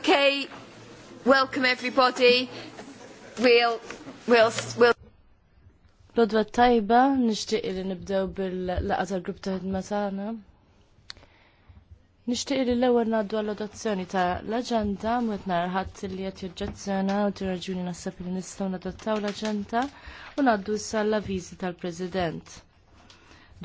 Okay, welcome everybody. We'll, we'll, we'll. Lodwa tajba, nishtiq li nibdew bil laqata l grupp ta' ħidma tagħna. Nixtieq li l-ewwel ngħaddu għall-adozzjoni ta' l-aġenda mwet nara ħadd li qed jaġġazzjona u tirraġuni naħseb li nistgħu nadottaw l-aġenda u ngħaddu issa l-avviżi tal-President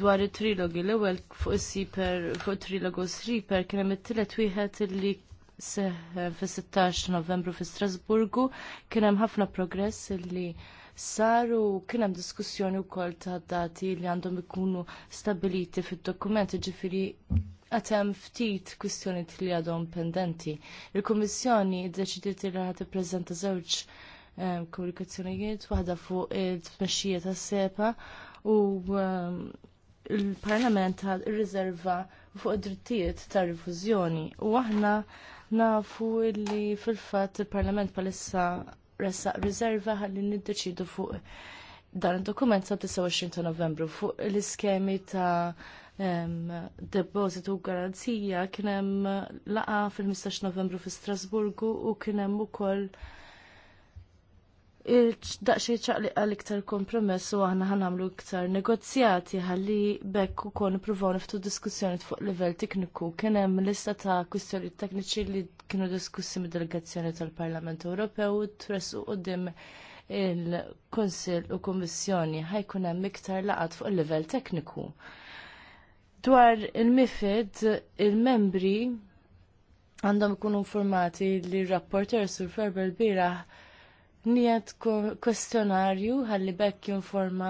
dwar it-trilogi l-ewwel fuq is-siper fuq trilogu riper kien hemm it-tielet wieħed li seħ fis-16 Novembru fi Strasburgu kien hemm ħafna progress li saru kien hemm diskussjoni wkoll ta' dati li għandhom ikunu stabiliti fid-dokument ġifiri għad hemm ftit kwistjonijiet li għadhom pendenti. Il-Kummissjoni ddeċidiet li ħad prezenta żewġ eh, komunikazzjonijiet, waħda fuq il-tmexxija ta' sepa u eh, il-Parlament għad irriserva fuq id-drittijiet tar rifużjoni u aħna nafu li fil-fatt il-Parlament palissa ressaq riserva ħalli niddeċidu fuq dan il-dokument sa' 29 ta' novembru fuq l-iskemi ta' depositu u garanzija kien hemm laqa fil-15 novembru fi Strasburgu u kien hemm ukoll koll daqxie ċaqli għal-iktar kompromess u għahna ħanamlu iktar negozjati għalli bekk u kon provaw niftu diskussjoni fuq livell tekniku. Kien hemm lista ta' kustjoni tekniċi li kienu diskussi mid delegazzjoni tal-Parlament Ewropew u tres u dim il-Konsil u Kommissjoni ħajkun hemm iktar laqat fuq livell tekniku. Dwar il-MIFID, il-membri għandhom ikunu informati li r-rapporter sur Ferber biraħ Nijed kwestjonarju ħalli bekk jinforma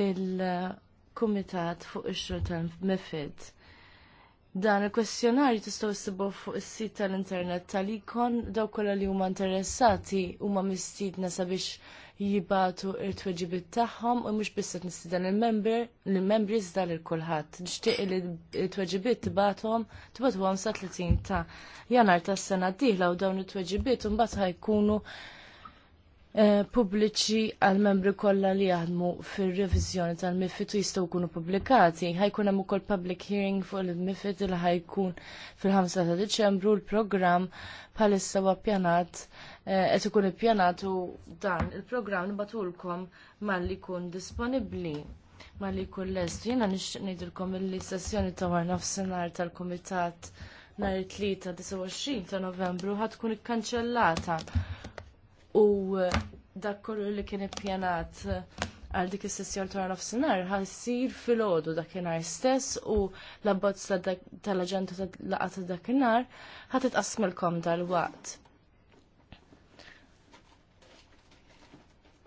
il-Kumitat fuq ix-xogħol tal-Mifid. Dan il-kwestjonarju tistgħu ssibu fuq is-sit tal-internet tal-ikon daw kollha li huma interessati huma mistiedna sabiex jibatu il tweġibiet tagħhom u mhux biss qed nistidan il-member il-membri iżda lil kulħadd. Nixtieq li il-tweġibit tibatuhom tibatuhom sa 30 ta' Janar tas-sena d-dieħla u dawn it tweġibiet u mbagħad ħajkunu Eh, pubbliċi għal membri kollha li jaħdmu fir-reviżjoni tal-MIFID u jistgħu jkunu pubblikati. Ħajkun hemm ukoll public hearing fuq il-MIFID li ħajkun fil-5 ta' Diċembru l-programm bħalissa huwa ppjanat eh, qed ikun ippjanat u dan il-programm nibatulkom malli jkun disponibbli malli jkun lest. Jiena nixtieq ngħidilkom il-sessjoni ta' war nofsinhar tal-Kumitat nhar it-tlieta 29 ta' Novembru ħadd tkun ikkanċellata u eh, dak kollu li kien ippjanat eh, għal dik is-sessjon tura nofsinhar ħassir filgħodu dakinhar stess u l-abbozz tal-aġenda tal ta' dakinhar ħadd itqasmilkom dal-waqt.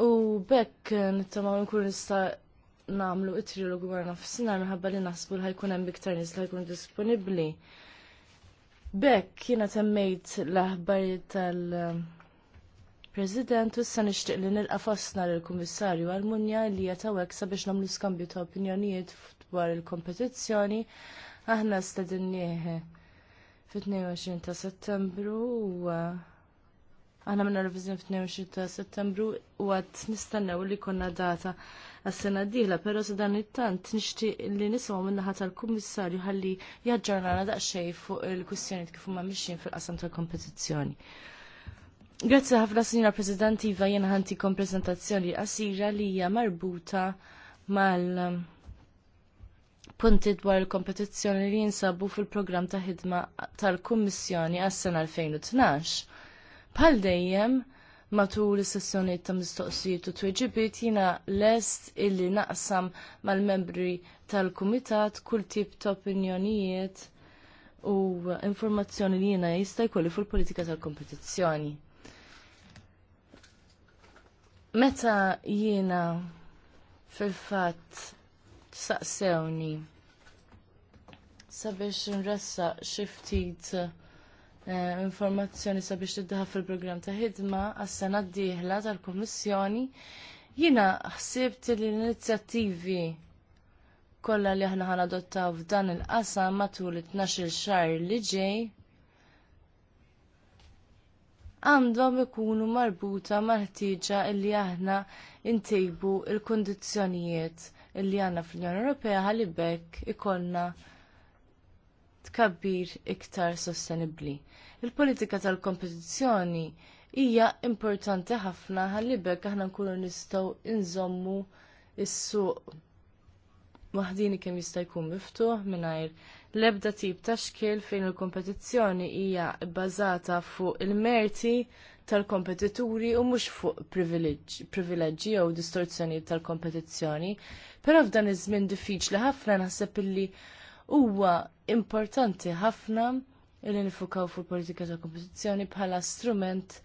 U bekk eh, nittamaw nkun nista' nagħmlu it-trilogu wara nofsinhar minħabba li naħsbu li ħajkun hemm iktar nies li ħajkun disponibbli. Bekk jiena temmejt l-aħbarijiet tal- President, u issa nixtieq li nilqa' fostna lill-Kummissarju għall-munja li qed hawnhekk sabiex nagħmlu skambju ta' opinjonijiet dwar il-kompetizzjoni. Aħna stedinnieh fit-22 ta' Settembru u uh, aħna minna revizjon fit-22 ta' Settembru u għad nistennew li konna data għas-sena d-dieħla, però se dan it-tant nixtieq li nisimgħu min-naħa tal-Kummissarju ħalli jaġġornana daqsxejn fuq il-kwistjonijiet kif huma mixjin fil-qasam tal-kompetizzjoni. Grazzi ħafna Signora President Iva jena ħanti kom prezentazzjoni qasira li hija marbuta mal um, punti dwar il-kompetizzjoni li jinsabu fil-programm ta' ħidma tal-Kummissjoni għas-sena 2012. Bħal dejjem matul is-sessjonijiet ta' mistoqsijiet u tweġibiet jiena lest illi naqsam mal-membri tal-Kumitat kull tip ta' opinjonijiet u informazzjoni li jiena jista' jkolli fil-politika tal-kompetizzjoni. Meta jiena fil-fatt saqsewni sabiex nressa xi ftit eh, informazzjoni sabiex tiddaħħal fil-programm ta' ħidma għas-sena d-dieħla tal-Kummissjoni, jiena ħsibt l-inizjattivi kollha li aħna ħanadottaw f'dan il-qasam matul it-12 xahar li ġej għandhom ikunu marbuta mal-ħtieġa illi aħna ntejbu l kundizzjonijiet illi għandna fl-Unjoni Ewropea ħalli bekk ikollna tkabbir iktar sostenibbli. Il-politika tal-kompetizzjoni hija importanti ħafna ħalli bekk aħna nkunu nistgħu inżommu s-suq waħdini kemm jista' jkun miftuħ mingħajr l-ebda tip ta' xkil fejn il-kompetizzjoni hija bbażata fuq il-merti tal-kompetituri u mhux fuq privileġġi jew distorzjoni tal-kompetizzjoni. Però f'dan iż-żmien diffiċli ħafna naħseb illi huwa importanti ħafna illi nifukaw fuq politika ta' kompetizzjoni bħala strument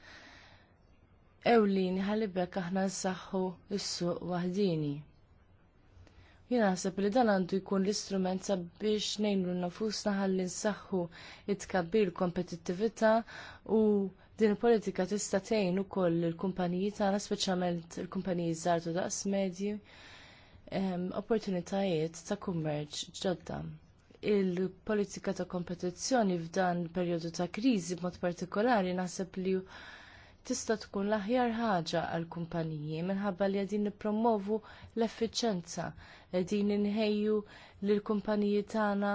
ewlin ħalibek aħna nsaħħu s-suq waħdini. Jien naħseb li dan għandu jkun l-istrument sabiex nejnu nafusna ħalli nsaħħu it-tkabbir kompetittività u din il-politika tista' tgħin ukoll il-kumpaniji tagħna speċjalment il-kumpaniji żgħar ta' daqs medji ehm, opportunitajiet ta' kummerċ ġodda. Il-politika ta' kompetizzjoni f'dan perjodu ta' kriżi b'mod partikolari naħseb li tista' tkun l-aħjar ħaġa għall kumpaniji minħabba li qegħdin nippromovu l-effiċenza, qegħdin inħejju lill kumpaniji tagħna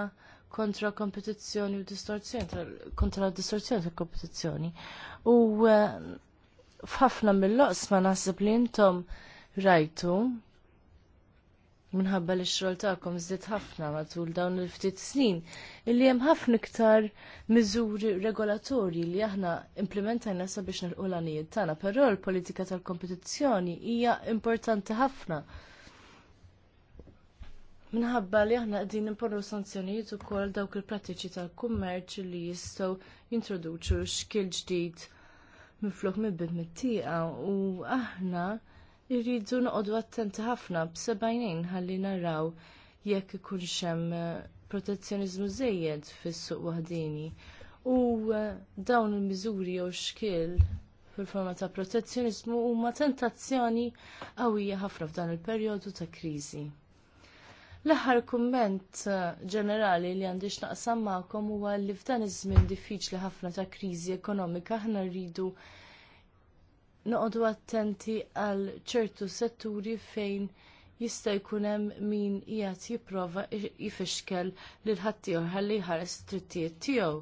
kontra kompetizzjoni u distorzjoni, kontra distorzjoni tal kompetizzjoni. U eh, f'ħafna mill ma naħseb li intom rajtu minħabba li xogħol tagħkom żdied ħafna matul dawn il-ftit snin illi hemm ħafna iktar miżuri regolatorji li aħna implementajna sabiex nilqu l-għanijiet tagħna, però l-politika tal-kompetizzjoni hija importanti ħafna. Minħabba li aħna qegħdin imporru sanzjonijiet ukoll dawk il-prattiċi tal-kummerċ li jistgħu jintroduċu xkil ġdid minflok minn mit-tieqa u aħna irridu noqogħdu attenti ħafna b'sebajnejn ħalli naraw jekk ikun hemm eh, protezzjoniżmu żejjed fis-suq waħdini. U eh, dawn il-miżuri jew xkil fil-forma ta' protezzjoniżmu huma tentazzjoni qawwija ħafna f'dan il-perjodu ta' kriżi. L-aħħar kumment eh, ġenerali li għandix naqsam magħkom huwa li f'dan iż-żmien diffiċli ħafna ta' kriżi ekonomika aħna rridu noqogħdu attenti għal ċertu setturi fejn jista' jkun hemm min qiegħed jipprova jfixkel lil ħaddieħor ħalli jħares trittijiet tiegħu.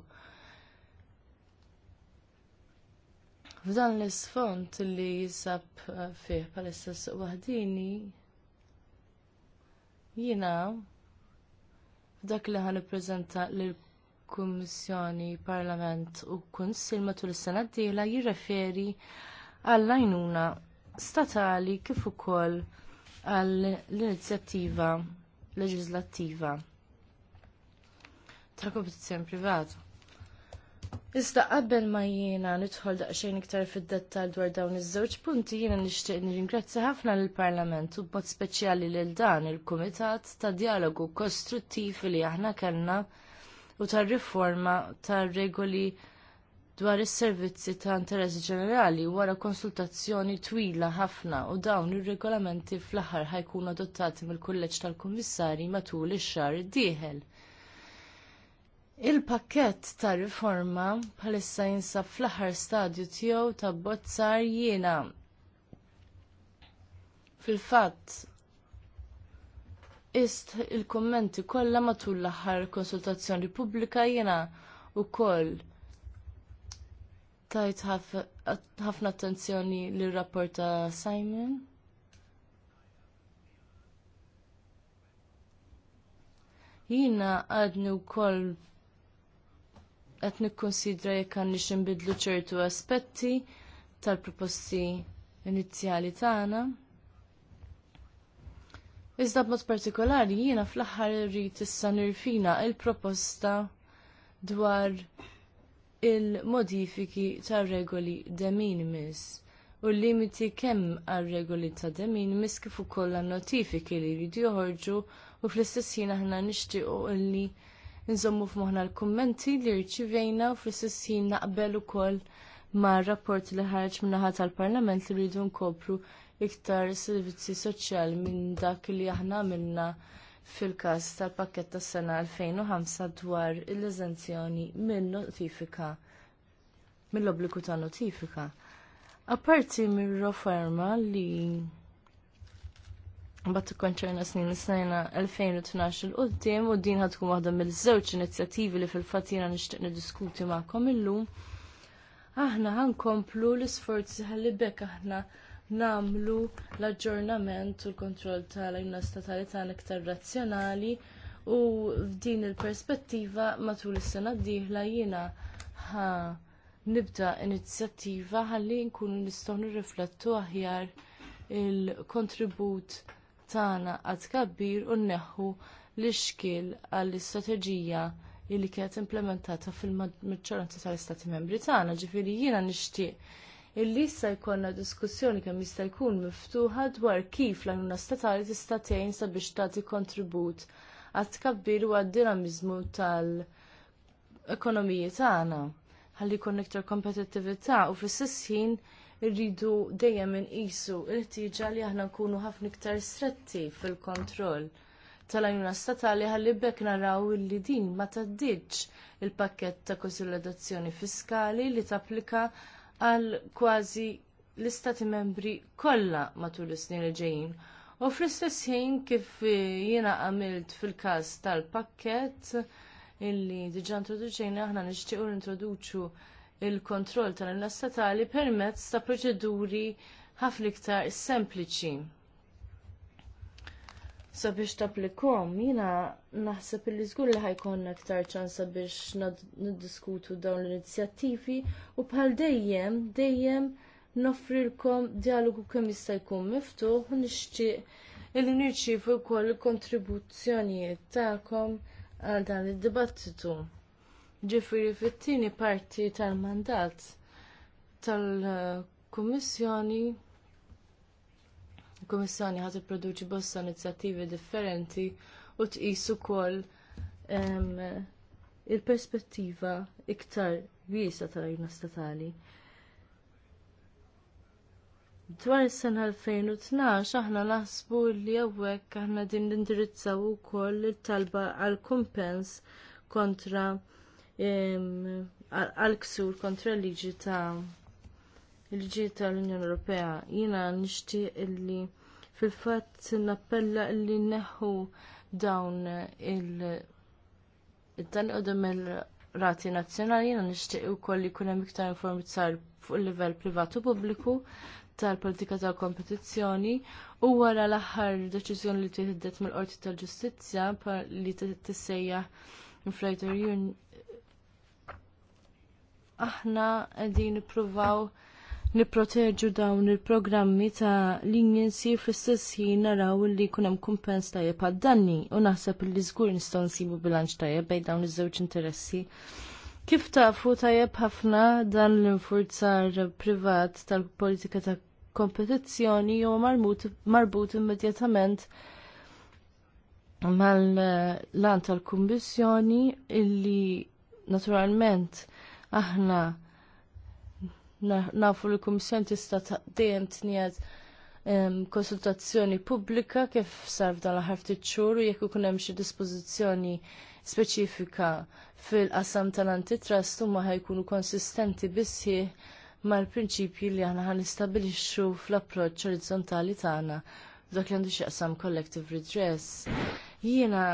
F'dan l-isfond li jisab uh, fih bħalissa suq waħdini jiena dak li ħan ippreżenta lill kummissjoni Parlament u Kunsill matul is-sena d-dieħla jirreferi għall-għajnuna statali kif ukoll għall-inizjattiva leġislattiva ta' kompetizzjoni privata. Iżda qabel ma jiena nidħol daqsxejn iktar fid-dettall dwar dawn iż-żewġ punti jiena nixtieq nirringrazzja ħafna lill parlament u b'mod speċjali lil dan il-Kumitat ta' dialogu kostruttiv li aħna kellna u tar-riforma tar-regoli dwar is-servizzi ta' interess ġenerali wara konsultazzjoni twila ħafna u dawn ir-regolamenti fl-aħħar ħajkunu adottati mill-Kulleġġ tal-Kummissarji matul ix-xahar id-dieħel. Il-pakkett tar riforma bħalissa jinsab fl-aħħar stadju tiegħu ta' bozzar jiena fil-fatt ist il kummenti kollha matul l-aħħar konsultazzjoni pubblika jiena wkoll tajt ħafna attenzjoni lir rapport ta' Simon. Jina għadni wkoll qed konsidra jekk għanni ximbidlu ċertu aspetti tal-proposti inizjali tagħna. Iżda b'mod partikolari jiena fl-aħħar irrid issa nirfina il-proposta dwar il-modifiki tar regoli de minimis u l-limiti kemm għar regoli ta' de minimis kif ukoll notifiki li jridu joħorġu u fl-istess ħin aħna nixtiequ illi nżommu f'moħħna l-kummenti li rċivejna u fl-istess ħin naqbel ukoll ma' rapport li ħareġ min-naħa tal-Parlament li rridu nkopru iktar servizzi soċjali minn dak li aħna għamilna fil-każ tal-pakket tas-sena 2005 dwar il eżenzjoni minn notifika mill-obbligu ta' notifika. Apparti mir roferma li mbagħad konċerna snin snajna 2012 l-qoddim u din ħatkun waħda mill-żewġ inizjattivi li fil-fatina nixtieq niddiskuti magħkom illum. Aħna ħankomplu l-isforzi ħalli bekk aħna nagħmlu l-aġġornament u l-kontroll tal-ajna statali tagħna iktar razzjonali u f'din il-perspettiva matul is-sena d-dieħla jiena ħa nibda inizjattiva ħalli nkunu nistgħu nirriflettu aħjar il-kontribut tagħna għad tkabbir u nneħħu l-ixkil għall-istrateġija li kienet implementata fil-maġġoranza tal-Istati Membri tagħna, ġifieri jiena nixtieq illi issa jkollna diskussjoni kemm jista' jkun miftuħa dwar kif l-għajnuna statali tista' tgħin sabiex tagħti kontribut għat tkabbir u għad-dinamizmu tal-ekonomiji tagħna ħalli jkun iktar kompetittività u fl-istess ħin irridu dejjem inqisu l-ħtieġa li aħna nkunu ħafna iktar stretti fil-kontroll tal-għajnuna statali ħalli bekk naraw li din ma taddiġ il-pakket ta' konsolidazzjoni fiskali li tapplika għal kważi l-istati membri kollha matul is-snin li ġejjin. U fl-istess ħin kif jiena għamilt fil-każ tal-pakket illi diġà introduċejna aħna nixtiequ introduċu il-kontroll tal-inna statali permezz ta' proċeduri ħafna iktar sempliċi sabiex taplikom, jiena naħseb li żgur li ħajkon aktar ċans sabiex niddiskutu dawn l-inizjattivi u bħal dejjem, dejjem noffrilkom dialogu kemm jista' jkun miftuħ u nixtieq li nirċievu wkoll il kontribuzzjonijiet tagħkom għal dan id-dibattitu. Ġifieri fit-tieni parti tal-mandat tal-Kummissjoni il-Kummissjoni ħadd ipproduċi bosta inizjattivi differenti u tqis um, il-perspettiva iktar wiesa tal-ajna statali. Dwar is-sena 2012 aħna naħsbu li hawnhekk aħna din nindirizzaw ukoll it-talba għall kumpens kontra ehm, għall ksur kontra liġi ta' il-ġiet tal-Unjoni Ewropea. Jiena nixtieq illi fil-fatt nappella illi neħu dawn il- dan qodem il-rati nazzjonali jiena nixtieq ukoll li jkun hemm iktar informizzar fuq il-livell privatu publiku pubbliku tal-politika tal-kompetizzjoni u wara l-aħħar deċiżjoni li tieħdet mill-Qorti tal-Ġustizzja li tissejjaħ Inflator Union aħna qegħdin nippruvaw niproteġu dawn il-programmi ta' leniency fl-istess ħin naraw li jkun hemm kumpens tajjeb għad-danni u naħseb li żgur nistgħu nsibu bilanċ tajjeb bejn dawn iż-żewġ interessi. Kif tafu tajjeb ħafna dan l-infurzar privat tal-politika ta' kompetizzjoni u marbut immedjatament mal-lan tal-kummissjoni illi naturalment aħna nafu li l-Kummissjoni tista' dejjem tniet konsultazzjoni pubblika kif sarf dan l-aħħar ftit xhur u jekk ikun hemm xi dispożizzjoni speċifika fil-qasam tal-antitrust huma ħajkunu konsistenti bissi mal-prinċipji li aħna ħanistabilixxu fl-approċċ orizzontali tagħna dak li għandu qasam collective redress. Jiena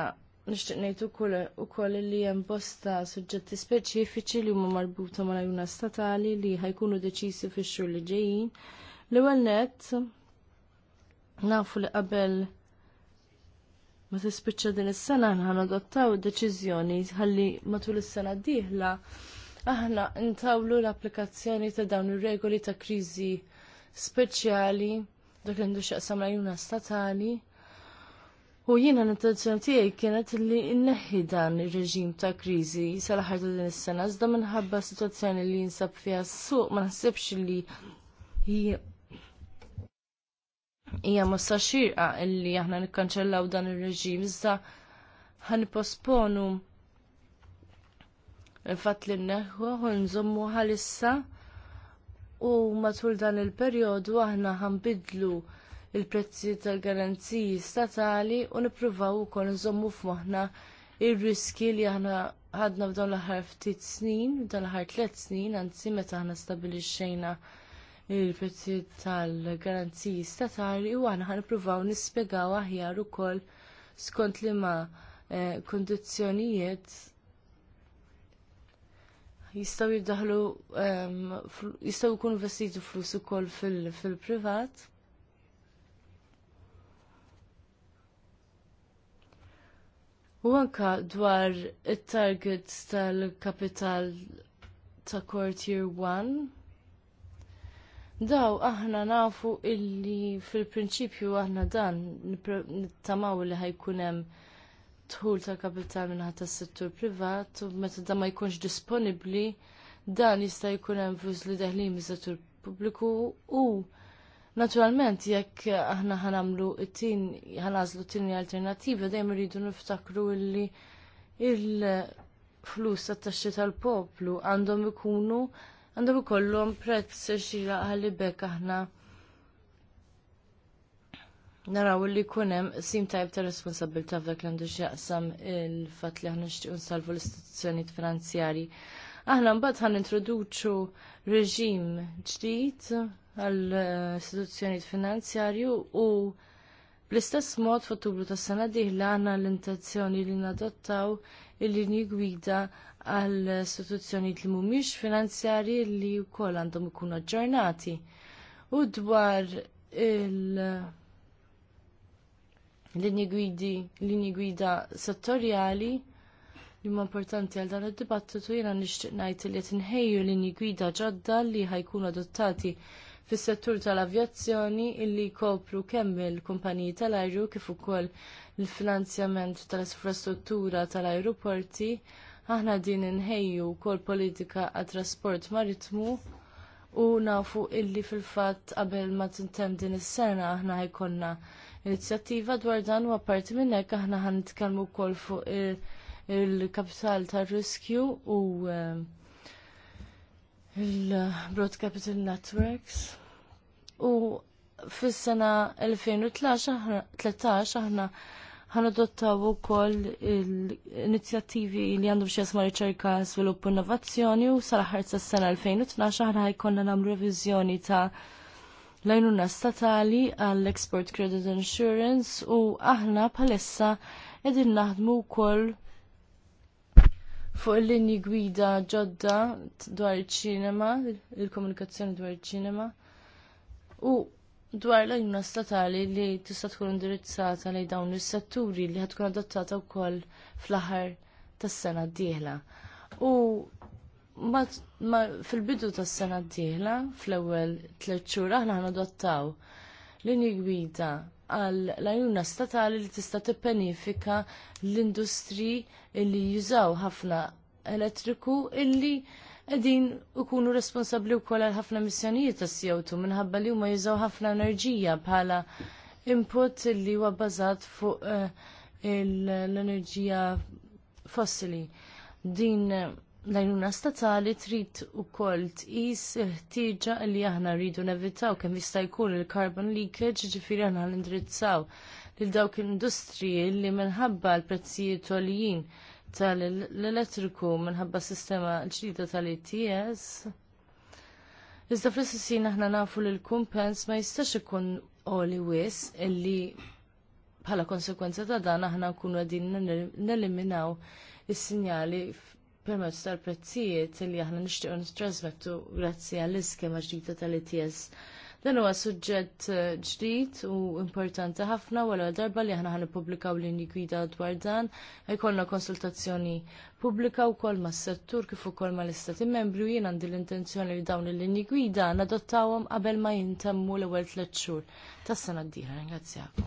nixtieq ngħid ukoll li hemm bosta suġġetti speċifiċi li huma marbuta mal ajuna statali li ħajkunu deċisi fix-xhur li ġejjin. L-ewwel nett nafu li qabel ma tispiċċa din is-sena aħna adottaw deċiżjoni ħalli matul is-sena d-dieħla aħna ntawlu l-applikazzjoni ta' dawn ir-regoli ta' kriżi speċjali dak li għandu xaqsam l-ajuna statali U jiena l-intenzjoni tiegħi kienet li nneħħi dan ir-reġim ta' kriżi sal-aħħar ta' din is-sena iżda minħabba sitwazzjoni li jinsab fiha s-suq ma naħsibx li hija mossa xirqa li aħna nikkanċellaw dan ir-reġim iżda ħaniposponu il-fatt li nneħħu u nżommu ħalissa u matul dan il-perjodu aħna ħanbidlu il-prezzi tal-garanziji statali u nippruvaw ukoll nżommu f'moħħna r riski li aħna ħadna f'dawn l-aħħar ftit snin, dan l-aħħar tliet snin, anzi meta aħna stabilixxejna il-prezzi tal-garanziji statali u aħna nippruvaw nispjegaw aħjar ukoll skont liema eh, kundizzjonijiet jistaw jibdaħlu ehm, jistaw jkunu vestitu flus ukoll fil-privat. U anka dwar it-targets tal-kapital ta' Quartier 1. Daw aħna nafu illi fil-prinċipju aħna dan nittamaw li ħajkunem tħul ta' kapital minnaħat tas settur privat u meta dan ma jkunx disponibbli dan jista' jkun hemm flus li daħlin mis-settur pubbliku u Naturalment, jekk aħna ħanamlu it-tin, ħanazlu t-tini alternativa, dejjem rridu niftakru illi il-flus tat-taxxi tal-poplu għandhom ikunu għandhom ikollhom prezz xira għalli bekk aħna naraw li jkun hemm sim tajb ta' responsabilta f'dak li għandu x'jaqsam il-fatt li aħna nixtiequ nsalvu l-istituzzjonijiet finanzjarji. Aħna mbagħad ħan introduċu reġim ġdid għall-istituzzjonijiet finanzjarju u bl-istess mod f'Ottubru tas-sena dieħla għandna l-intenzjoni li nadottaw il-linji gwida għall istituzzjonijiet li mhumiex finanzjarji li wkoll għandhom ikunu aġġornati. U dwar il- linji gwidi, linji gwida settorjali li huma importanti għal dan id-dibattitu jiena nixtieq ngħid li qed inħejju linji gwida ġodda li ħajkunu adottati fis-settur tal-avjazzjoni illi jkopru kemm il-kumpaniji tal-ajru kif ukoll il-finanzjament tal-infrastruttura tal-ajruporti. Aħna din inħejju wkoll politika għat trasport maritmu u nafu illi fil-fatt qabel ma tintem din is-sena aħna ħajkonna inizjattiva dwar dan u apparti minn hekk aħna ħanitkellmu wkoll fuq il-kapital tar-riskju u eh, il-Broad Capital Networks u fis-sena 2013 aħna ħanadottaw ukoll l-inizjattivi li għandhom xi jasma' riċerka svilupp innovazzjoni u sal-aħħar tas-sena 2012 aħna ħajkonna nagħmlu reviżjoni ta' l-għajnuna statali għall-Export Credit Insurance u aħna bħalissa qegħdin naħdmu wkoll fuq il-linji gwida ġodda dwar iċ-ċinema, il-komunikazzjoni dwar iċ-ċinema. U dwar l-għajnuna statali li tista' tkun indirizzata lejn dawn is-setturi li ħatkun adottata wkoll fl-aħħar tas-sena d-dieħla. U fil-bidu tas-sena d-dieħla, fl-ewwel tliet xhur aħna nadottaw linji gwida għal l-għajnuna statali li tista' tippenifika l-industri li jużaw ħafna elettriku illi qegħdin ikunu responsabbli wkoll għal ħafna missjonijiet ta' co minħabba li huma jużaw ħafna enerġija bħala input li huwa bbażat fuq eh, l-enerġija fossili. Din eh, l-għajnuna statali trid ukoll tqis il-ħtieġa li aħna rridu nevitaw kemm jista' jkun il-carbon leakage ġifieri aħna l-indrizzaw lil dawk l-industriji li minħabba l-prezzijiet għoljin tal-elettriku minħabba s sistema ġdida tal-ETS. Iżda fl-istessin aħna nafu li l-kumpens ma jistax ikun oli wis illi bħala konsekwenza ta' dan aħna nkunu għadin neliminaw is-sinjali permezz tal-prezzijiet li aħna nixtiequ nittrażmettu grazzi għall-iskema ġdida tal-ETS Dan huwa suġġett eh, ġdid u importanti ħafna wara darba li aħna ħan ippubblikaw linji gwida dwar dan, jkollna konsultazzjoni pubblika wkoll mas-settur kif ukoll mal-istati membri u jien għandi l-intenzjoni li dawn il-linji gwida nadottawhom qabel ma jintemmu l-ewwel tliet xhur tas-sena d-dieħla. Ringrazzjak.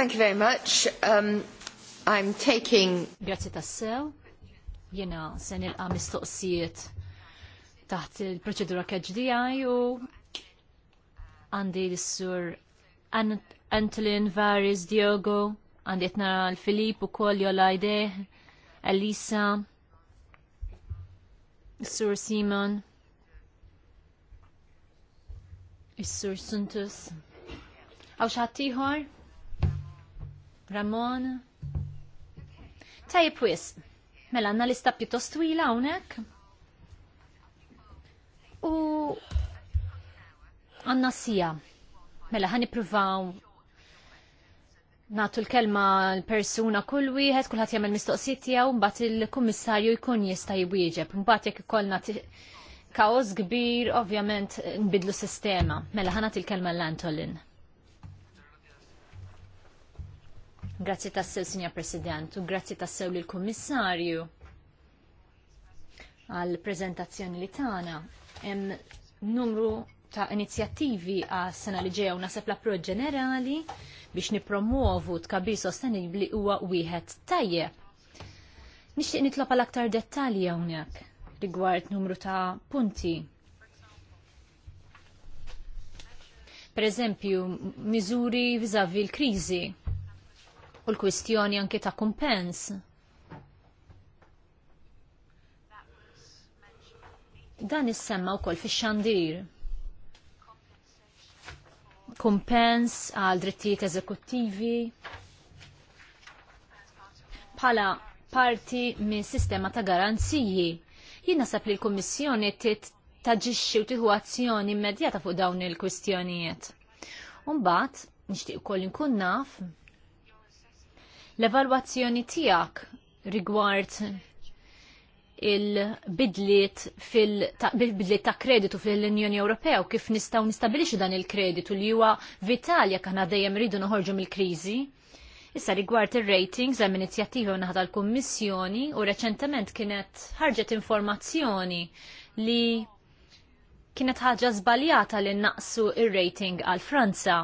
Thank you very much. Um, I'm taking... Grazie tassew. Jena sen il-qa mistoqsijiet taħt il-proċedura KHDI u għandi l-sur Antolin Varis Diogo, għandi jtna l-Filip u koll Jolajde, Elisa, Sur Simon, Sur Suntus. Għaw xaħtiħor? Ramon? Tajib wis, mela għanna lista pjuttost twila unek? U għanna sija. Mela ħani provaw natu l-kelma l-persuna kull wieħed, kulħadd jagħmel mistoqsijiet tiegħu, mbagħad il-kummissarju jkun jista' jwieġeb. Mbagħad jekk ikollna kaos kbir, ovvjament nbidlu sistema. Mela ħanat il-kelma l-Antolin. Grazzi tassew, Signor President, u grazzi tassew lill kummissarju għal prezentazzjoni li tana hemm numru ta' inizjattivi għas sena li ġeja u nasab l-approċ ġenerali biex nipromuovu tkabir sostenibli huwa wieħed tajjeb. Nixtieq nitlob għal aktar dettalji hawnhekk rigward numru ta' punti. Per eżempju, miżuri viżavi l-kriżi u l-kwistjoni anke ta' kumpens Dan is-semma wkoll fix-xandir. Kumpens għal drittijiet eżekuttivi bħala parti minn sistema ta' garanziji. Jien nasab li l-Kummissjoni taġixxi u tieħu azzjoni immedjata fuq dawn il-kwistjonijiet. Umbagħad nixtieq ukoll inkun naf l-evalwazzjoni tiegħek rigward il-bidliet fil-bidliet ta' kreditu fil-Unjoni Ewropea u kif nistaw nistabilixi dan il-kreditu li huwa vitali jekk aħna dejjem rridu noħorġu mill-kriżi. Issa rigward ir-ratings hemm inizjattiva naħda l-Kummissjoni u reċentement kienet ħarġet informazzjoni li kienet ħaġa żbaljata li naqsu ir-rating għal Franza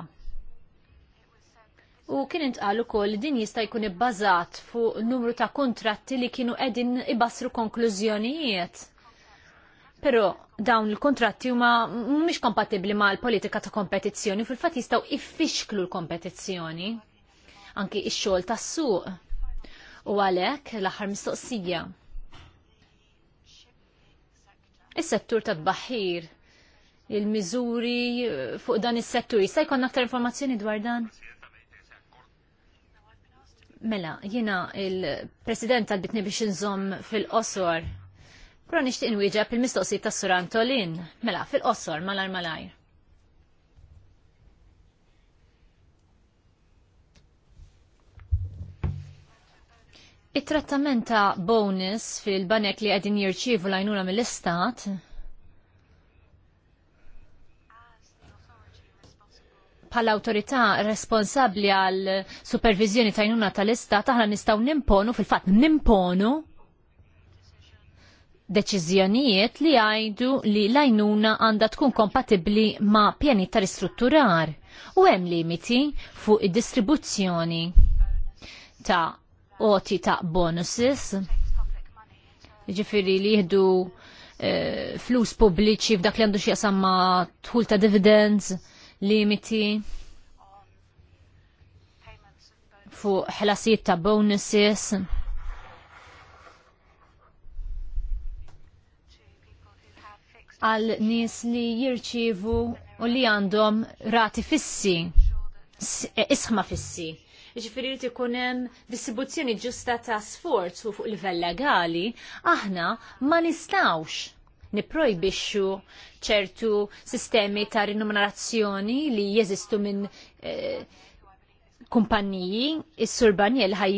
U kien intqal ukoll din jista' jkun ibbażat fuq numru ta' kontratti li kienu qegħdin ibassru konklużjonijiet. Però dawn il-kontratti huma mhumiex kompatibbli mal-politika ta' kompetizzjoni fil-fatt jistgħu iffixklu l-kompetizzjoni anki ix-xogħol tas-suq. U għalhekk l-aħħar mistoqsija. Is-settur ta' tbaħħir il-miżuri fuq dan is-settur jista' jkun aktar informazzjoni dwar dan? Mela, jina il-president tal-bitni biex nżom fil-qosor. Pro nishtiq nwieġeb il-mistoqsijiet tas Sur Antolin. Mela, fil-qosor, malar malajr. it trattament ta' bonus fil-banek li għedin jirċivu lajnuna mill-istat bħala autorità responsabli għal supervizjoni tajnuna tal-istat aħna nistaw nimponu, fil-fat nimponu deċiżjonijiet li għajdu li lajnuna għanda tkun kompatibli ma pjani ta' ristrutturar u hemm limiti fuq id-distribuzzjoni ta' oti ta' bonuses ġifiri li jihdu eh, flus pubbliċi f'dak li għandu xie ma' tħul ta' dividends limiti fuq ħlasijiet ta' bonuses. għal nies li jirċievu u li għandhom rati fissi, e, isħma fissi. Ġifiri li tikunem distribuzzjoni ġusta ta' sforz u fuq livell legali, aħna ma nistawx niprojbixxu ċertu sistemi ta' rinumerazzjoni li jeżistu minn eh, kumpanniji, is-Sur Banjel ħaj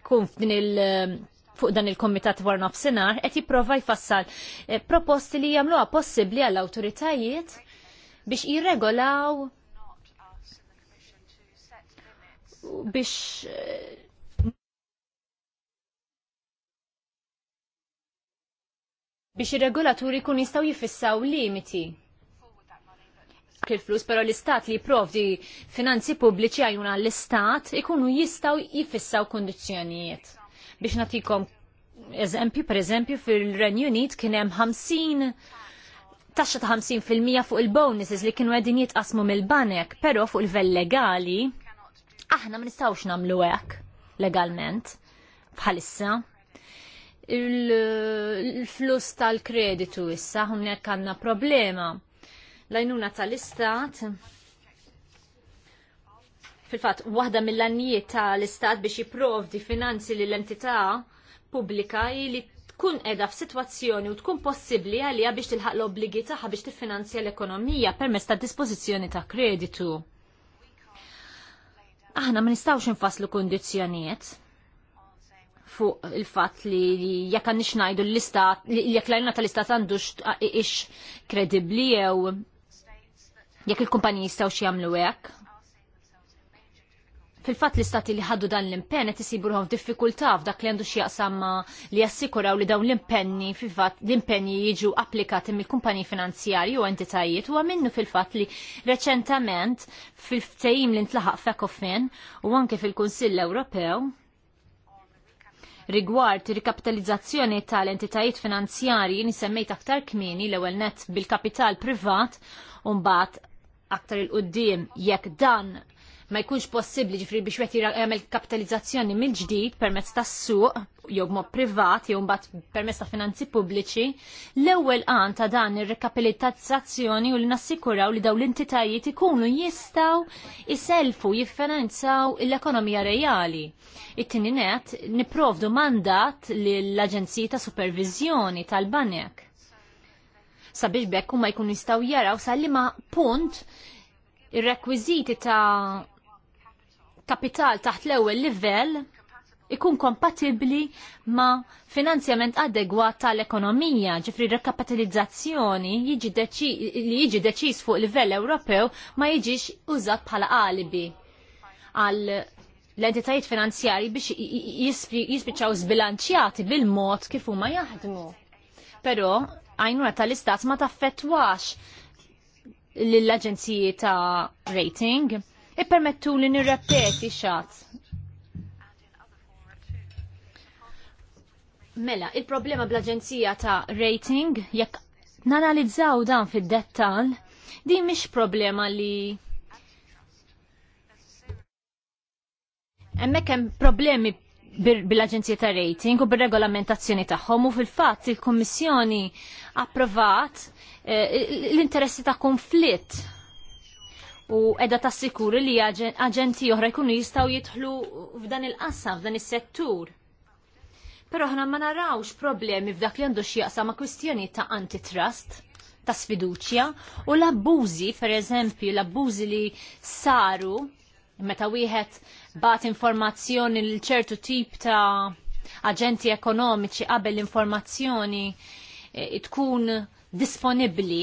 jkun f'din il- fuq dan il-komitat warna f'sinar qed jipprova jfassal eh, proposti li jagħmluha possibbli għall awtoritajiet biex jirregolaw biex eh, biex ir-regolaturi kun jistaw jifissaw limiti il-flus, pero l-istat li jipprovdi finanzi pubbliċi għajuna l-istat ikunu jistaw jifissaw kondizjonijiet. Biex natikom eżempju, per eżempju, fil-Renju Unit kienem 50 taxxa ta' 50% fuq il-bonuses li kienu għedin jitqasmu mill-banek, pero fuq il-vel legali, aħna ma nistawx namlu hekk legalment bħalissa il-flus tal-kreditu issa, hawnhekk għandna problema. Lajnuna tal-istat, fil-fatt, waħda mill-annijiet tal-istat biex jipprovdi finanzi lill entità pubblika li tkun edha f'sitwazzjoni u tkun possibbli għalija biex tilħaq l-obbligi tagħha biex tiffinanzja l-ekonomija permezz ta' dispożizzjoni ta' kreditu. Aħna ma nistgħux infasslu kundizzjonijiet fuq il-fat li jekk għandix ngħidu l-istat, jekk l-għajna tal-istat għandux ix kredibli jew jekk il jistaw jistgħu jagħmlu hekk. Fil-fatt l-istati li ħaddu dan l-impenn qed isiburuhom diffikultà f'dak li għandu x'jaqsam li jassikuraw li dawn l-impenni fil fat l-impenni jiġu applikati mill kumpanji finanzjarji u entitajiet u minnu fil-fatt li reċentament fil-ftehim li ntlaħaq fekofin u anke fil-Kunsill Ewropew rigward rikapitalizzazzjoni tal-entitajiet finanzjarji nisemmejt aktar kmieni l-ewwel net bil-kapital privat u mbagħad aktar il-qoddim jekk dan ma jkunx possibbli ġifri biex wieħed jagħmel kapitalizzazzjoni mill-ġdid permezz tas-suq jew mod privat jew mbagħad permezz ta' finanzi pubbliċi, l-ewwel qan ta' dan ir-rekapitalizzazzjoni u li nassikuraw li dawn l-entitajiet ikunu jistgħu iselfu jiffinanzaw l-ekonomija reali. It-tieni net nipprovdu mandat lill-Aġenziji ta' Supervizjoni tal-Banek sabiex bekk huma jkunu jistgħu jaraw sa liema punt ir-rekwiżiti ta' kapital taħt l-ewwel livell ikun kompatibli ma finanzjament adegwat tal-ekonomija, ġifri rekapitalizzazzjoni li jiġi deċis fuq livell Ewropew ma jiġix użat bħala alibi għal l-entitajiet finanzjari biex jispiċaw zbilanċjati bil-mod kif huma jaħdmu. Pero għajnuna tal-istat ma taffetwax l-aġenziji ta' rating Ippermettu li nirrepeti xat. Mela, il-problema bl-Aġenzija ta' rating, jekk nanalizzaw dan fid-dettal, di mhix problema li Hemmhekk hemm problemi bil-Aġenzija ta' rating u bil regolamentazzjoni tagħhom u fil-fatt il-Kummissjoni approvat eh, l-interessi ta' konflitt u edha tassikuri li aġenti oħra jkunu jistaw jidħlu f'dan il qasam f'dan is-settur. Però ħna ma narawx problemi f'dak li għandu xieqsa ma' kwistjoni ta' antitrust, ta' sfiduċja u l-abbużi, per eżempju, l-abbużi li saru meta wieħed bat informazzjoni l ċertu tip ta' aġenti ekonomiċi qabel l-informazzjoni eh, tkun disponibbli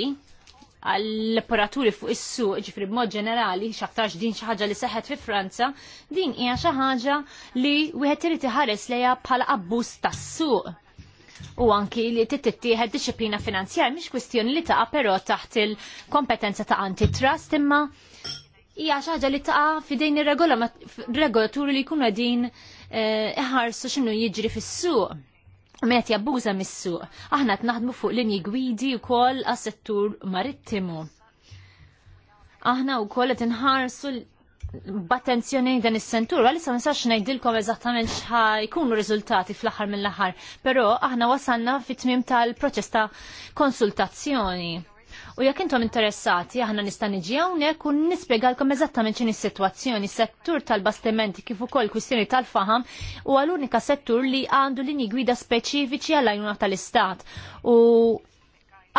għall-operaturi fuq is-suq, ġifri mod ġenerali, xaktarx din xi ħaġa li seħħet fi Franza, din hija xi ħaġa li wieħed irid iħares leja bħala abbuż tas-suq. U anki li tittieħed disċiplina finanzjar mhix kwistjoni li taqa' però taħt il-kompetenza ta' antitrust imma hija xi ħaġa li taqa' f'idejn ir-regolaturi li jkunu qegħdin eh, iħarsu x'inhu jiġri fis-suq met jabbuża mis-suq. Aħna qed naħdmu fuq linji gwidi wkoll għas-settur marittimu. Aħna wkoll qed inħarsu b'attenzjoni dan is-sentur, għalissa ma nistax ngħidilkom eżattament x'ha jkunu riżultati fl-aħħar mill-aħħar, però aħna wasalna fit-tmiem tal-proċess ta' konsultazzjoni U jekk intom interessati, aħna nista' niġi hawnhekk u nispjegalkom eżattament x'inhi s-sitwazzjoni. Settur tal-bastimenti kif ukoll kwistjoni tal-faham u għall-unika settur li għandu linji gwida speċifiċi għal għajnuna tal-istat. U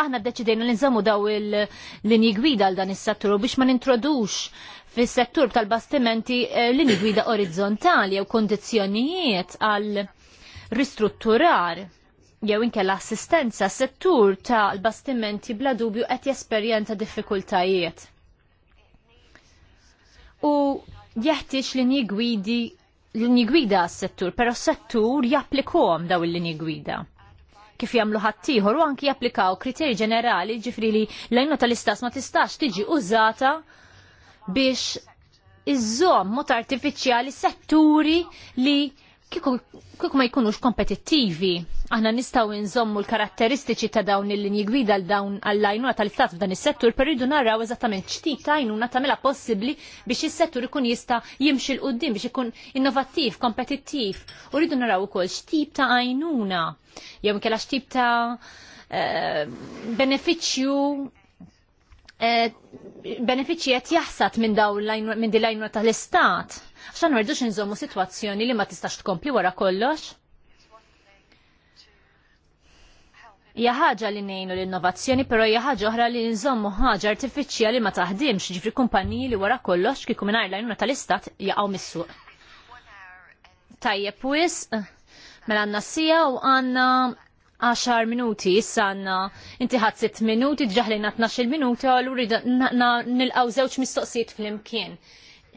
aħna ddeċidejna li nżammu daw il-linji gwida għal dan is-settur biex ma nintrodux fis-settur tal-bastimenti eh, linji gwida orizzontali jew kondizzjonijiet għal ristrutturar jew inkella assistenza settur tal bastimenti bla dubju qed jesperjenza diffikultajiet. U jeħtieġ linji gwidi linji gwida s-settur, pero s-settur japplikom daw il-linji gwida. Kif jagħmlu ħaddieħor u anki japplikaw kriteri ġenerali ġifri li l tal-istas ma tistax tiġi użata biex iż mod artifiċjali setturi li kieku ma jkunux kompetittivi, aħna nistaw nżommu l-karatteristiċi ta' dawn il-linji gwida għal dawn għall-għajnuna tal-istat f'dan is-settur, per rridu naraw eżattament ċtit ta' għajnuna tamela possibli biex is-settur ikun jista' jimxi l qoddim biex ikun innovattiv, kompetittiv. U rridu naraw ukoll x'tip ta' għajnuna, jew kella x'tip ta' eh, benefiċċju eh, benefiċċji qed jaħsad minn dawn minn din l-għajnuna tal-istat għaxan xin nżommu situazzjoni li ma tistax tkompli wara kollox. Ja ħaġa li ngħinu l-innovazzjoni, però hija ħaġa oħra li nżommu ħaġa artifiċjali ma taħdimx, ġifri kumpaniji li wara kollox kiku mingħajr l-għajnuna tal-istat jaqgħu missu. Tajjeb wis, mela għandna sija u għandna 10 minuti, issa għanna inti ħadd 6 minuti, ġaħlina 12 minuti, għallu rridu nilqaw żewġ mistoqsijiet fl-imkien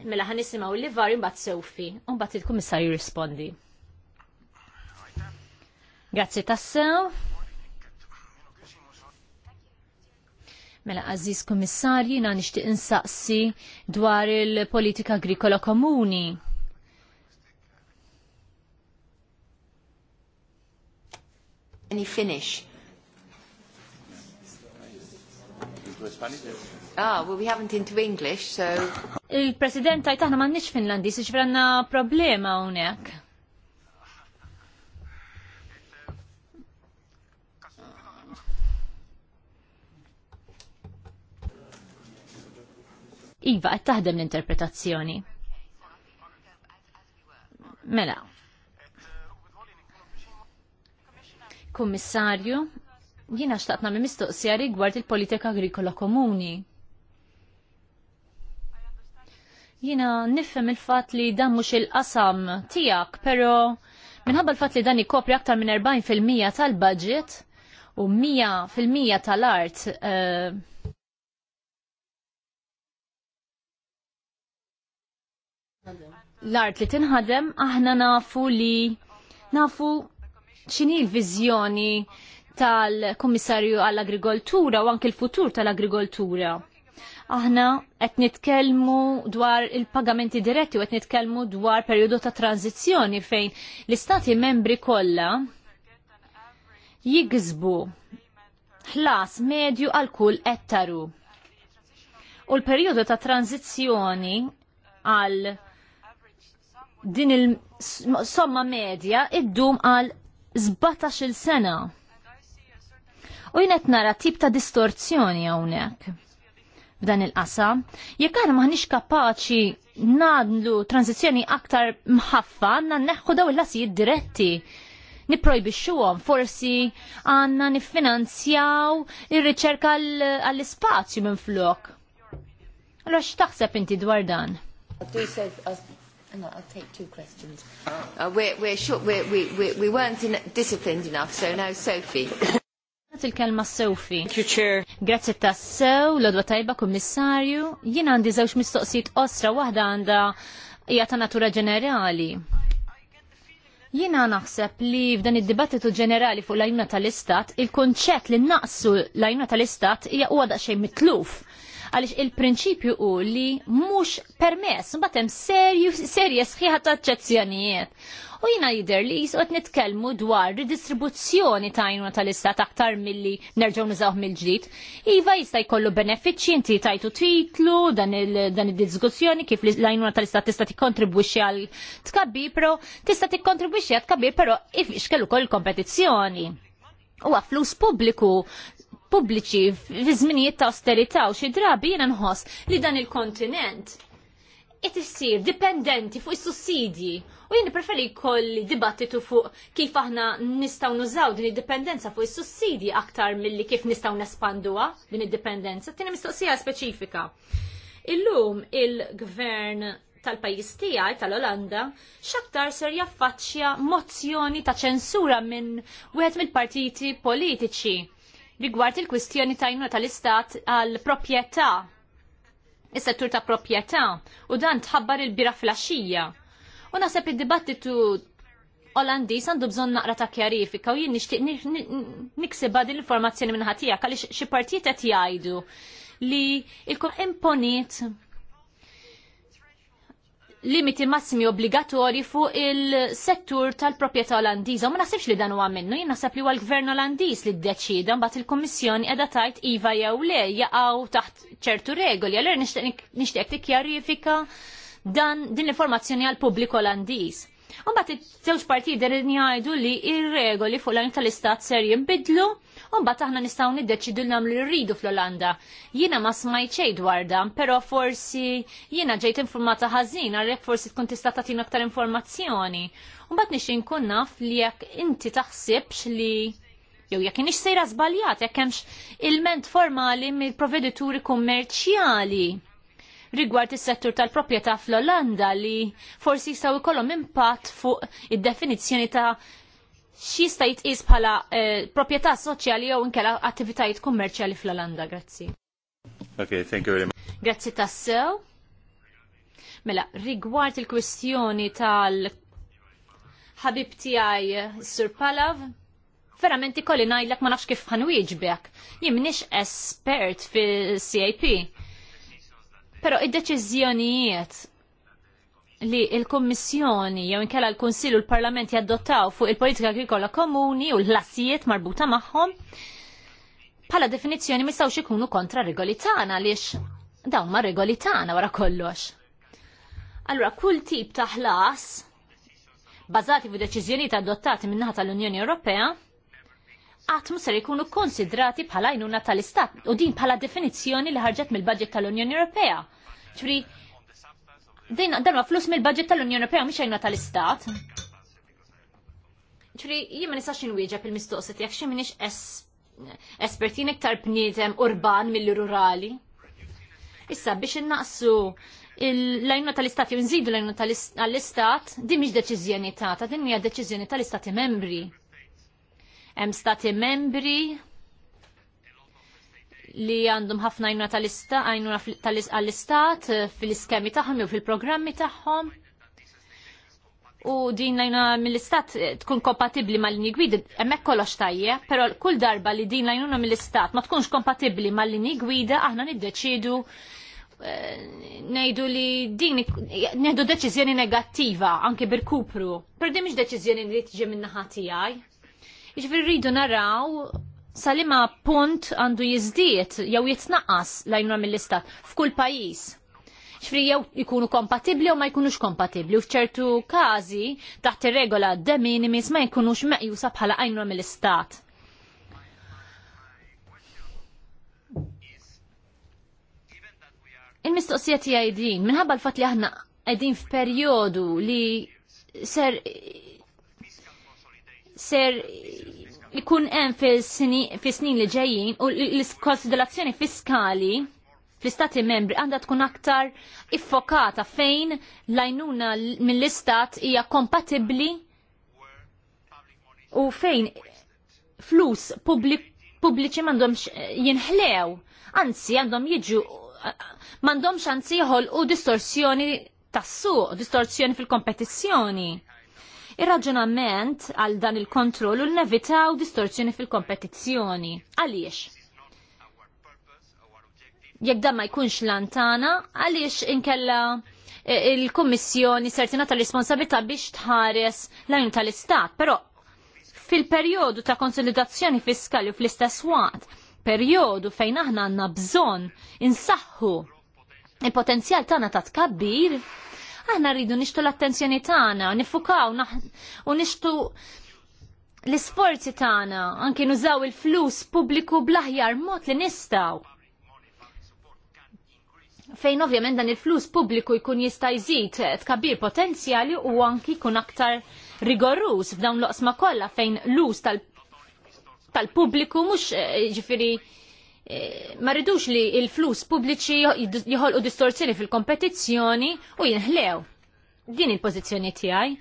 mela ħan nisimaw li var imbat sewfi, imbat il-komissar jirrispondi. Grazzi tassew. Mela għaziz komissarji na nishtiq insaqsi dwar il-politika agrikola komuni. Any finish. Ah, well, we haven't into English, so... Il-President tajt mannix m'għandniex siċ iġbranna problema hawnhekk. Iva, qed taħdem l-interpretazzjoni. Mela. Kummissarju, jiena xtaqtna mi mistoqsija rigward il-politika agrikola komuni. Jina nifhem il-fatt li dan mhux il-qasam tiegħek, però minħabba l-fatt li dan ikopri aktar minn 40% tal-budget u 100% tal-art eh, l-art li tinħadem aħna nafu li nafu xini l-vizjoni tal-Komissarju għall-Agrikoltura u anke l-futur tal-Agrikoltura aħna qed nitkellmu dwar il-pagamenti diretti u qed nitkellmu dwar perjodu ta' tranzizzjoni fejn l-istati membri kollha jigżbu ħlas medju għal kull ettaru. U l-perjodu ta' tranzizzjoni għal din il-somma medja iddum għal 17 sena. U jnet nara tip ta' distorzjoni hawnhekk f'dan il-qasam, jekk aħna maħniex kapaċi nagħmlu tranzizzjoni aktar mħaffa, għandna neħħu daw il-lasijiet diretti niprojbixxuhom, forsi għandna niffinanzjaw ir-riċerka għall-ispazju minn flok. Allora x'taħseb inti dwar dan? Uh, no, I'll take two questions. Uh, we're, we're short, we're, we, we, we weren't in, disciplined enough, so now Sophie il-kelma Sofi. Grazzi ta' sew, l-odwa tajba kummissarju. Jien għandi żewġ mistoqsijiet osra waħda għandha hija ta' natura ġenerali. Jiena naħseb li f'dan id-dibattitu ġenerali fuq l-ajuna tal-istat, il-konċett li naqsu l-ajuna tal-istat hija huwa daqsxejn mitluf għalix il-prinċipju u li mux permess, mbatem serju, serje sħiħa ta' ċezzjonijiet u jina jider li jisqot nitkelmu dwar redistribuzzjoni ta' jnuna tal-istat aktar milli nerġaw nizawh mill-ġdid. Iva jista' jkollu benefiċċji inti tajtu titlu dan il-diskussjoni kif l-għajnuna tal-istat tista' t-kontribuċi għal tkabbi, però tista' t-kontribuċi għal tkabbi, però iskellu koll kompetizzjoni. U flus pubbliku pubbliċi fi żminijiet ta' austerità u xi drabi jiena nħoss li dan il-kontinent qed issir dipendenti fuq is-sussidji U jien preferi kolli dibattitu fuq kif aħna nistgħu nużaw din id-dipendenza fuq is-sussidi aktar milli kif nistgħu nespanduha din id-dipendenza. Tieni mistoqsija speċifika. Illum il-gvern tal-pajis tiegħi tal-Olanda x'aktar ser jaffaċċja mozzjoni ta' ċensura minn wieħed mill-partiti politiċi rigward il-kwistjoni tajnuna tal-istat għal proprjetà is-settur ta' proprjetà u dan tħabbar il-bira flaxxija U naħseb id-dibattitu Olandis għandu bżon naqra ta' kjarifika u jien nixtieq nikseba din l-informazzjoni minn ħatija għaliex xi partit qed jgħidu li ilkom imponit limiti massimi obbligatori fuq il-settur tal-propieta u Ma nasibx li dan huwa minnu, jien nasab li huwa l-gvern olandiż li ddeċida mbagħad il-Kummissjoni qiegħda tajt iva jew le jaqgħu taħt ċertu regoli. Allura nixtieq tikkjarifika dan din l-informazzjoni għal pubbliku Olandiż. Umbat it-żewġ partiti din jgħidu li r regoli fuq l għajn tal-istat ser jinbidlu, umbat aħna nistgħu niddeċidu nagħmlu rridu fl-Olanda. Jiena ma smajt xejn dwar dan, però forsi jiena ġejt informata ħażin għalhekk forsi tkun tista' tagħtina aktar informazzjoni. Umbat nixi nkun naf li jekk inti taħsibx li jew jekk inix sejra żbaljat, jekk hemmx ilment formali mill proveduturi kummerċjali rigward is-settur tal-proprjetà fl-Olanda li forsi jistgħu jkollhom impatt fuq id-definizzjoni ta' x'jista' jitqies bħala eh, proprjetà soċjali jew inkella attivitajiet kummerċjali fl-Olanda. Grazzi. Okay, thank you very much. Grazzi tassew. Mela, rigward il-kwestjoni tal ħabib tiegħi Sur Palav, verament ikolli ngħidlek ma nafx kif ħanwieġbek. Jien m'iniex espert fil-CAP. Pero id-deċiżjonijiet li il-Kommissjoni jew inkella l-Kunsill u l-Parlament jaddottaw fuq il-politika agrikola komuni u l-lassijiet marbuta magħhom bħala definizzjoni mistgħux ikunu kontra regoli tagħna għaliex dawn ma regoli tagħna wara kollox. Allura kull tip ta' ħlas bażati fuq deċiżjonijiet adottati min-naħa tal-Unjoni Ewropea għatmu ser ikunu konsidrati bħala jnuna tal-istat u din bħala definizzjoni li ħarġet mill-budget tal-Unjoni Ewropea. ċfri, din dan ma flus mill-budget tal-Unjoni Ewropea miex jnuna tal-istat. ċfri, jien ma nistax inwieġeb il-mistoqsit jekk xi minix espertin iktar bniedem urban mill-rurali. Issa biex innaqsu l-lajnuna tal-istat jew nżidu l-lajnuna tal-istat, din mhix deċiżjoni tagħta, din hija deċiżjoni tal-istati membri Hemm stati membri li għandhom ħafna għajnuna tal-istat eh, fil-iskemi tagħhom jew fil-programmi tagħhom. U din għajnuna mill-istat eh, tkun kompatibli mal-linji gwida, emmek kollox tajje, pero kull darba li din għajnuna mill-istat ma tkunx kompatibli mal-linji gwida, aħna niddeċidu eh, nejdu li din nejdu deċizjoni negattiva anke bil-kupru. Per di deċizjoni li tiġi minna ħati għaj Jiġifieri rridu naraw salima punt għandu jizdiet jew jitnaqqas lajnuna mill-istat f'kull pajjiż. Ġifri jew ikunu kompatibli u ma jkunux kompatibli u f'ċertu każi taħt ir-regola de minimis ma jkunux meqjusa bħala għajnuna mill-istat. Il-mistoqsija tiegħi din minħabba l-fatt li aħna qegħdin f'perjodu li ser ser ikun hemm fis-snin li ġejjin u l-konsiderazzjoni fiskali fl-istati membri għandha tkun aktar iffokata fejn l-għajnuna mill-istat hija kompatibbli u fejn flus pubbliċi m'għandhom eh, jinħlew, anzi għandhom jiġu eh, m'għandhomx anzi jħolqu distorsjoni tas-suq, distorsjoni fil-kompetizzjoni ir-raġunament għal dan il-kontroll u l-nevitaw distorzjoni fil-kompetizzjoni. Għaliex? Jekk dan ma jkunx lantana, għaliex inkella eh, il-Kommissjoni sertina tal-responsabilità biex tħares l-għajn tal-Istat, però fil-perjodu ta' konsolidazzjoni fiskali u fl-istess waqt, perjodu fejn aħna għandna bżonn insaħħu il-potenzjal tagħna ta' tkabbir, Aħna rridu nixtu l-attenzjoni tagħna, nifukaw u nixtu l-isforzi tagħna, anke nużaw il-flus pubbliku bl-aħjar mod li nistgħu. Fejn ovvjament dan il-flus pubbliku jkun jista' jżid tkabbir potenzjali u anki jkun aktar rigorus f'dawn l-oqsma kollha fejn l-us tal-pubbliku mhux eh, ġifieri Eh, ma ridux li il-flus pubbliċi jħolqu distorzjoni fil-kompetizzjoni u jinħlew. Din il-pożizzjoni tiegħi.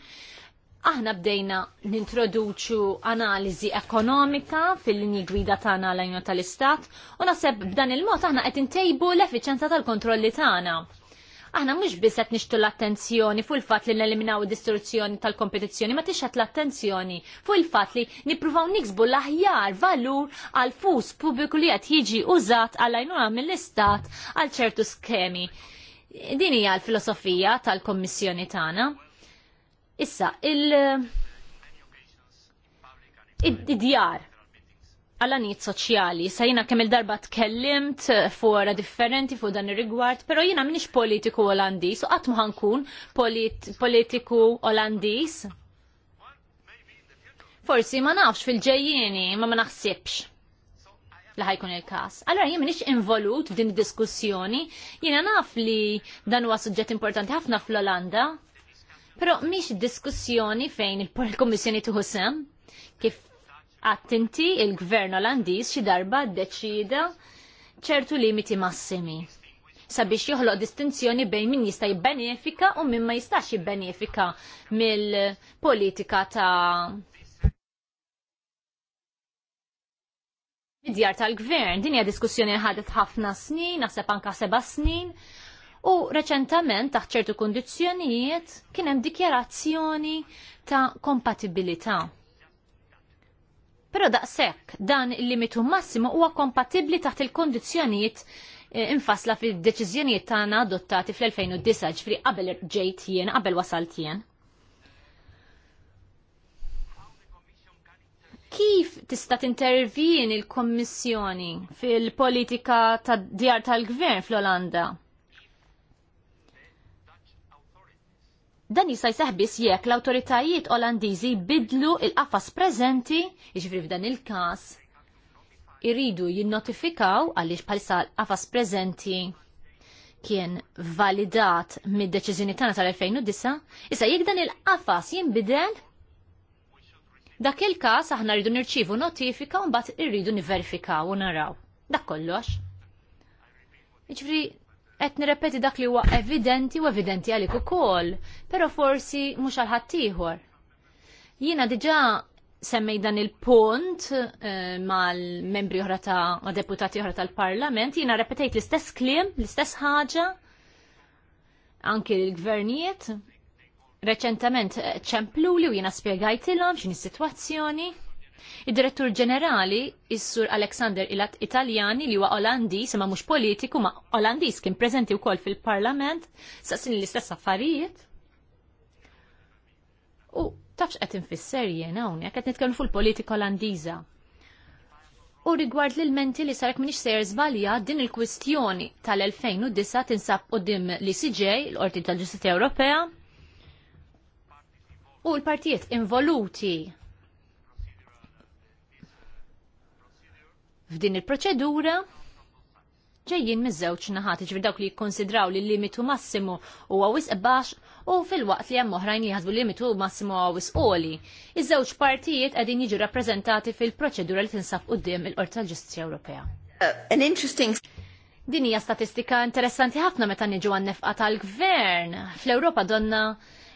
Aħna bdejna nintroduċu analiżi ekonomika fil-linji gwida tagħna l-Ajnuna tal-Istat u naħseb b'dan il-mod aħna qed intejbu l-effiċenza tal-kontrolli tagħna aħna mhux biss qed nixtu l-attenzjoni fuq il-fatt li neliminaw id-distruzzjoni tal-kompetizzjoni, ma tixħat l-attenzjoni fuq il-fatt li nippruvaw niksbu l-aħjar valur għal fus pubbliku li qed jiġi użat għal għajnuna mill-istat għal ċertu skemi. Din hija l-filosofija tal-Kommissjoni tagħna. Issa, il- id-djar għal-għaniet soċjali. Sa jina kemm il-darba tkellimt eh, fuqra differenti fuq dan ir-rigward, però jiena minix politiku olandis, u qatt ħankun polit politiku olandis. Forsi ma nafx fil-ġejjini, ma ma naħsibx li ħajkun il-kas. Allora jien minix involut f'din id diskussjoni, jiena naf li dan huwa suġġett importanti ħafna fl-Olanda, però miex diskussjoni fejn il kummissjoni tuħu sem, kif attenti il-gvern Olandiż xi darba ddeċida ċertu limiti massimi sabiex joħloq distinzjoni bejn min jista' jibbenefika u min ma jistax jibbenefika mill-politika ta' midjar tal-gvern. Din hija diskussjoni ħadet ħafna snin, naħseb anka seba' snin. U reċentament taħt ċertu kundizzjonijiet kien hemm dikjarazzjoni ta' kompatibilità. Pero daqshekk dan il-limitu massimu huwa kompatibbli taħt il kondizjonijiet eh, infasla fid-deċiżjonijiet tagħna adottati fl-2009 ġifri qabel ġejt jien, qabel wasalt jien. Kif tista' tintervjien il-Kommissjoni fil-politika tad djar tal-Gvern fl-Olanda? Dan jista' jseħħ biss jekk l-awtoritajiet Olandiżi bidlu il-qafas preżenti, jiġifieri f'dan il-każ iridu jinnotifikaw għaliex bħalissa l-qafas prezenti kien validat mid-deċiżjoni tagħna tal-2009, issa jekk dan il-qafas jinbidel, dak il-każ aħna rridu nirċivu notifika u mbagħad irridu niverifikaw u naraw. Dak kollox. Jiġifieri qed nirrepeti dak li huwa evidenti u evidenti għalik ukoll, però forsi mhux għal ħaddieħor. Jiena diġà semmej dan il-punt eh, mal-membri oħra ta' ma' deputati oħra tal-Parlament, jiena repetejt l-istess kliem, l-istess ħaġa, anki l-gvernijiet. Reċentament eh, ċemplu li u jiena spiegajtilhom x'in is-sitwazzjoni, Id-direttur ġenerali, is-sur Alexander Ilat Italjani li huwa Olandis, imma mhux politiku, ma Olandis kien preżenti wkoll fil-Parlament, saqsin l-istess affarijiet. U tafx qed infisser jien hawnhekk qed nitkellmu fuq il-politika Olandiża. U rigward l-ilmenti li sarek minix sejr zbalja din il-kwistjoni tal-2009 tinsab qoddim li CJ, l-Qorti tal-Ġustizja Ewropea, u l-partijiet involuti F'din il-proċedura ġejjin miż-żewġ naħat ġifir dawk li jikkonsidraw li limitu massimu u għawis ebbax u fil-waqt li hemm oħrajn li l limitu massimu għawis qoli. Iż-żewġ partijiet qegħdin jiġu rappreżentati fil-proċedura li tinsab quddiem il qorta tal-Ġustizzja Ewropea. Uh, an interesting Din hija statistika interessanti ħafna meta niġu għan tal-gvern. Fl-Ewropa donna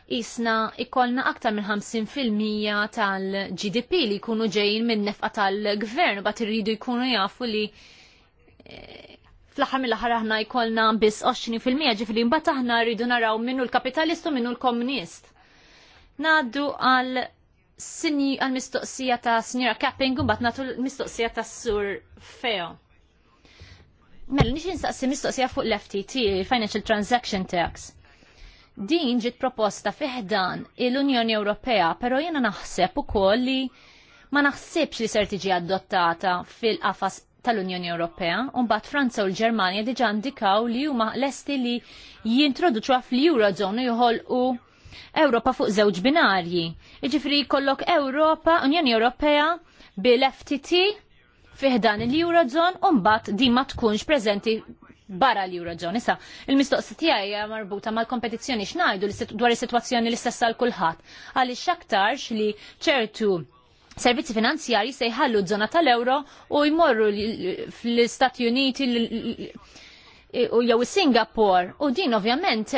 isna ikollna aktar minn 50% tal-GDP li jkunu ġejjin minn nefqa tal-gvern bat irridu jkunu jafu li eh, fl-aħħar mill-aħħar aħna jkollna biss 20% ġifieri mbata aħna rridu naraw minnu l-kapitalistu minnu l-komunist. Naddu għal sinji għal mistoqsija ta' Sinjora Capping u bat natu l-mistoqsija ta' Sur Feo. Mela, nix nistaqsi mistoqsija fuq l-FTT, Financial Transaction Tax. Din ġiet proposta fiħdan il-Unjoni Ewropea, però jiena naħseb ukoll li ma naħsibx li ser tiġi adottata fil-qafas tal-Unjoni Ewropea, bat Franza u l germania diġa indikaw li huma lesti li jintroduċuha fl-Eurozone u Ewropa fuq żewġ binarji. Iġifri kollok Ewropa, Unjoni Ewropea bil-FTT fiħdan il-Eurozone bat din ma tkunx prezenti barra l-Eurozone. Issa, il-mistoqsi tiegħi hija marbuta mal-kompetizzjoni x'ngħidu dwar is-sitwazzjoni li stessa għal kulħadd. Għaliex aktarx li ċertu servizzi finanzjari se jħallu żona tal-euro u jmorru fl-Istati Uniti u jew Singapore u din ovvjament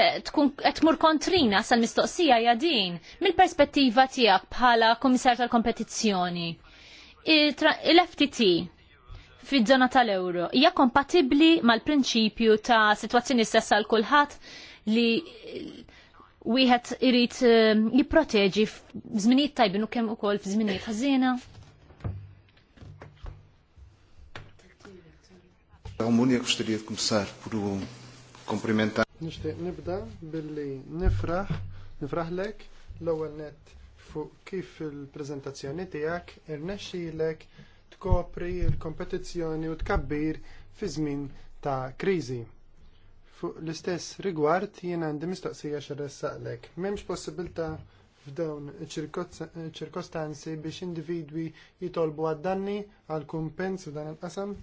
qed tmur kontrina sal-mistoqsija hija din mill-perspettiva tiegħek bħala Kummissar tal-Kompetizzjoni. Il-FTT fiż-żona tal-euro hija kompatibbli mal-prinċipju ta' sitwazzjoni stessa għal kulħadd li wieħed irid ehm, jipproteġi f'żminijiet tajbin u kemm ukoll f'żminijiet ħażina. Għamun jek kumsar Nishtiq nibda billi nifraħ, nifraħ lek l-ewel net fuq kif il-prezentazzjoni tijak irnexxi lek tkopri l-kompetizzjoni u tkabbir fi żmien ta' kriżi. Fuq l-istess rigward jien għandi mistoqsija x'ressaqlek. M'hemmx possibilità f'dawn ċirkostanzi biex individwi jitolbu għad-danni għal kumpens dan il-qasam?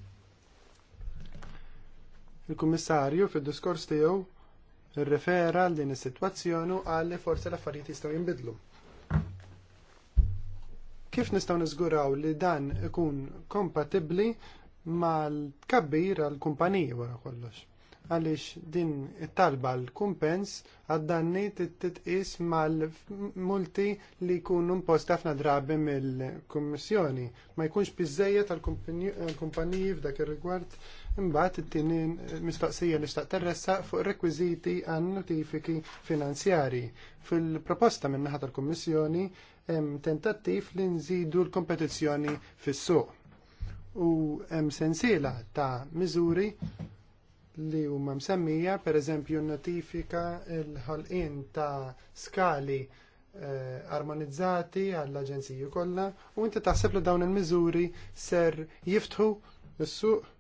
Il-Kummissarju fid-diskors tiegħu rrefera l din is-sitwazzjoni u qal li forsi l-affarijiet jistgħu jinbidlu. Kif nistgħu niżguraw li dan ikun kompatibbli mal-tkabbir għall kumpaniji wara kollox? Għaliex din it-talba l-kumpens għad-danni titqis mal-multi li jkunu impost ħafna drabi mill-Kummissjoni. Ma jkunx biżejjed għall-kumpaniji f'dak ir-rigward Imbagħad it-tieni mistoqsija li xtaq terressaq fuq rekwiżiti għan notifiki finanzjarji. Fil-proposta min-naħa tal-Kummissjoni hemm tentattiv li nżidu l-kompetizzjoni fis-suq. U hemm sensiela ta' miżuri li huma msemmija, pereżempju notifika l-ħolqien ta' skali eh, armonizzati għall-aġenziji kollha u inti taħseb li dawn il-miżuri ser jiftħu s-suq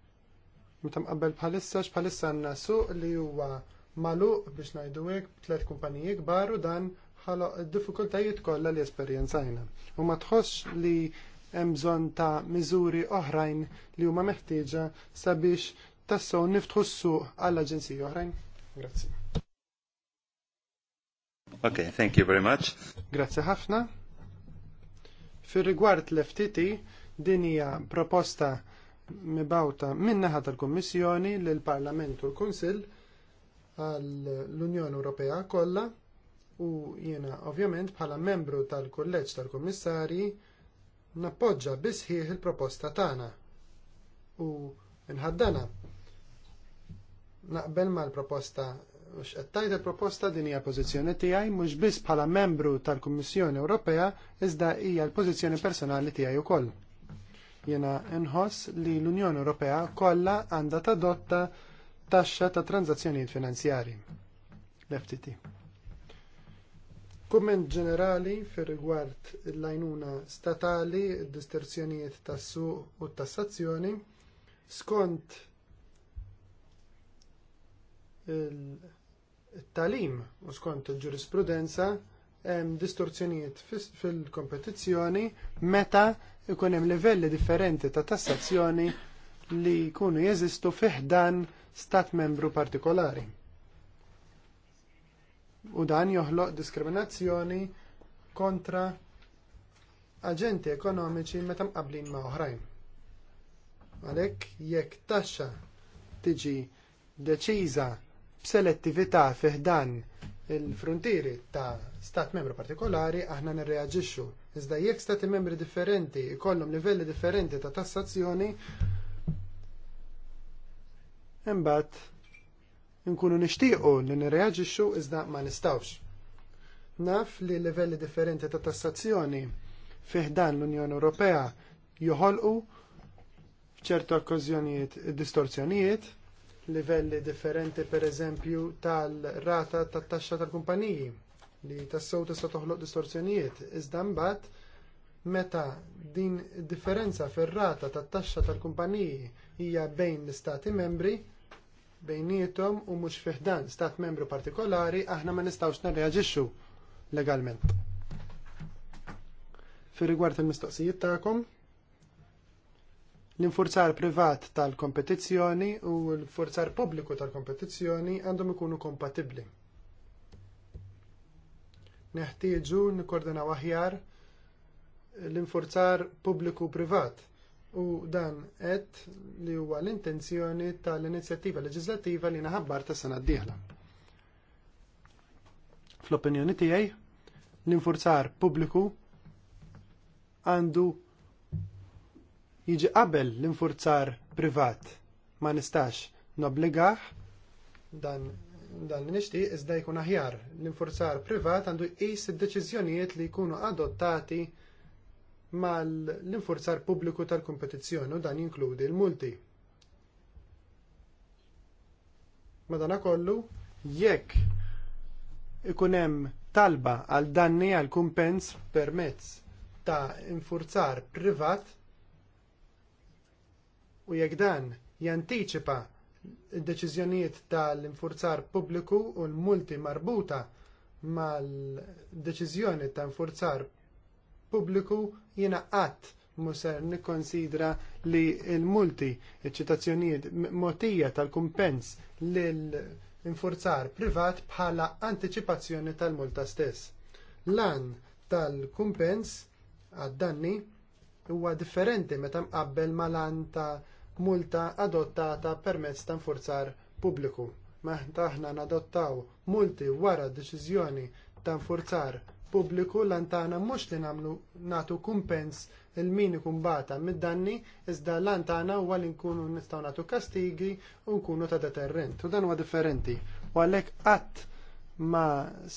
meta mqabbel bħalissa x'bħalissa għandna suq li huwa magħluq biex ngħidu hekk tliet kumpaniji kbar u dan ħaloq diffikultajiet kollha li esperjenzajna. U ma tħoss li hemm bżonn ta' miżuri oħrajn li huma meħtieġa sabiex tassew niftħu s-suq għall aġenziji oħrajn? Grazzi. Ok, thank you very much. Grazzi ħafna. Fir rigward l-FTT, din hija proposta mibawta min-naħa tal-Kummissjoni lill parlament u l-Kunsill għall unjoni Ewropea kollha u jiena ovvjament bħala membru tal-kulleġġ tal-kummissarji nappoġġa bisħieħ il-proposta tagħna u nħaddana naqbel mal-proposta qed għattajt il-proposta din hija pożizzjoni tiegħi mhux biss bħala membru tal-Kummissjoni Ewropea iżda hija l-pożizzjoni personali tiegħi wkoll. Jena nħoss li l-Unjoni Ewropea kollha għandha tadotta taxxa ta' tranzazzjonijiet finanzjarji. L-FTT. Kumment ġenerali fir rigward l-lajnuna statali, distorsjonijiet tas-suq u tassazzjoni, skont il-talim u skont il-ġurisprudenza hemm distorsjonijiet fil-kompetizzjoni meta ikun hemm livelli differenti ta' tassazzjoni li jkunu jeżistu fih dan stat membru partikolari u dan joħloq diskriminazzjoni kontra aġenti ekonomiċi meta mqablin ma' oħrajn. Għalhekk jekk taxxa tiġi deċiża b'selettività fih dan il fruntieri ta' stat membru partikolari aħna nirreaġixxu. Iżda jekk stati membri differenti jkollhom livelli differenti ta' tassazzjoni imbagħad nkunu nixtiequ li nirreaġixxu iżda ma nistawx. Naf li livelli differenti ta' tassazzjoni fih dan l-Unjoni Ewropea joħolqu f'ċertu okkożjonijiet distorzjonijiet, livelli differenti pereżempju tal-rata tat-taxxa tal-kumpaniji li tassew tista' toħloq distorzjonijiet. Iżda mbagħad meta din differenza fir-rata tat-taxxa tal-kumpaniji hija bejn l-istati membri, bejnietom u mhux fiħdan dan stat membru partikolari aħna ma nistgħux nirreaġixxu legalment. Fi rigward il-mistoqsijiet tagħkom, l-infurzar privat tal-kompetizzjoni u l-infurzar pubbliku tal-kompetizzjoni għandhom ikunu kompatibbli. Neħtieġu nikkoordinaw aħjar l-infurzar pubbliku privat u dan qed li huwa l-intenzjoni tal-inizjattiva leġislattiva li naħabbar ta' sena d-dieħla. Fl-opinjoni tiegħi, l-infurzar pubbliku għandu jiġi qabel l-infurzar privat ma nistax nobligaħ dan dan nishti iżda jkun aħjar l-infurzar privat għandu jqis id-deċiżjonijiet li jkunu adottati mal-infurzar pubbliku tal-kompetizzjoni u dan jinkludi l-multi. Madanakollu, jekk ikun hemm talba għal danni għal kumpens permezz ta' infurzar privat u jekk dan jantiċipa d-deċiżjonijiet tal-infurzar pubbliku u l-multi marbuta mal-deċiżjoni ta' infurzar pubbliku jiena qatt muser nikkonsidra li l-multi, iċ-ċitazzjonijiet motija tal-kumpens l-infurzar privat bħala anticipazzjoni tal-multa stess. Lan tal-kumpens għad-danni huwa differenti meta mqabbel ma lan ta' multa adottata permezz ta' infurzar pubbliku. Meta aħna nadottaw multi wara deċiżjoni ta' infurzar pubbliku lantana mhux li nagħmlu nagħtu kumpens il-min ikun bata mid-danni iżda l-antana huwa li nkunu nistgħu nagħtu kastigi u nkunu ta' deterrent. U dan huwa differenti. U għalhekk qatt ma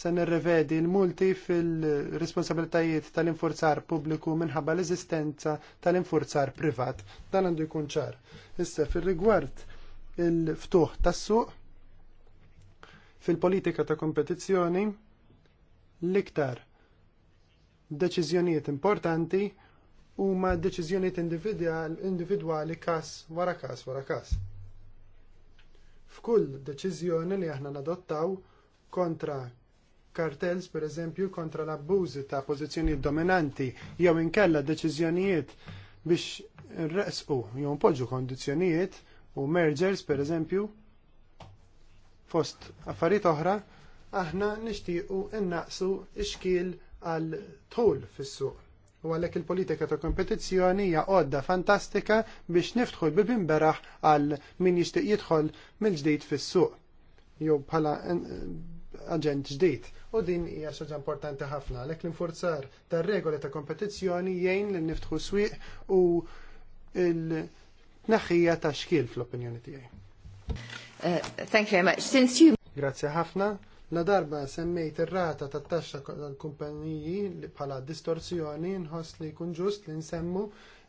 se nirrevedi l-multi fil-responsabilitajiet tal-infurzar pubbliku minħabba l-eżistenza tal-infurzar privat. Dan għandu jkun ċar. Issa fil-rigward il-ftuħ tas-suq fil-politika ta' kompetizzjoni l-iktar deċiżjonijiet importanti huma deċiżjonijiet individwali każ wara każ wara każ. F'kull deċiżjoni li aħna nadottaw kontra kartels, pereżempju, kontra l-abbużi ta' pożizzjonijiet dominanti jew inkella deċiżjonijiet biex nresqu jew npoġġu kondizzjonijiet u mergers, pereżempju, fost affarijiet oħra, aħna nixtiequ innaqsu ix-xkiel għal tul fis-suq. U għalhekk il-politika ta' kompetizzjoni hija għodda fantastika biex niftħu bibin beraħ għal min jixtieq jidħol mill-ġdid fis-suq. Jew bħala eh, aġent ġdid. U din hija xaġa importanti ħafna għalhekk l-infurzar tar-regoli ta' kompetizzjoni jgħin li niftħu swiq u l-naħħija ta' xkil fl-opinjoni tiegħi. Eh, thank you very much. Since you Grazie ħafna. La darba semmejt ir-rata tat taxxa tal-kumpaniji bħala distorsjoni nħoss li jkun ġust li nsemmu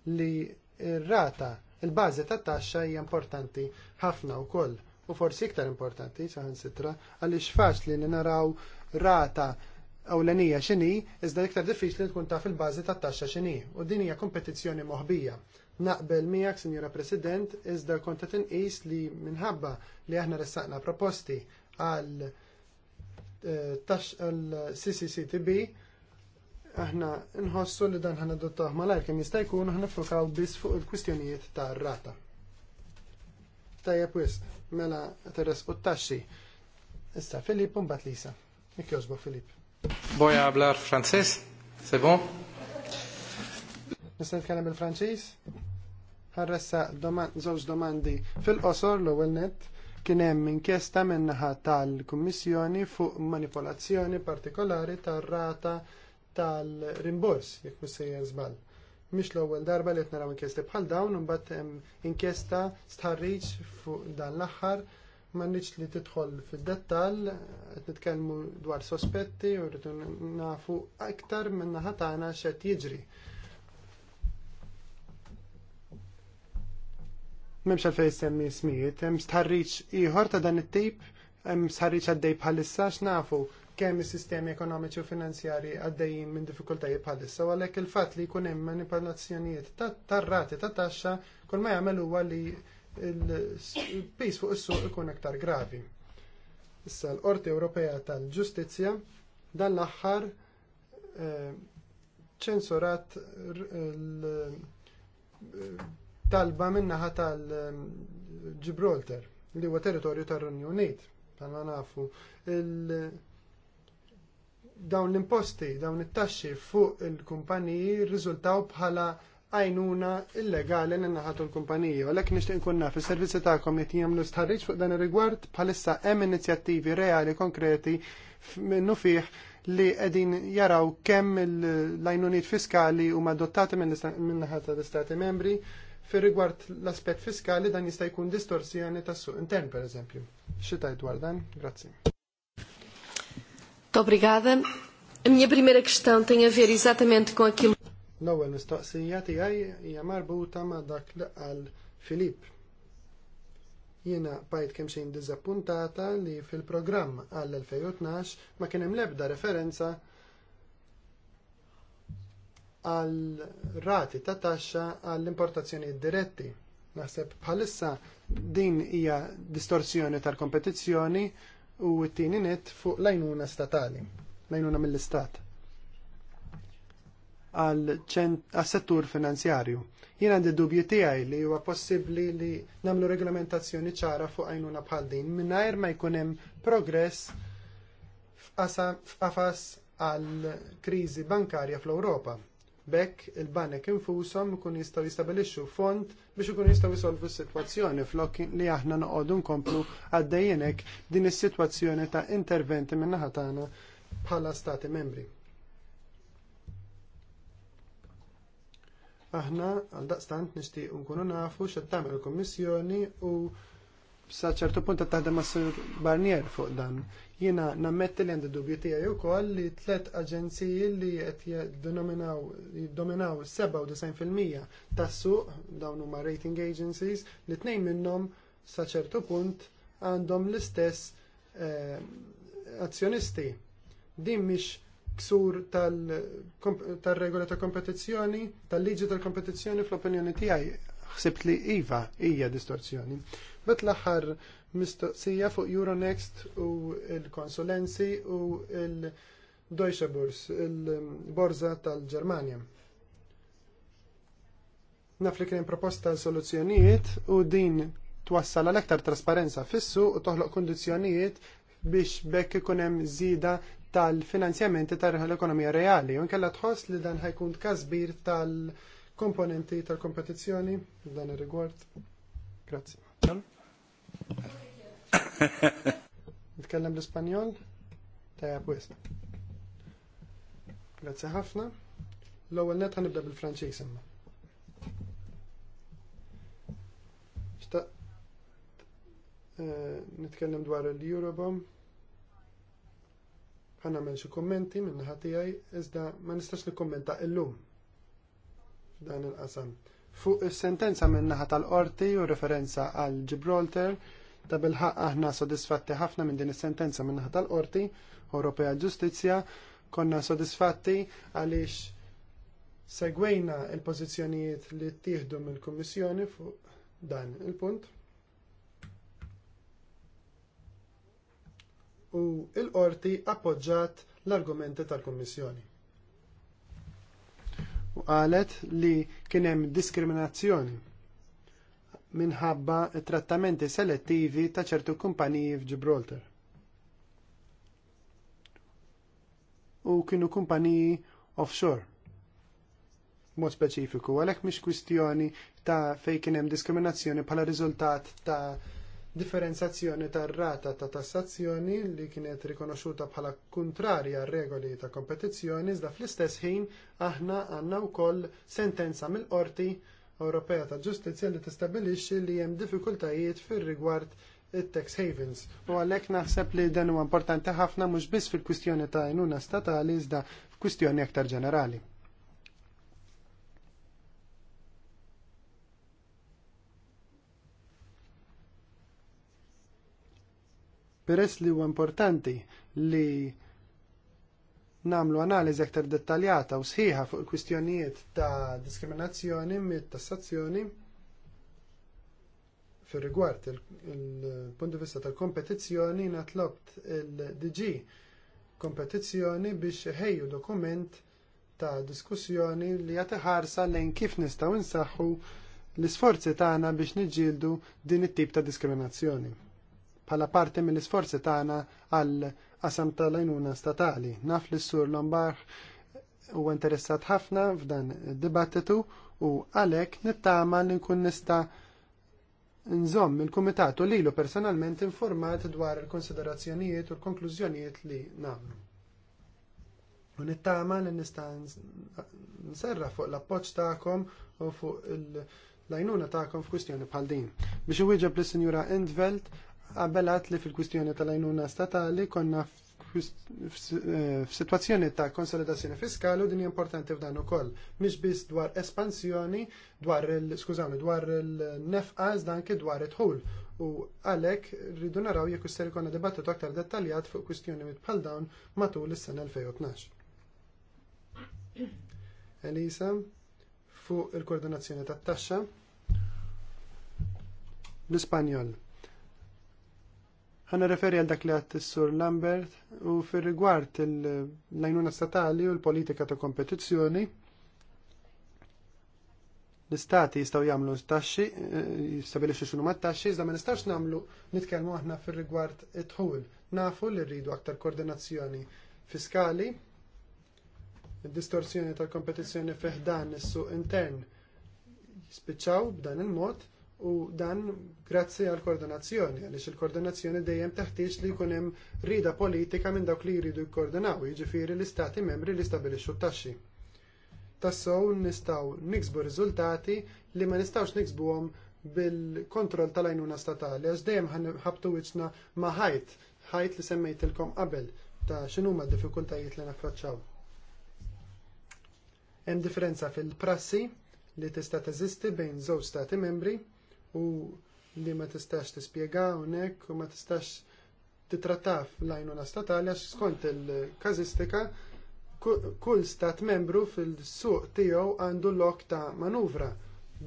li r-rata, il-bażi tat taxxa hija importanti ħafna wkoll u forsi iktar importanti saħansitra, għaliex faċli li naraw rata ewlenija x'inhi, iżda iktar diffiċli tkun taf il-bażi tat-taxxa x'inhi. U din hija kompetizzjoni moħbija. Naqbel miegħek, Sinjura President, iżda kont qed inqis li minħabba li aħna ressaqna proposti għal tax l-CCCTB aħna nħossu li dan ħana dottaħ malajr kem jistajkun jkun ħana fokaw biss fuq il-kwistjonijiet ta' rata. Tajja pwis, mela teres u taxxi. Issa, Filip un bat Lisa. jozbo, Filip. Boja għablar Frances, se bon? Nista' nitkellem bil-Franċiż? Ħarressa żewġ domandi fil-qosor l-ewwel nett kien hemm inkjesta min-naħa tal-Kummissjoni fuq manipolazzjoni partikolari tar-rata tal-rimbors, jekk mhux sejjer żball. Mhix l-ewwel darba li qed naraw inkjesta bħal dawn u mbagħad hemm inkjesta stħarriġ fuq dan l-aħħar m'għandniex li tidħol fid-dettall, qed nitkellmu dwar sospetti u rridu nafu aktar min-naħa tagħna x'qed jiġri Memx għalfej semmi smijiet, hemm stħarriċ ieħor ta' dan it-tip, hemm stħarriċ għaddej bħalissa x'nafu kemm is-sistemi ekonomiċi u finanzjari għaddejjin minn diffikultajiet bħalissa u għalhekk il-fatt li jkun hemm manipolazzjonijiet tar-rati ta' taxxa kull ma jagħmel huwa li l-pis fuq is-suq ikun aktar gravi. Issa l-Qorti Ewropea tal-Ġustizzja dan l-aħħar eh, ċensurat l talba min-naħa tal-Gibraltar ehm, li huwa territorju tar-Renju Unit. Bħalma nafu dawn l-imposti, dawn it-taxxi fuq il-kumpaniji rriżultaw bħala għajnuna illegali li naħatu l-kumpaniji. U l-ek nishtiq nkun naf is-servizzi ta' qed jagħmlu stħarriġ fuq dan ir-rigward bħalissa hemm inizjattivi reali konkreti minnu fiħ li qegħdin jaraw kemm l għajnunit fiskali huma adottati minn naħa tal-Istati membri Fir rigward l-aspett fiskali dan jista' jkun distorsjoni tas-suq intern pereżempju. Xi tajt dwar dan? Grazzi. Obrigada. A minha primeira questão tem a ver exatamente com aquilo. L-ewwel mistoqsija tiegħi hija marbuta ma' dak li qal Filip. Jiena bajt kemm xejn diżappuntata li fil-programm għall-2012 ma kien hemm l-ebda referenza għal rati ta' taxxa għall importazzjoni diretti. Naħseb bħalissa din hija distorsjoni tal-kompetizzjoni u t-tieni nett fuq lajnuna statali, lajnuna mill-istat għal settur finanzjarju. Jien għandi dubju tiegħi li huwa possibbli li nagħmlu regolamentazzjoni ċara fuq għajnuna bħal din mingħajr ma jkun hemm progress f'qafas għal kriżi bankarja fl-Ewropa. Bekk il-banek infushom ikun jistgħu jistabilixxu fond biex ikun jistgħu jsolvu s-sitwazzjoni flok li aħna noqogħdu nkomplu għaddejjenek din is-sitwazzjoni ta' interventi min-naħa tagħna bħala stati membri. Aħna għal daqstant nixtieq nkunu nafu x'qed tagħmel il-Kummissjoni u sa ċertu punt taħdem mas-Sur Barnier fuq dan. Jiena nammetti li għandi dubju tiegħi wkoll li tliet aġenziji li qed jiddominaw 97% tassu suq dawn huma rating agencies li tnejn minnhom sa ċertu punt għandhom l-istess eh, azzjonisti. Din mhix ksur tal-regola tal kompetizzjoni, tal-liġi tal kompetizzjoni fl-opinjoni tiegħi ħsibt li iva hija distorzjoni. Bet l-aħħar mistoqsija fuq Euronext u il konsulensi u il-Deutsche Börse, il-borza tal-Germania. Naf li kien proposta soluzzjonijiet u din twassal għal aktar trasparenza fissu u toħloq kundizzjonijiet biex bekk ikun hemm żieda tal-finanzjamenti tal-ekonomija reali. U nkella tħoss li dan ħajkun kazbir tal-komponenti tal-kompetizzjoni dan ir-rigward. Grazzi. Nitkellem l-Ispanjol? Tajab wisna. Grazie ħafna. L-ewwel net ħanibda bil-Franċiż imma. Xtaqt eh, nitkellem dwar l-Eurobom. Ħan nagħmel xi kummenti minn ħati iżda ma nistax nikkumenta illum f'dan il-qasam. il qasam Fuq is-sentenza min-naħa tal-qorti u referenza għal Gibraltar, ta' bilħaq aħna sodisfatti ħafna minn din is-sentenza min-naħa tal-qorti Ewropea Ġustizzja, konna sodisfatti għaliex segwejna il-pożizzjonijiet li ttieħdu mill-Kummissjoni fuq dan il-punt. U l qorti appoġġat l-argumenti tal-Kummissjoni qalet li kien hemm diskriminazzjoni minħabba t trattamenti selettivi ta' ċertu kumpaniji f'Gibraltar. U kienu kumpaniji offshore. Mod speċifiku, għalhekk mhix kwistjoni ta' fejn kien hemm diskriminazzjoni bħala riżultat ta' differenzjazzjoni tar-rata ta' tassazzjoni li kienet rikonoxuta bħala kuntrarja regoli ta' kompetizzjoni iżda fl-istess ħin aħna għandna wkoll sentenza mill-Qorti Ewropea ta' Ġustizzja li tistabilixxi li hemm diffikultajiet fir-rigward it-tax havens. U għalhekk naħseb li dan huwa importanti ħafna mhux biss fil-kwistjoni ta' għajnuna statali iżda f'kwistjoni aktar ġenerali. Peress li huwa importanti li namlu analiżi aktar dettaljata u sħiħa fuq il-kwistjonijiet ta' diskriminazzjoni mit-tassazzjoni fir rigward il-punt di vista tal-kompetizzjoni natlobt il-DG kompetizzjoni biex ħejju dokument ta' diskussjoni li jateħarsa lejn kif nistgħu insaħħu l isforzi tagħna biex niġġieldu din it-tip ta' diskriminazzjoni bħala parti mill-isforzi tagħna għal qasam tal-għajnuna statali. Naf li s-sur Lombard u interessat ħafna f'dan id-dibattitu u għalhekk nittama li nkun nista' nżomm il-kumitatu lilu personalment informat dwar il-konsiderazzjonijiet u l-konklużjonijiet li nagħmlu. U nittama li nista' nserra fuq l-appoġġ tagħkom u fuq il- lajnuna ta'kom f'kustjoni bħal din. Biex iwieġeb lis sinjura Endveld għabbelat li fil-kwistjoni tal ajnuna statali konna eh, f'sitwazzjoni ta' konsolidazzjoni fiskali u din importanti f'dan ukoll. Mhix biss dwar espansjoni, dwar il skużawni, dwar il nefqas danke dwar it-ħul. U għalhekk rridu naraw jekk isser ikolna dibattitu aktar dettaljat fuq kwistjoni bħal dawn matul is-sena 2012. Elisa, fuq il-koordinazzjoni tat-taxxa l-Ispanjol ħana referi għal dak li għat sur Lambert u fir rigward l-lajnuna statali u l-politika ta' kompetizzjoni. L-istati jistaw jamlu taxxi, eh, jistabilixu xunu ma taxxi, iżda ma nistax namlu nitkelmu aħna fir rigward it-ħul. Nafu li rridu aktar koordinazzjoni fiskali, id-distorsjoni tal-kompetizzjoni feħdan is-suq intern jispiċċaw b'dan il-mod u dan grazzi għall koordinazzjoni għaliex il-koordinazzjoni dejjem teħtieġ li jkun hemm rida politika minn dawk li jridu jkoordinaw, jiġifieri l-istati membri li stabilixxu t-taxxi. Tassow nistgħu niksbu riżultati li ma nistgħux niksbuhom bil-kontroll tal-għajnuna statali, għax dejjem ħabtu wiċċna ma' ħajt, ħajt li semmejtilkom qabel ta' x'inhuma d-diffikultajiet li naffaċċaw. Hemm differenza fil-prassi li tista' teżisti bejn żewġ stati membri u li ma tistax tispjega hawnhekk u ma tistax titrattaf lajnu għajnuna statali għax skont il-kazistika kull stat membru fil-suq tiegħu għandu lok ta' manuvra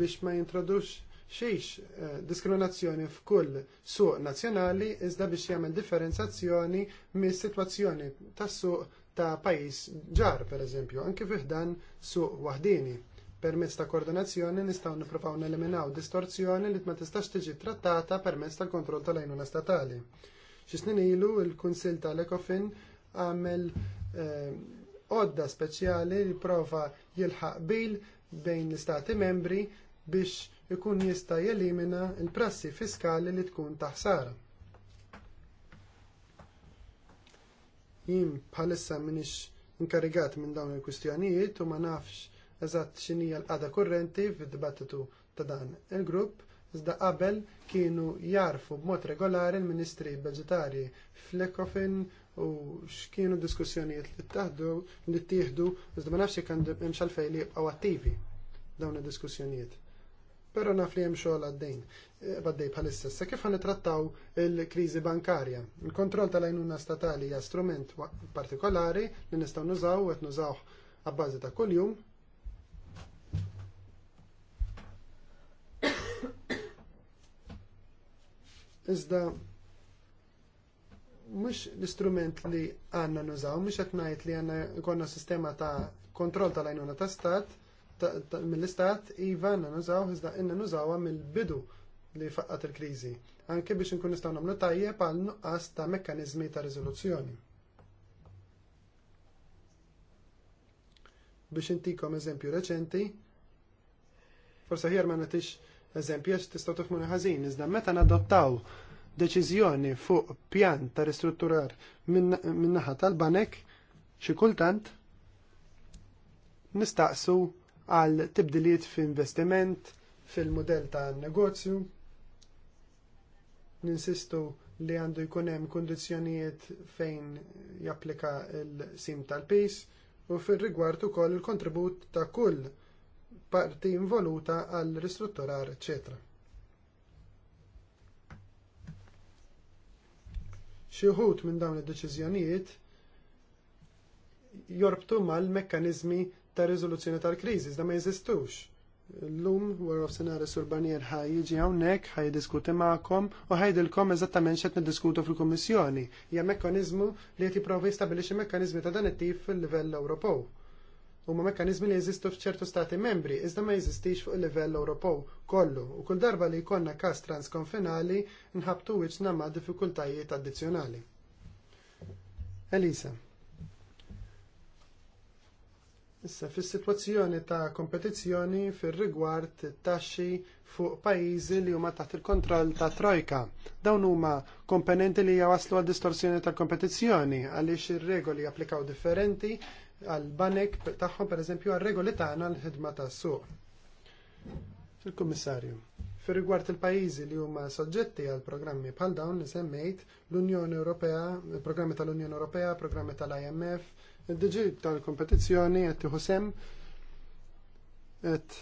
biex ma jintrodux xiex eh, diskriminazzjoni f'kull suq nazzjonali iżda biex jagħmel differenzazzjoni mis sitwazzjoni tas suq ta' pajjiż ġar, pereżempju, anke fih dan suq waħdini. Permezz ta' koordinazzjoni nistgħu nippruvaw neliminaw distorzjoni li ma tistax tiġi trattata permezz tal-kontroll tal-għajnuna statali. Xi snin ilu l-Kunsill tal ecofin għamel eh, għodda eh, speċjali li prova jilħaq bil bejn l-istati membri biex ikun jista' jelimina l prassi fiskali li tkun taħsara. jien bħalissa minix inkarigat minn dawn il-kustjonijiet u ma nafx eżatt xinija l-qada kurrenti fid-dibattitu ta' dan il-grupp, iżda qabel kienu jarfu b'mod regolari l-Ministri Budgetari fl-Ecofin u x'kienu diskussjonijiet li ttaħdu li ttieħdu iżda ma nafx jekk hemm xalfej li jibqgħu attivi dawn id-diskussjonijiet. Però naf li hemm xogħol għaddejn eh, għaddej bħalissa. Sa kif nittrattaw il-kriżi bankarja? Il-kontroll tal-għajnuna statali hija strument partikolari li nistgħu nużaw qed nużawh għabbażi ta' kuljum Iżda mhux l-istrument li għandna nużaw, mhux qed ngħid li għandna jkollna sistema ta' kontroll tal-għajnuna ta' stat, mill-istat, iva għandna nużaw, iżda għandna nużawha mill-bidu li faqqat il kriżi anke biex nkun nistgħu nagħmlu tajjeb għal nuqqas ta' mekkaniżmi ta' riżoluzzjoni. Biex intikom eżempju reċenti, forse ħjar ma nagħtix eżempju għax tistaw tifmuni ħażin, iżda meta nadottaw deċiżjoni fuq pjan ta' ristrutturar minnaħat naħa tal-banek xi kultant nistaqsu għal tibdiliet fl-investiment, fil-modell ta' negozju. Ninsistu li għandu jkun hemm kundizzjonijiet fejn japplika l-sim tal-pis u fir rigward ukoll il-kontribut ta' kull parti involuta għal ristrutturar, ecc. Xi wħud minn dawn id-deċiżjonijiet jorbtu mal-mekkaniżmi ta' riżoluzzjoni tal-kriżi, iżda ma jeżistux. L-lum, War of Senare Surbanier ħaj jiġi hawnhekk, ħaj diskuti magħkom u ħajdilkom eżattament x'qed niddiskutu fil-Kummissjoni. Hija mekkaniżmu li qed jipprova jistabilixxi mekkaniżmi ta' dan it-tip fil-livell Ewropew huma mekkaniżmi li jeżistu f'ċertu stati membri iżda ma jeżistix fuq il-livell Ewropew kollu u kull darba li jkollna każ transkonfinali nħabtu wiċċna ma' diffikultajiet addizzjonali. Elisa. Issa fis-sitwazzjoni ta' kompetizzjoni fir-rigward taxxi fuq pajjiżi li huma taħt il-kontroll ta' Trojka. Dawn huma komponenti li jawaslu għad distorsjoni tal kompetizzjoni għaliex ir-regoli japplikaw differenti għal-banek tagħhom pereżempju għal-regoli tagħna l-ħidma tas-suq. Il-Kummissarju, fir rigward il-pajjiżi li huma soġġetti għal programmi bħal dawn li semmejt l-Unjoni Ewropea, il-programmi tal-Unjoni Ewropea, programmi tal-IMF, il-DG tal-kompetizzjoni qed tieħu sem qed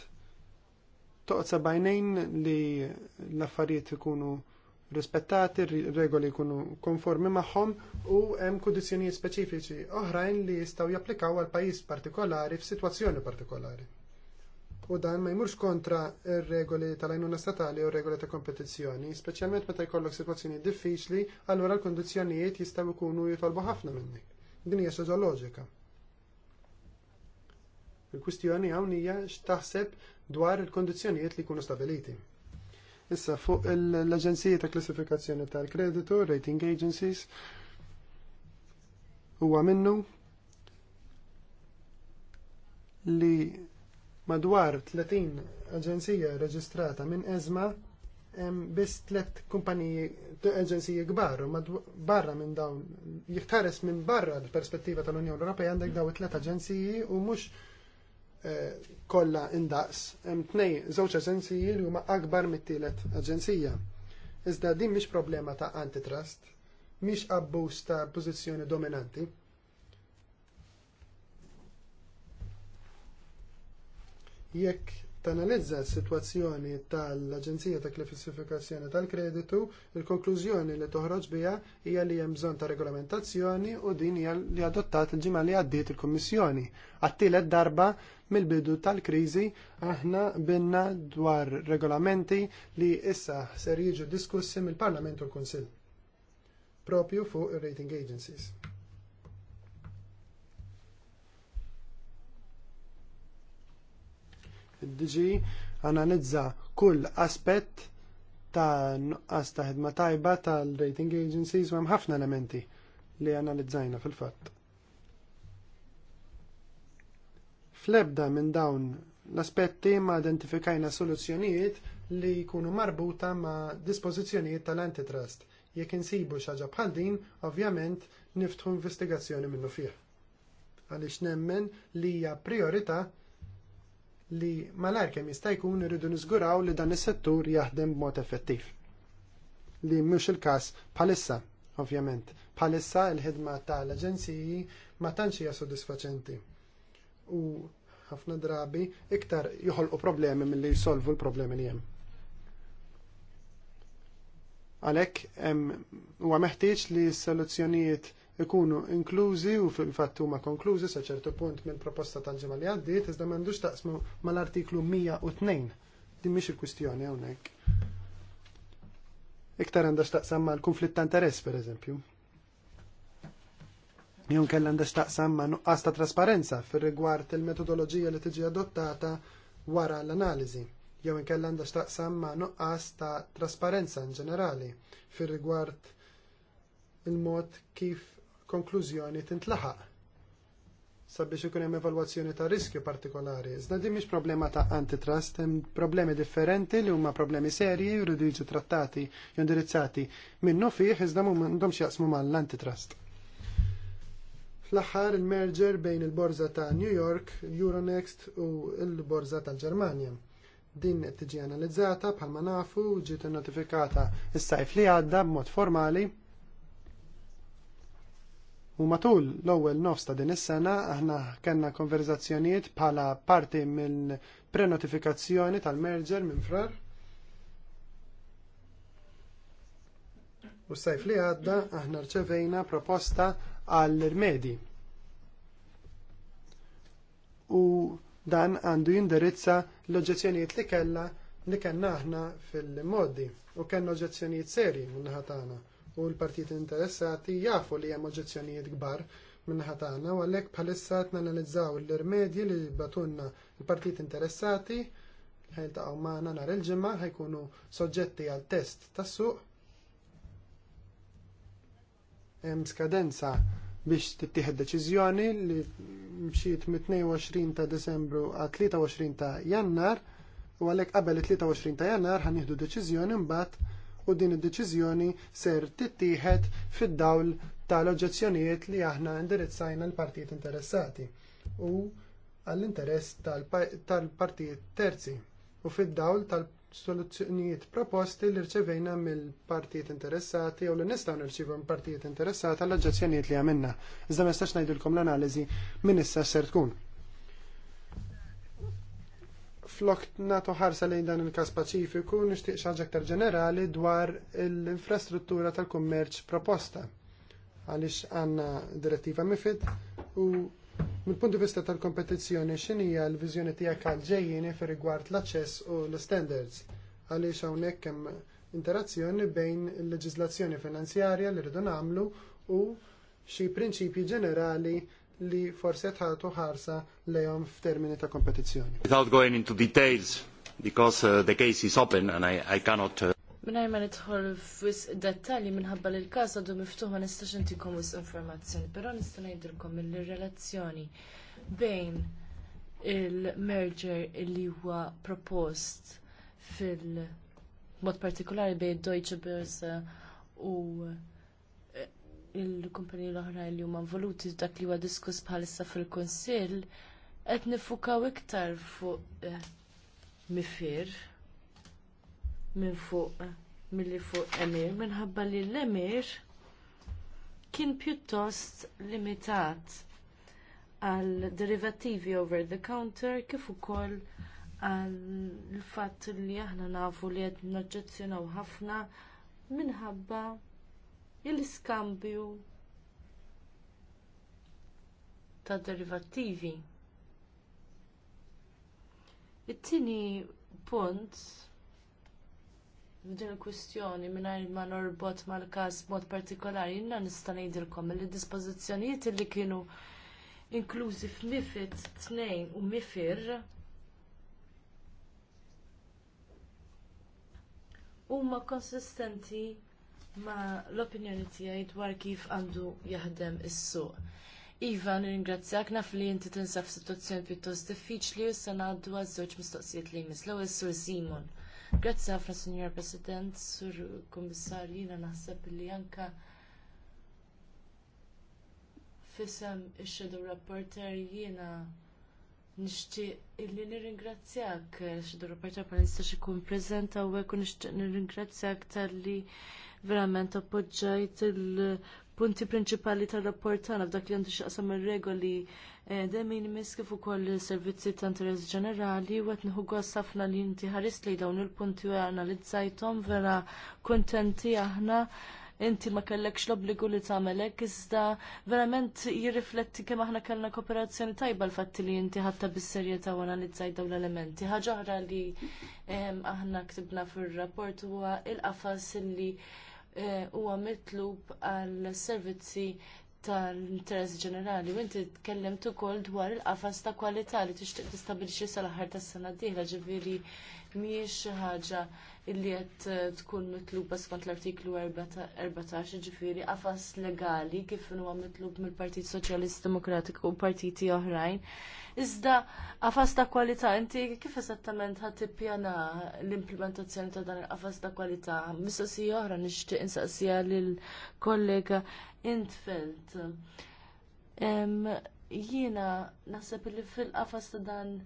toqsa bajnejn li l-affarijiet ikunu rispettati, regoli jkunu konformi magħhom u hemm kundizzjonijiet speċifiċi oħrajn li jistgħu japplikaw għal pajjiż partikolari f'sitwazzjoni partikolari. U dan ma jmurx kontra r-regoli tal-għajnuna statali u regoli ta' kompetizzjoni, speċjalment meta jkollok sitwazzjoni diffiċli, allura l-kondizzjonijiet jistgħu jkunu jitolbu ħafna minnek. Din hija soġoloġika. loġika. Il-kwistjoni hawn hija x'taħseb dwar il-kondizzjonijiet li jkunu stabiliti. Issa fuq l-Aġenzija ta' Klassifikazzjoni tal-Kreditu, Rating Agencies, huwa minnu li madwar 30 aġenzija reġistrata minn eżma hemm biss tliet kumpaniji aġenziji kbar barra minn dawn jiktares minn barra l-perspettiva tal-Unjoni Ewropea għandek daw it-tlet aġenziji u mhux Eh, kolla indaqs, hemm tnej żewġ aġenziji li huma akbar mit-tielet aġenzija. Iżda din mhix problema ta' antitrust, mhix abbuż ta' pożizzjoni dominanti. Jekk tanalizza s-sitwazzjoni tal-Aġenzija ta' Klassifikazzjoni tal-Kreditu, il-konklużjoni li toħroġ biha hija li hemm bżonn ta' regolamentazzjoni u din hija li adottat il-ġimgħa li għaddiet il-Kummissjoni. Għattilet darba mill-bidu tal-kriżi aħna binna dwar regolamenti li issa ser jiġu diskussi mill-Parlament u l-Kunsill propju fuq ir rating agencies. id diġi analizza kull aspett ta' nuqqas ta' ħidma tajba tal-rating agencies u hemm ħafna elementi li analizzajna fil-fatt. Fl-ebda minn dawn l-aspetti ma identifikajna soluzzjonijiet li jkunu marbuta ma' dispożizzjonijiet tal-antitrust. Jekk insibu xaġa bħal din, ovvjament niftħu investigazzjoni minnu fih. Għaliex nemmen li hija priorità li malajr kemm jista' jkun irridu niżguraw li dan is-settur jaħdem b'mod effettiv. Li mhux il-każ bħalissa, ovvjament. Bħalissa l-ħidma tal-aġenziji ma tantx hija sodisfaċenti. U ħafna drabi iktar joħolqu problemi milli jsolvu l-problemi li hemm. Għalhekk huwa meħtieġ li s-soluzzjonijiet ikunu inklużi u fil-fatt huma konklużi sa ċertu punt minn proposta tal-ġimgħa li għaddiet iżda m'għandux taqsmu mal-artiklu 102. Din mhix il-kwistjoni hawnhekk. Iktar għanda x'taqsam mal-konflitt ta' interess pereżempju. Jew kellha għandha x'taqsam ma' nuqqas ta' trasparenza fir-rigward il-metodoloġija li tiġi adottata wara l-analiżi jew inkella għandha x'taqsam ma' nuqqas ta' trasparenza in ġenerali fir-rigward il-mod kif konklużjoni tintlaħaq sabiex ikun hemm evalwazzjoni ta' riskju partikolari. Iżda din mhix problema ta' antitrust, hemm problemi differenti li huma problemi serji jridu jiġu trattati jew indirizzati minnu fih iżda m'għandhomx jaqsmu mal-antitrust. Fl-aħħar il-merger bejn il-borza ta' New York, Euronext u l-borza tal-Ġermanja. Din qed tiġi analizzata bħalma nafu ġiet notifikata s-sajf li għadda b'mod formali U matul l-ewwel nofs ta' din is-sena aħna kellna konverzazzjonijiet bħala parti minn prenotifikazzjoni tal-merger minn frar. U sajf li għadda aħna rċevejna proposta għall-irmedi. U dan għandu jindirizza l-oġġezzjonijiet li kellha li kellna aħna fil-modi u kellna oġġezzjonijiet seri minn ħatana. tagħna u l-partijiet interessati jafu li hemm oġġezzjonijiet kbar minnaħa tagħna u għalhekk bħalissa qed nanalizzaw l-irmedji li batunna l-partit interessati ħajltaqgħu magħna nhar il-ġimgħa ħajkunu soġġetti għal test tas-suq. Hemm skadenza biex tittieħed deċiżjoni li mxiet mit-22 ta' Deċembru għal 23 ta' Jannar u għalhekk qabel it-23 ta' Jannar ħanieħdu deċiżjoni mbagħad u din id-deċiżjoni ser tittieħed fid-dawl tal-oġġezzjonijiet li aħna indirizzajna l-partijiet interessati u għall-interess tal-partijiet terzi u fid-dawl tal soluzzjonijiet proposti li rċevejna mill-partijiet interessati jew li nistgħu nirċivu mill partijiet interessati għall oġġezzjonijiet li għamilna. Iżda ma nistax ngħidilkom l-analiżi minn issa ser tkun flok nagħtu ħarsa lejn dan il każ paċifiku nishtiq xaġa aktar ġenerali dwar l-infrastruttura tal-kummerċ proposta għaliex għandna direttiva MIFID u mill-punt di vista tal-kompetizzjoni x'inhija l-viżjoni tiegħek għal-ġejjin fir rigward l-aċċess u l-standards għaliex hawnhekk hemm interazzjoni bejn il leġiżlazzjoni finanzjarja li rridu nagħmlu u xi prinċipji ġenerali li forse tħatu ħarsa lejom f'termini ta' kompetizzjoni. Without going into details, because uh, the case is open and I, I cannot... Uh... Minnaj ma nidħol f'wis dettali minħabba li l-kas għadu miftuħ ma nistax intikom wis informazzjoni, pero nista' ngħidilkom mill-relazzjoni bejn il-merger li huwa propost fil-mod partikolari bejn Deutsche Börse u il-kumpaniji l-oħra li huma involuti dak li huwa diskuss bħalissa fil-Kunsill qed nifukaw iktar fuq eh, mifir minn fuq eh, milli fuq emir minħabba li l-emir kien pjuttost limitat għal derivativi over the counter kif ukoll għal fatt li aħna nafu li qed naġġezzjonaw ħafna minħabba il-skambju ta' derivattivi. It-tieni punt f'din il-kwistjoni mingħajr ma norbot mal-każ b'mod partikolari jiena nista' ngħidilkom li dispożizzjonijiet li kienu inklużi f'Mifid tnejn u Mifir huma konsistenti ma l-opinjoni tiegħi dwar kif għandu jaħdem is-suq. Iva, nirringrazzjak naf li inti tinsab f'sitwazzjoni pjuttost diffiċli u se ngħaddu għaż-żewġ mistoqsijiet li jmiss l-ewwel Sur Simon. Grazzi ħafna Sinjor President, Sur Kummissarju, jiena naħseb li anke fisem ix-Shadow Rapporter jiena nixtieq illi nirringrazzjak Shadow Rapporter ma nistax ikun preżent hawnhekk u nixtieq nirringrazzjak talli verament appoġġajt il-punti prinċipali tar-rapport tagħna f'dak li għandu x'qasam ir-regoli eh, dejjem minimis kif ukoll servizzi ta' interess ġenerali u qed nieħu gost ħafna li inti ħarist li dawn il-punti u analizzajthom vera kuntenti aħna inti ma kellekx l-obbligu li tagħmelek iżda verament jirrifletti kemm aħna kellna kooperazzjoni tajba l-fatt li inti ħatta bis-serjetà u analizzaj dawn l-elementi. Ħaġa oħra li eh, aħna ktibna fir-rapport huwa il-qafas li Eh, huwa mitlub għal servizzi tal-interess ġenerali u inti tkellemt ukoll dwar il-qafas ta' kwalità li tixtieq tistabilixxi sal-aħħar tas-sena d-dieħla ġifieri mhijiex xi ħaġa li qed eh, tkun mitluba skont l-artiklu 14 jiġifieri qafas legali kif huwa mitlub mill-Partit Soċjalist Demokratiku u partiti oħrajn. Iżda qafas ta' kwalità inti kif eżattament ħadd tippjana l-implementazzjoni ta' dan il-qafas ta' kwalità. Mistoqsija oħra nixtieq insaqsija lill-kollega Intfeld. Jiena naħseb li fil-qafas ta' dan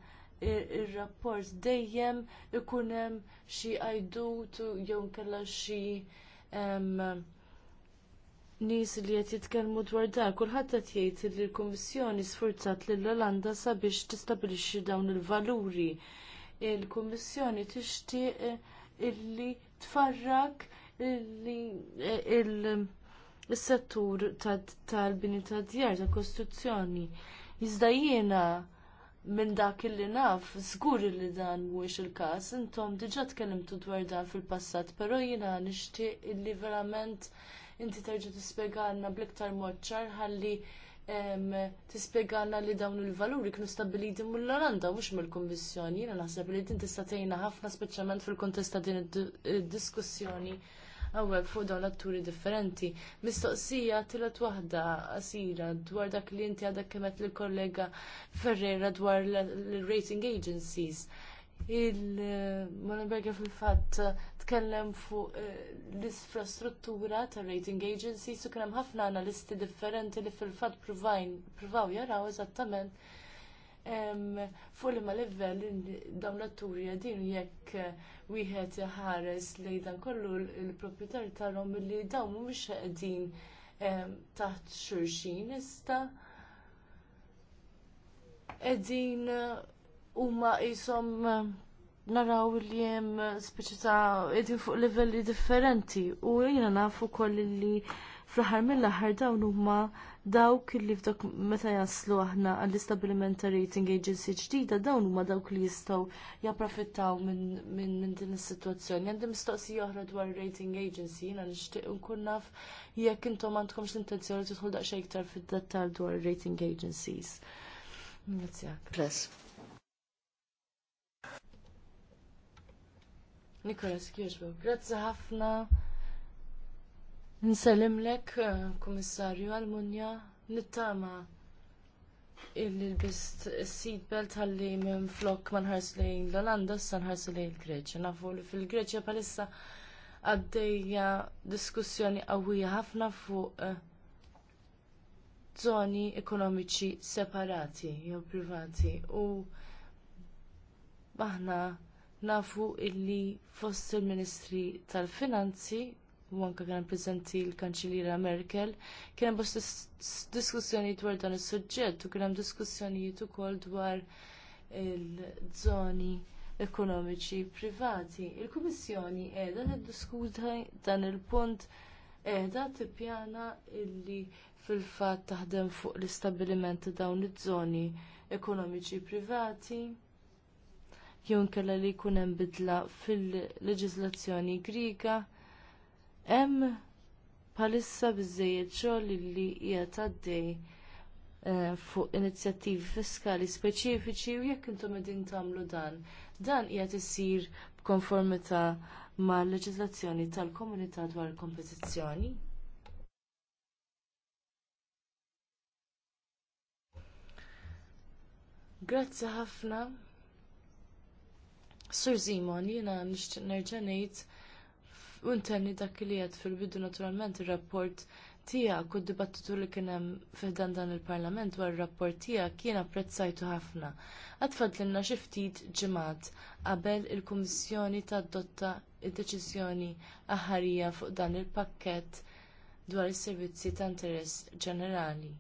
ir-rapport dejjem ikun hemm xi għajdutu jew kellha xi nies li qed jitkellmu dwar dan, kulħadd qed jgħid li l-Kummissjoni sfurzat lill-Olanda sabiex tistabilixxi dawn il-valuri. Il-Kummissjoni tixtieq eh, illi tfarrak eh, il-settur tal-bini tad djar tal-kostruzzjoni. Iżda jiena minn dak illi naf, zgur li dan mhuwiex il-każ, intom diġà tkellimtu dwar dan fil-passat, però jiena nixtieq illi verament inti terġa' tispjegalna bl-iktar mod ċar ħalli tispjegalna li dawn il-valuri kienu stabiliti mill-Olanda mhux mill-Kummissjoni. Jiena naħseb li din tista' tgħinna ħafna speċjalment fil-kontest ta' din id-diskussjoni għawek fuq dawn l-atturi differenti. Mistoqsija tilet waħda qasira dwar dak li inti għadak kemet lill kollega Ferrera dwar l-rating agencies. Il-Molenberger fil-fat tkellem fuq eh, l-infrastruttura ta' rating agencies u kienem ħafna analisti differenti li fil-fat provaw jaraw eżattament fuq li ma level dawn l-atturi għadin jekk eh, wieħed ħares lejn dan kollu l-proprjetar tagħhom li dawn mhumiex qegħdin taħt xulxin issa qegħdin eh, huma qishom naraw li jem speċi ta' edin fuq livelli differenti u jina nafu koll li fl-ħar mill-ħar dawn huma dawk li f'dak meta jaslu aħna għall-establiment ta' rating agency ġdida dawn huma dawk li jistgħu japprofittaw minn din is-sitwazzjoni. Għandi mistoqsija oħra dwar rating agency jiena nixtieq nkun naf jekk intom għandkomx intenzjoni tidħol daqsxejn iktar fid-dettall dwar rating agencies. Grazie. Nikolas Kirchberg, grazzi ħafna. komissarju eh, għal Almunja, nittama il-bist belt għalli minn flok manħars lejn l-Olanda, sanħars lejn il-Greċja. Nafu li fil-Greċja palissa għaddejja diskussjoni qawwija ħafna fuq eh, zoni ekonomiċi separati jew privati u aħna nafu illi fost il-Ministri tal-Finanzi u anke kien preżenti l-Kanċilliera Merkel, kien hemm bosta diskussjoni dwar dan is-suġġett u kien hemm diskussjonijiet ukoll dwar il-żoni ekonomiċi privati. Il-Kummissjoni qiegħda tiddiskuta dan il-punt qiegħda tippjana illi fil-fatt taħdem fuq l-istabbiliment ta' dawn iż-żoni ekonomiċi privati jew inkella li jkun hemm bidla fil-leġiżlazzjoni Griega hemm bħalissa biżżejjed xogħol li qiegħed għaddej eh, fuq inizjattivi fiskali speċifiċi u jekk intom qegħdin tagħmlu dan, dan qiegħed isir b'konformità mal leġiżlazzjoni tal-komunità dwar il-kompetizzjoni. Grazzi ħafna Sur Zimon, jiena nixtieq nerġa' ngħid ntenni dak li għed fil-bidu naturalment ir rapport tiegħek u d-dibattitu li kien hemm fiħdan dan il-parlament dwar ir rapport tiegħek jien apprezzajtu ħafna. Qatt l xi ftit ġimgħat qabel il kummissjoni tadotta d deċiżjoni aħarija fuq dan il-pakkett dwar is-servizzi ta' interess ġenerali.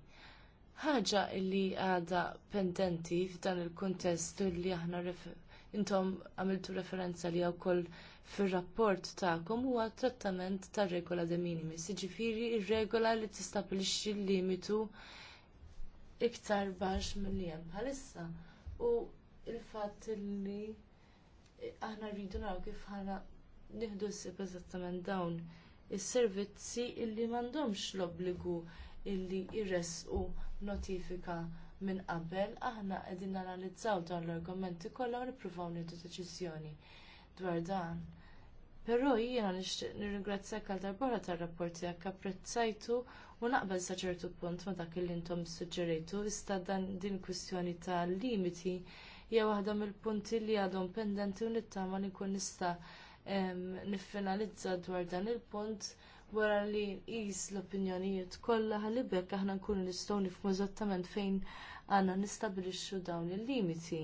Ħaġa li għadha pendenti f'dan il-kuntest li aħna refer intom għamiltu referenza li wkoll fir-rapport tagħkom huwa t trattament tar regola de minimis, jiġifieri r regola li tistabilixxi l-limitu iktar baxx milli hemm bħalissa. U il-fatt li aħna rridu naraw kif ħana nieħdu ssib eżattament dawn is-servizzi illi m'għandhomx l-obbligu illi jressqu notifika minn qabel, aħna qegħdin analizzaw dawn l-argumenti kollha u nippruvaw nieħdu deċiżjoni dwar dan. Però jiena nixtieq nirringrazzjak għal darbora tar-rapport tiegħek apprezzajtu u naqbel sa ċertu punt ma dak li intom suġġerejtu iżda dan din kwistjoni ta' limiti hija waħda mill-punti li għadhom pendenti u nittama li nkun nista' niffinalizza dwar dan il-punt wara li nqis l-opinjonijiet kollha ħalibek aħna nkunu nistgħu nifhmu eżattament fejn għandna nistabilixxu dawn il-limiti.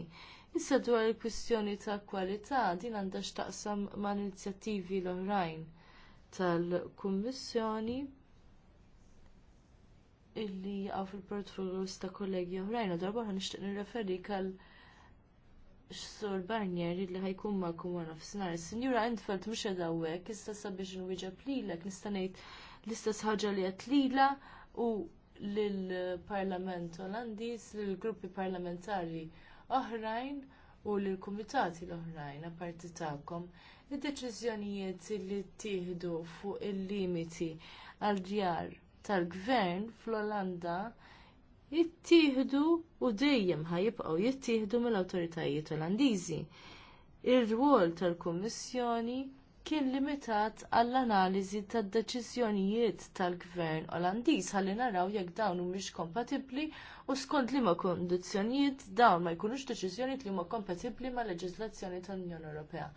Issa dwar il-kwistjoni ta' kwalità din għandha x'taqsam ma' inizjattivi l-oħrajn tal-Kummissjoni illi għaw fil-portfolios ta' kollegi oħrajn, u darba nixtieq nirreferi għal x-sur Barnier li ħajkun ma għana f-snar. Signora Endfeld mux għedawek, issa sabiex nwiġab lilek, nistanejt l-istess ħagġa li għatlila u l-Parlament Olandiż, l-gruppi parlamentari oħrajn u l-komitati l-oħrajn apparti tagħkom. Id-deċiżjonijiet li ttieħdu fuq il-limiti għal djar tal-gvern fl-Olanda jittieħdu u dejjem ħajibqgħu jittieħdu mill-awtoritajiet Olandiżi. Ir-rwol tal-Kummissjoni kien limitat għall-analiżi tad-deċiżjonijiet tal-Gvern Olandiż ħalli naraw jekk dawn mhumiex kompatibbli u skont liema kundizzjonijiet dawn ma jkunux deċiżjonijiet li huma kompatibbli mal leġiżlazzjoni tal-Unjoni Ewropea.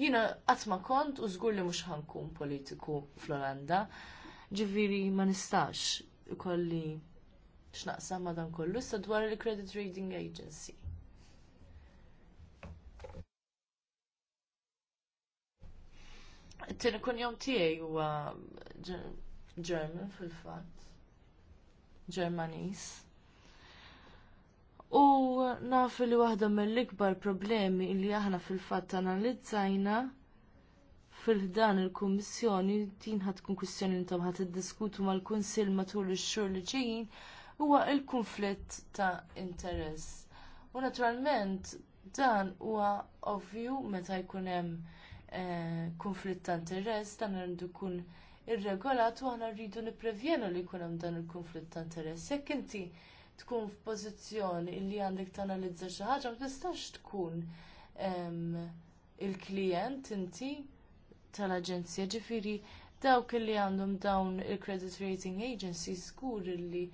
Jiena qatt ma kont u żgur li mhux ħankun politiku fl-Olanda, ġifieri ma nistax ikolli x'naqsam ma' dan kollu issa dwar il-Credit Rating Agency. Tin kun jom tiegħi huwa German fil-fatt. Germanis. U naf li waħda mill-ikbar problemi li aħna fil-fatt analizzajna fil-ħdan il-Kummissjoni tinħat ħad tkun kwistjoni li tomħat id-diskutu mal-Kunsill matul ix-xhur li ġejjin huwa l kunflitt ta' interess. U naturalment dan huwa ovvju meta jkun hemm eh, konflitt ta' interess, dan għandu jkun irregolat u aħna rridu nipprevjenu li jkun hemm dan il-konflitt ta' interess. Jekk inti tkun f'pożizzjoni li għandek tanalizza xi ħaġa ma tistax tkun ehm, il-klijent inti tal-aġenzija ġifieri dawk li għandhom dawn il-credit rating agencies skur li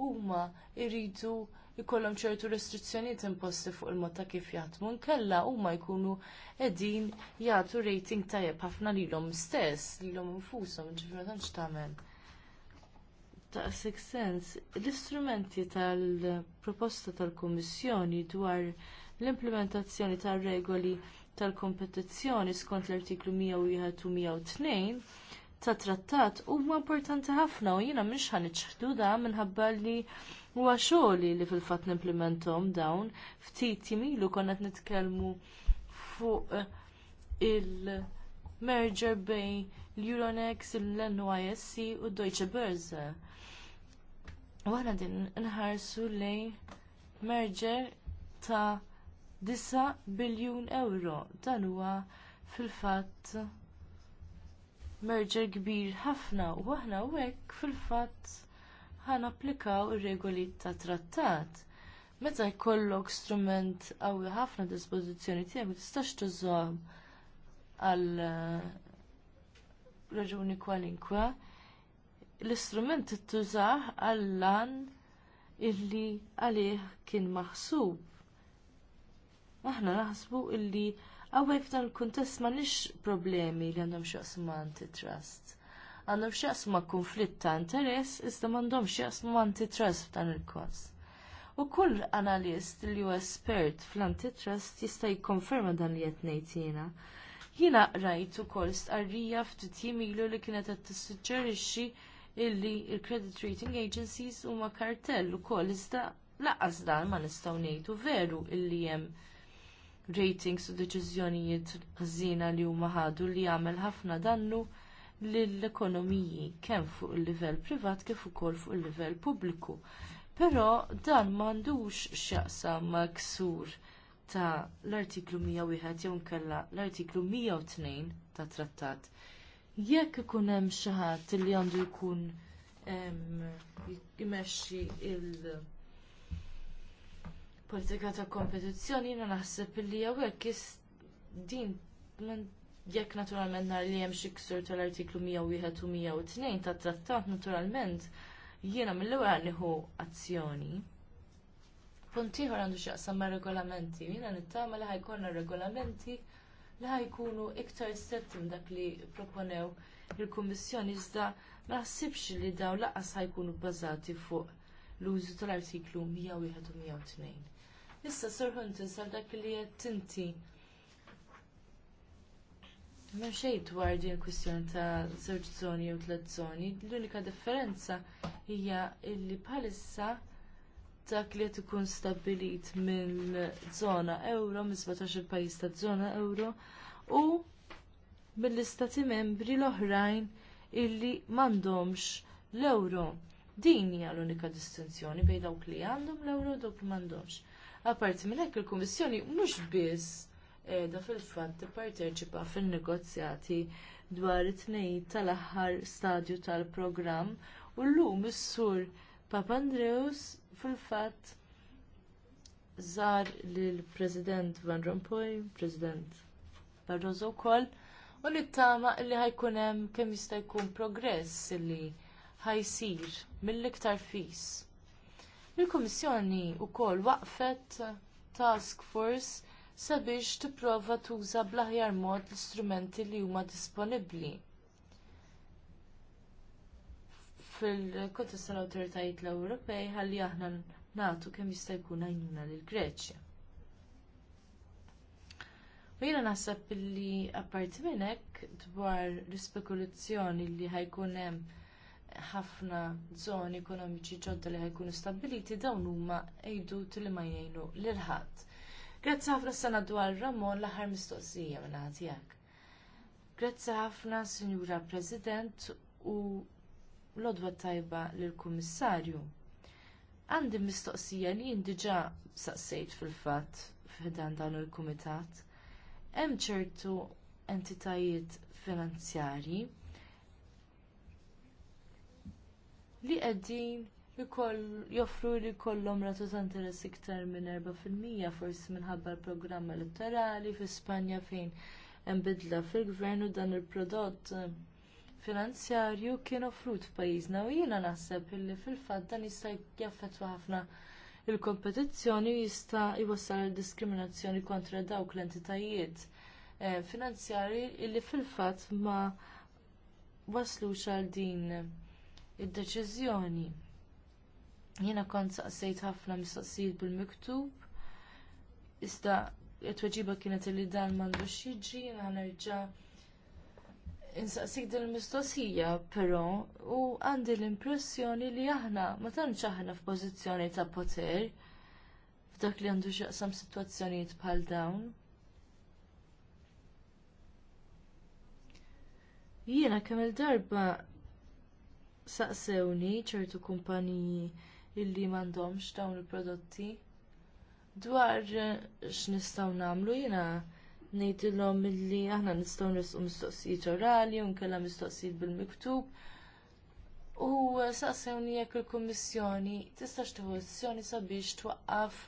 huma jridu jkollhom ċertu restrizzjonijiet imposti fuq il-mod ta' kif jaħdmu nkella huma jkunu qegħdin jagħtu rating tajjeb ħafna lilhom stess, lilhom infushom, ġifieri tantx tagħmel. Ta' six sense, l-istrumenti tal-proposta tal-Kummissjoni dwar l-implementazzjoni tar regoli tal-kompetizzjoni skont l-artiklu 101 u 102 ta' trattat huwa importanti ħafna u jiena mhix ħaniċħdu da minħabba li huwa xogħli li fil-fatt nimplementhom dawn ftit jimilu konna qed nitkellmu fuq il-merger bejn l-Euronex, l-NYSC u Deutsche Börse. U għana din nħarsu lejn merger ta' 9 biljun euro. Dan huwa fil-fatt merger kbir ħafna u aħna hekk fil-fatt ħan applikaw ir-regoli tat trattat. Meta jkollok strument qawwi ħafna dispożizzjoni tiegħek tistax tużahom għal eh, raġuni kwalinkwa, l-istrument tittużah għal lan illi għalih kien maħsub. Aħna naħsbu illi Għawek f'dan kuntess kuntest ma nix problemi li għandhom xaqsmu antitrust. Għandhom xaqsmu konflitt ta' interess, iżda għandhom xaqsmu antitrust f'dan il-kost. U kull analist li huwa espert fl-antitrust jista' jikkonferma dan li qed ngħid jiena. Jiena rajt ukoll stqarrija ftit ilu li kienet qed tissuġġerixxi illi l credit rating agencies huma kartell ukoll iżda lanqas dan ma nistgħu ngħidu veru illi hemm ratings u deċiżjonijiet ħażina li huma ħadu li jagħmel ħafna dannu lill-ekonomiji kemm fuq il-livell privat kif ukoll fuq il-livell pubbliku. Però dan m'għandux x'jaqsam ma' ksur ta' l-artiklu 101 jew nkella l-artiklu 102 tat trattat. Jekk ikun hemm xi ħadd li għandu jkun imexxi il- politika ta' kompetizzjoni jiena naħseb li hawnhekk din jekk naturalment nar li hemm xi ksur tal-artiklu 101 u 102 tat-trattat naturalment jiena mill-ewwel nieħu azzjoni. Punt ieħor għandu x'jaqsam ma' regolamenti, jiena nittama li ħajkonna regolamenti li ħajkunu iktar settim dak li proponew il-Kummissjoni iżda naħsibx li dawn laqas ħajkunu bbażati fuq l-użu tal-artiklu 101 u 102. Issa Sur Huntis għal dak li qed tinti. M'hemm xejn dwar din il-kwistjoni ta' żewġ żoni jew tliet żoni, l-unika differenza hija li bħalissa dak li qed ikun stabbilit mill-żona euro, minn 17 pajjiż taż-żona euro u mill-istati membri l-oħrajn illi m'għandhomx l-euro. Din hija l-unika distinzjoni bejn dawk li għandhom l-euro u dawk li m'għandhomx. Apparti minn hekk il-Kummissjoni mhux biss qiegħda fil-fatt tipparteċipa fin-negozjati dwar it-tnejn tal-aħħar stadju tal-programm u llum is-sur Papandreus fil-fatt żar lill president Van Rompuy, President Barroso wkoll, u nittama li ħajkun hemm kemm jista' jkun progress li ħajsir mill-iktar fis Il-Kummissjoni wkoll waqfet task force sabiex tipprova tuża bl-aħjar mod l-istrumenti li huma disponibbli. fil-kontest tal-autoritajiet l-Ewropej ħalli aħna nagħtu kemm jista' jkun għajnuna lill greċja U jiena naħseb li apparti minn hekk dwar l-ispekulazzjoni li ħajkun hemm ħafna żoni ekonomiċi ġodda li ħajkunu stabbiliti dawn huma għejdut li ma jgħinu lil ħadd. Grazzi ħafna sena dwar Ramon l-aħħar mistoqsija minn għad tiegħek. Grazzi ħafna Sinjura President u l-odwa tajba lill-Kummissarju. Għandi mistoqsija li jindiġa saqsejt fil-fatt f'dan dan il-kumitat. Hemm ċertu entitajiet finanzjarji li qegħdin joffru li kollhom ratu ta' interess iktar minn 4% forsi minħabba l-programm elettorali fi Spanja fejn hemm bidla fil-gvern u dan il-prodott eh, finanzjarju kien offrut pajjiżna u jiena naħseb illi fil-fatt dan jista' jaffettwa ħafna il-kompetizzjoni jista' jwassal għal diskriminazzjoni kontra dawk l-entitajiet eh, finanzjarji li fil-fatt ma waslux għal din id-deċiżjoni. Jiena kont saqsejt ħafna mistoqsijiet bil-miktub, iżda t tweġiba kienet li dan m'għandux jiġri, jiena nerġa' insaqsik din il-mistoqsija, però u għandi l-impressjoni li aħna ma tantx aħna f'pożizzjoni ta' poter f'dak li għandu x'jaqsam sitwazzjonijiet bħal dawn. Jiena kemm il-darba saqsewni ċertu kumpaniji illi m'għandhomx dawn il-prodotti dwar x'nistgħu nagħmlu jiena ngħidilhom milli aħna nistgħu nisqu mistoqsijiet orali u nkella mistoqsijiet bil-miktub. U saqsewni jekk il-Kummissjoni tistax tieħu sabiex twaqqaf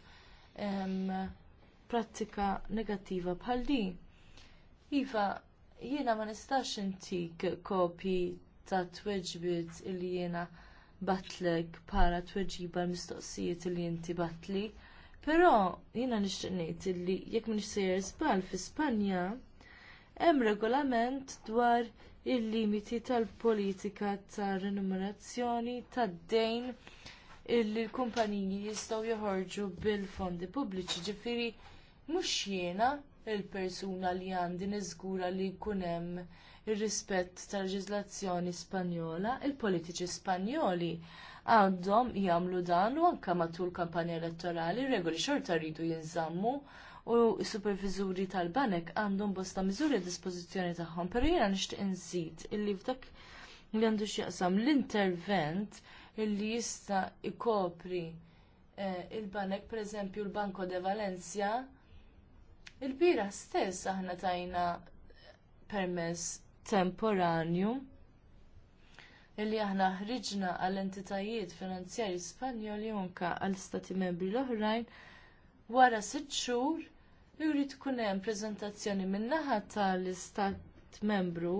prattika negattiva bħal din. Iva, jiena ma nistax intik kopji ta' tweġbiet il jiena batlek bħala tweġiba l-mistoqsijiet li inti batli. Però jiena nixtieq ngħid illi jekk m'iniex sejjer żball fi Spanja hemm regolament dwar il-limiti tal-politika tar renumerazzjoni tad-dejn illi l-kumpaniji jistgħu joħorġu bil-fondi pubbliċi ġifieri mhux jiena l persuna li għandi niżgura li jkun hemm ir-rispett tal-leġiżlazzjoni Spanjola, il-politiċi Spanjoli għandhom jagħmlu dan u anke matul kampanja elettorali regoli xorta rridu jinżammu u s-superviżuri tal-banek għandhom bosta miżuri a dispożizzjoni tagħhom, però jiena nixtieq inżid illi f'dak li għandu x'jaqsam l-intervent illi jista' ikopri eh, il-banek, pereżempju l-Banko de Valencia, il-bira stess aħna tajna permess temporanju illi aħna ħriġna għall entitajiet finanzjarji Spanjoli anke għall stati membri l-oħrajn wara sitt xhur jrid tkun hemm preżentazzjoni min-naħa tal-istat membru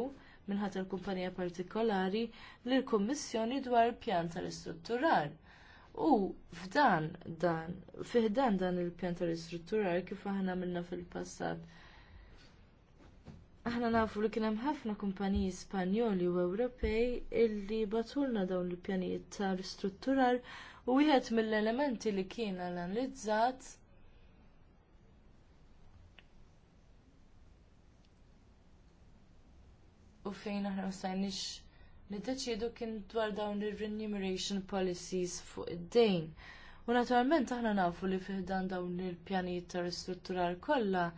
minħat il-kumpanija partikolari lill kummissjoni dwar il pjan tal Ristrutturar U f'dan dan, fiħdan dan il-pjan tal ristrutturar kif aħna minna fil-passat Aħna nafu li kien hemm ħafna kumpaniji Spanjoli u Ewropej illi batulna dawn il-pjanijiet ta' ristrutturar u wieħed mill-elementi li kien analizzat u fejn aħna sajnix niddeċiedu kien dwar dawn ir remuneration policies fuq id-dejn. U naturalment aħna nafu li fiħdan dawn il-pjanijiet ta' ristrutturar kollha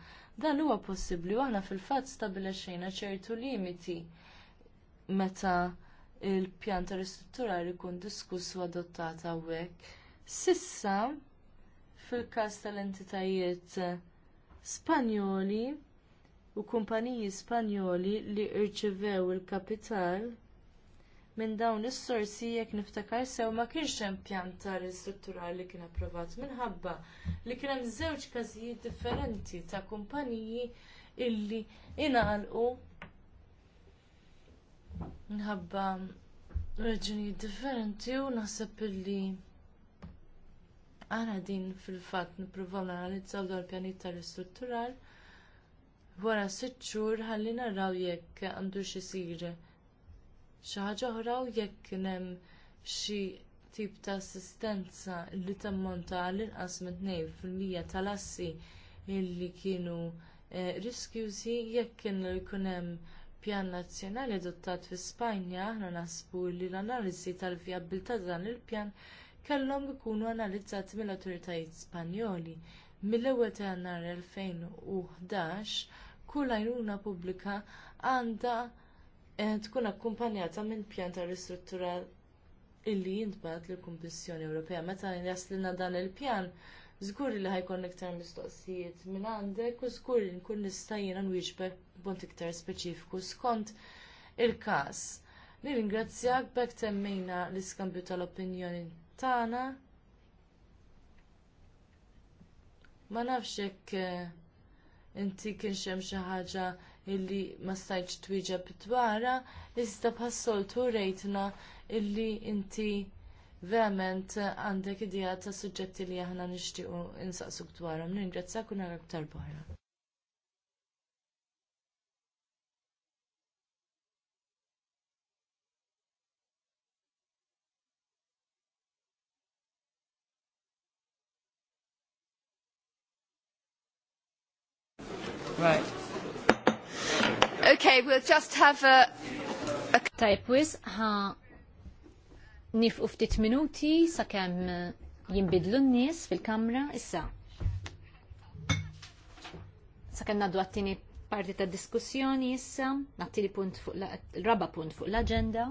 Dan huwa possibbli u aħna fil-fatt stabilexxejna ċertu limiti meta il-pjanta ristrutturali jkun diskuss u adottat hawnhekk. Sissa fil-każ tal-entitajiet Spanjoli u kumpaniji Spanjoli li rċevew il-kapital minn dawn is-sorsi jekk niftakar sew ma kienx hemm pjan pjantar istrutturali li kien approvat minħabba li kien hemm żewġ każijiet differenti ta' kumpaniji illi ingħalqu minħabba raġunijiet differenti u naħseb illi għana din fil-fatt nippruvaw nanalizzaw dal pjanijiet tal-istruttural wara sitt xhur ħalli naraw jekk għandu xi xisir xi ħaġa oħra u jekk kien hemm xi tip ta' assistenza li tammonta l-inqas minn fil-mija tal-assi li kienu eh, riskjużi jekk kien jkun hemm pjan nazzjonali adottat fi Spanja aħna naħsbu li l-analiżi tal-vjabbiltà ta' dan il-pjan kellhom ikunu analizzati mill-awtoritajiet Spanjoli. Mill-ewwel ta' jannar 2011 kull għajnuna pubblika għandha Eh, tkun akkumpanjata minn pjan ta' ristruttura illi jintbagħat lill kummissjoni Ewropea. Meta jaslilna dan il-pjan, żgur li ħajkun iktar mistoqsijiet minn għandek u żgur li nkun nista' jiena nwieġbek bont iktar speċifiku skont il-każ. Nirringrazzjak b'hekk temmejna l-iskambju tal-opinjoni tagħna. Ma nafx hekk eh, inti kienx hemm xi ħaġa illi ma stajtx twieġeb dwarha, iżda bħas-soltu rejtna illi inti verament għandek idea ta' suġġetti li aħna nixtiequ insaqsuk dwarhom. Ningrazzjak u aktar tarbaħra. Right. Okay, we'll just have a... a... Tajb, wiz, ha nifqu ftit minuti sakemm eh, jinbidlu n-nies fil-kamra issa. Sakemm naddu għattini parti ta' diskussjoni issa, nattili punt fuq l-raba punt fuq l-agenda.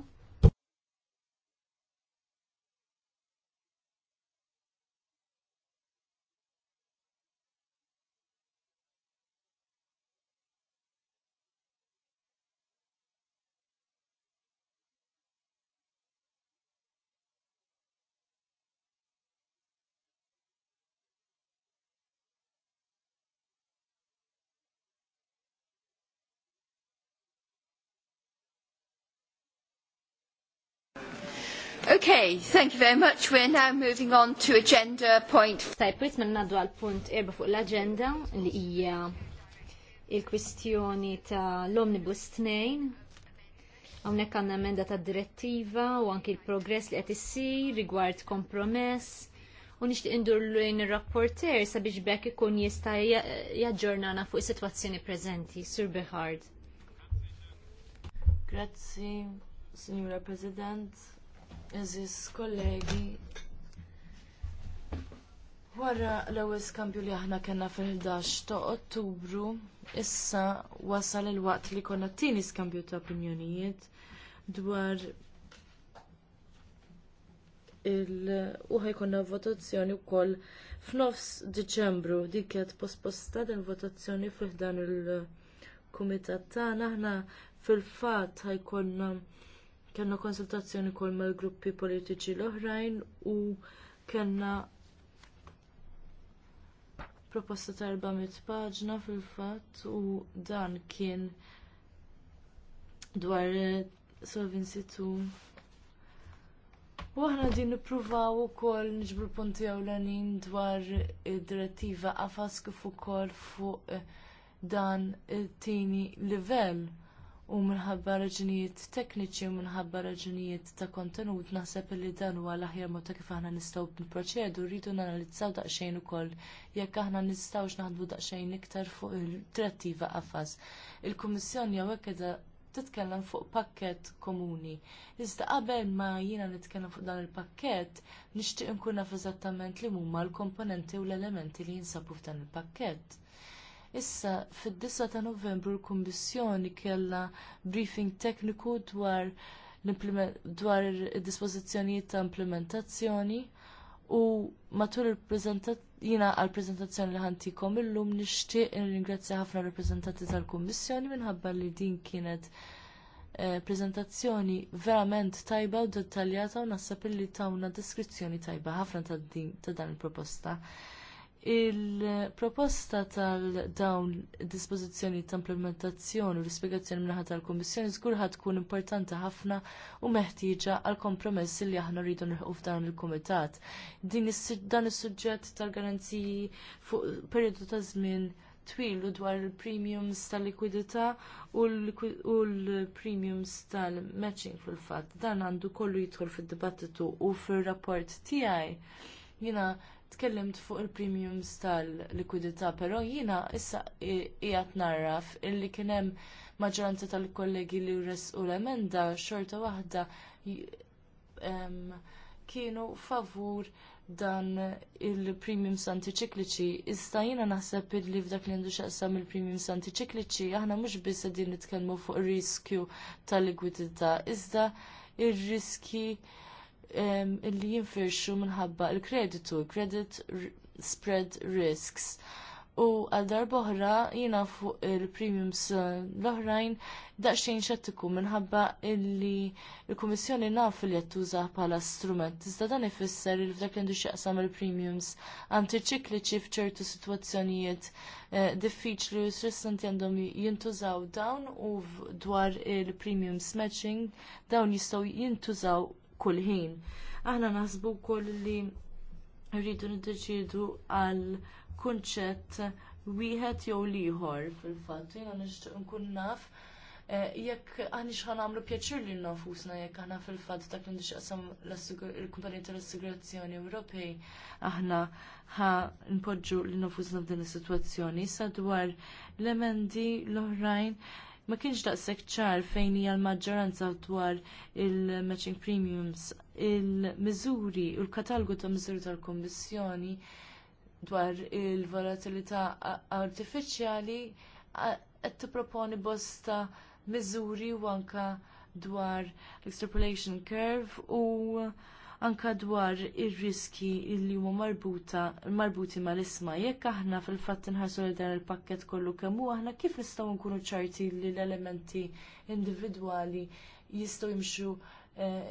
Okay, thank you very much. We're now moving on to agenda point. Tajprit minn naddu għal punt erba fuq l-agenda li hija il-kwistjoni ta' l-Omnibus 2. Hawnhekk għandna emenda ta' direttiva u anki l-progress li qed issir rigward kompromess u nixtieq indur lejn ir-rapporter sabiex bekk ikun jista' jaġġornana fuq is-sitwazzjoni preżenti, Sur Behard. Grazzi, Signora President Aziz kollegi, wara l-ewwel skambju li aħna kellna fil-11 ta' Ottubru, issa wasal il-waqt li konna t-tieni skambju ta' opinjonijiet dwar il u ħajkonna votazzjoni wkoll f'nofs Diċembru dik qed posposta din votazzjoni fih dan il-kumitat tagħna aħna fil-fatt konna kellna konsultazzjoni kol mal-gruppi politiċi l-oħrajn u kellna proposta ta' 400 paġna fil-fatt u dan kien dwar eh, Solvency 2. U aħna din nippruvaw ukoll niġbru punti ewlenin dwar id-direttiva qafas kif ukoll fuq eh, dan it-tieni livell u minħabba raġunijiet tekniċi u minħabba raġunijiet ta' kontenut naħseb li dan huwa l-aħjar mod ta' kif aħna nistgħu nipproċedu rridu nanalizzaw daqsxejn ukoll jekk aħna nistgħux naħdmu daqsxejn iktar fuq il trattiva qafas. Il-Kummissjoni hawnhekk qiegħda titkellem fuq pakkett komuni. Iżda qabel ma jiena nitkellem fuq dan il-pakkett, nixtieq nkun naf eżattament li huma l-komponenti u l-elementi li jinsabu f'dan il-pakkett. Issa, fid-9 ta' novembru l-Kummissjoni kellha briefing tekniku dwar dwar id-dispożizzjonijiet ta' implementazzjoni u matul il-prezentat għall għal prezentazzjoni li ħantikom illum nixtieq nirringrazzja ħafna rappreżentanti tal-Kummissjoni minħabba li din kienet eh, prezentazzjoni verament tajba u dettaljata u naħseb li tawna deskrizzjoni tajba ħafna ta' dan il-proposta. Il-proposta tal-dawn dispożizzjoni ta' implementazzjoni u l-ispjegazzjoni minnaħat tal-Kummissjoni żgur tkun importanti ħafna u meħtieġa għal kompromess li aħna rridu nilħu f'dan il-Kumitat. Dan is-suġġett tal-garanziji fuq perjodu ta' żmien twil u dwar il-premiums tal-likwidità u l-premiums tal-matching fil fatt Dan għandu kollu jidħol fid dibattitu u fir rapport tiegħi tkellimt fuq il-premiums tal-likwidità, però jiena issa qiegħed narraf illi kien hemm maġġoranza tal-kollegi li resqu l-emenda xorta waħda kienu favur dan il-premiums antiċikliċi. Issa jiena naħseb li f'dak li għandu xaqsam il-premiums antiċikliċi, aħna mhux biss qegħdin nitkellmu fuq ir riskju tal-likwidità, iżda ir riskji illi jinfirxu minħabba l kreditu credit spread risks. U għal oħra, jina fuq il-premiums eh, l-oħrajn daqxin xattiku minħabba illi il-Komissjoni naf li jattuża bħala strument. Iżda dan ifisser li f'dak li għandu xaqsam il-premiums antiċikliċi f'ċertu situazzjonijiet eh, diffiċli u s-ristanti għandhom jintużaw dawn u dwar il-premiums matching dawn jistaw jintużaw ħin, Aħna naħsbu wkoll li rridu niddeċidu għal kunċett wieħed jew liħor fil-fatt. Jiena nixtieq nkun naf eh, jekk għani xħan għamlu pjaċir li nafusna jekk għana fil fatt dak li nixqasam l-kumpanija tal-assigurazzjoni Ewropej, aħna ħa npoġġu li nofusna f'din is-sitwazzjoni sa dwar l-emendi l-oħrajn ma kienx daqshekk ċar fejn hija l-maġġoranza dwar il-matching premiums, il-miżuri u l-katalgu ta' miżuri tal-Kommissjoni dwar il-volatilità artifiċjali qed tipproponi bosta miżuri u anke dwar l-extrapolation curve u anka dwar ir-riski li huma marbuta marbuti mal-isma. Jekk aħna fil-fatt inħarsu li dan il-pakkett kollu kemm hu aħna kif nistgħu nkunu ċarti li l-elementi individwali jistgħu jimxu eh,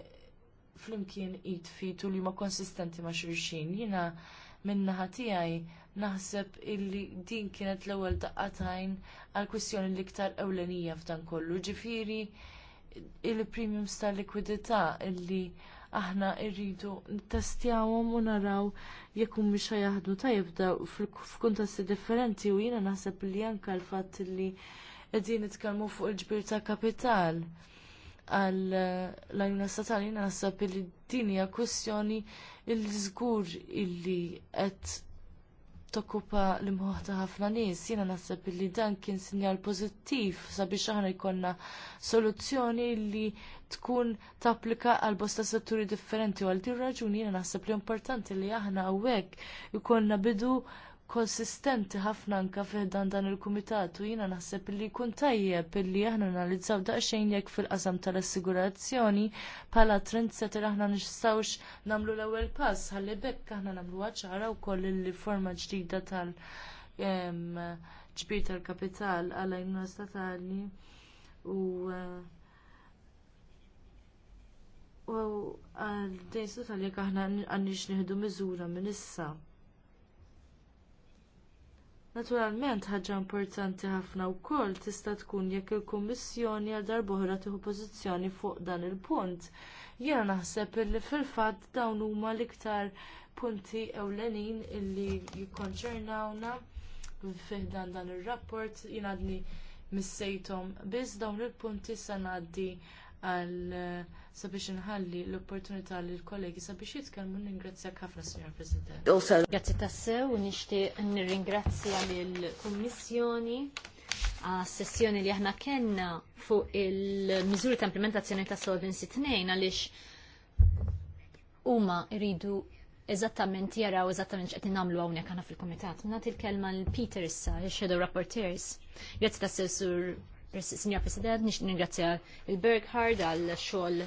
flimkien id fitu li ma konsistenti ma xulxin. Jina minnaħa tiegħi naħseb illi din kienet l-ewwel daqqatajn għal kwistjoni l-iktar ewlenija f'dan kollu. Ġifieri il-premiums tal-likwidità illi aħna rridu testjawhom u naraw jekk hum mhux jaħdu tajjeb f'kuntesti differenti u jiena naħseb li anke l-fatt li qegħdin nitkellmu fuq il-ġbir ta' kapital għal l-ajuna statali naħseb li din hija kwestjoni il-żgur illi qed tokkupa l-imħuħ ta' ħafna nies, jiena naħseb li dan kien sinjal pożittiv sabiex aħna jkollna soluzzjoni li tkun tapplika għal bosta setturi differenti u għal din raġuni jiena naħseb li importanti li aħna hawnhekk ikollna bidu konsistenti ħafna anke fiħdan dan il-kumitat u jiena naħseb li jkun tajjeb illi aħna analizzaw daqsxejn jekk fil-qasam tal-assigurazzjoni bħala trendsetter aħna nistgħux nagħmlu l-ewwel pass ħalli bekk aħna nagħmluha ċara wkoll il-forma ġdida tal- ġbir tal-kapital għal-għajnuna statali u eh, u għal-dejn statali jek aħna għannix nieħdu miżura minn issa. Naturalment ħaġa importanti ħafna wkoll tista' tkun jekk il-Kummissjoni għal darb'oħra tieħu pożizzjoni fuq dan il-punt. Jiena naħseb illi fil-fatt dawn huma l-iktar punti ewlenin illi jikkonċernawna fiħdan dan ir rapport jien għadni missejthom biss dawn il-punti se ngħaddi għal eh, sabiex nħalli l-opportunità li l-kollegi sabiex jitkellmu ningrazzjak ħafna Signor President. Grazzi tassew, nixtieq nirringrazzja lill-Kummissjoni għas sessjoni li aħna kellna fuq il-miżuri ta' implementazzjoni ta' Solvency 2 għaliex huma rridu eżattament jaraw eżattament x'qed nagħmlu hawnhekk aħna fil-kumitat. Nagħti il-kelma l peters issa, il-Shadow Rapporteurs. Grazzi tas-Sur Signor President, nix nirringrazzja il-Berghard għal xogħol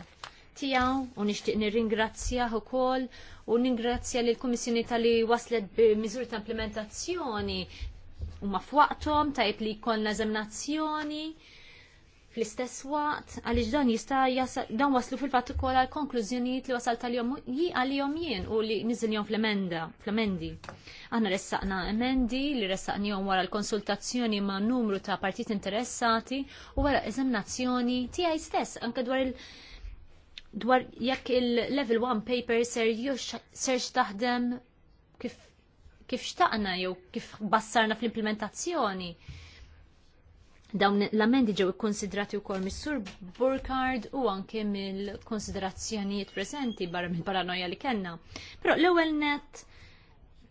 tijaw u nishtiq nirringrazzja u kol u ningrazzja li l-Komissjoni tal-li waslet b-mizur ta' implementazzjoni u ma' fwaqtom tajb li jkollna eżaminazzjoni fl-istess waqt għaliex dan jista' dan waslu fil-fatt ukoll għal konklużjonijiet li wasal tal-jom għal-jom jien u li niżilhom fl-emenda, fl-emendi. Aħna ressaqna emendi li ressaqnihom wara l-konsultazzjoni ma' numru ta' partit interessati u wara eżaminazzjoni tiegħi stess anke dwar il- dwar jekk il-level 1 paper ser serx taħdem kif kif xtaqna jew kif bassarna fl-implementazzjoni. Dawn l-amendi ġew ikkonsidrati wkoll mis-Sur Burkard u anke mill-konsiderazzjonijiet preżenti barra mill-paranoja li kellna. Però l-ewwel net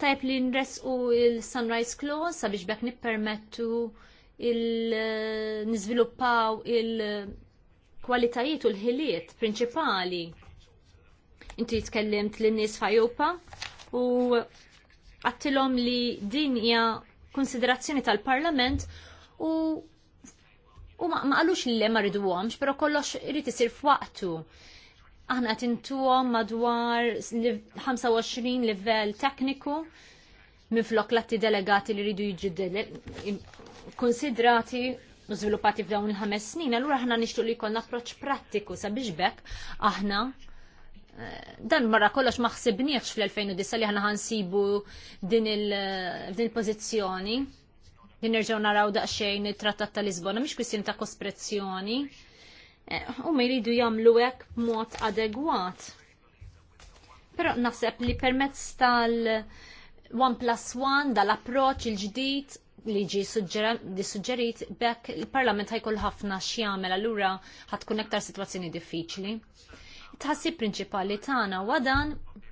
tajb li nresqu il-Sunrise Clause sabiex bekk nippermettu il-nizviluppaw il-kwalitajiet u l-ħiliet prinċipali. Inti tkellimt l-nis fajupa u għattilom li din hija konsiderazzjoni tal-Parlament u U ma qalux li ma rriduhomx, però kollox irid isir f'waqtu. Aħna qed intuhom madwar 25 livell tekniku minflok l-atti delegati li rridu jiġu konsidrati u żviluppati f'dawn il-ħames snin, allura aħna nixtu li jkollna approċċ prattiku sabiex bekk aħna eh, dan marra kollox ma ħsibniex fl-2009 li ħana ħansibu din eh, il-pozizjoni li naraw daqsxejn it-Trattat ta' Lisbona mhix kwistjoni ta' kosprezzjoni. Eh, U ma jridu jagħmlu hekk b'mod adegwat. Però naħseb li permezz tal- One plus one dal-approċ il-ġdid li ġi suġġerit bekk il-Parlament ħajkoll ħafna x'jagħmel allura ħatkun aktar sitwazzjoni diffiċli. Tħassib prinċipali tagħna wadan dan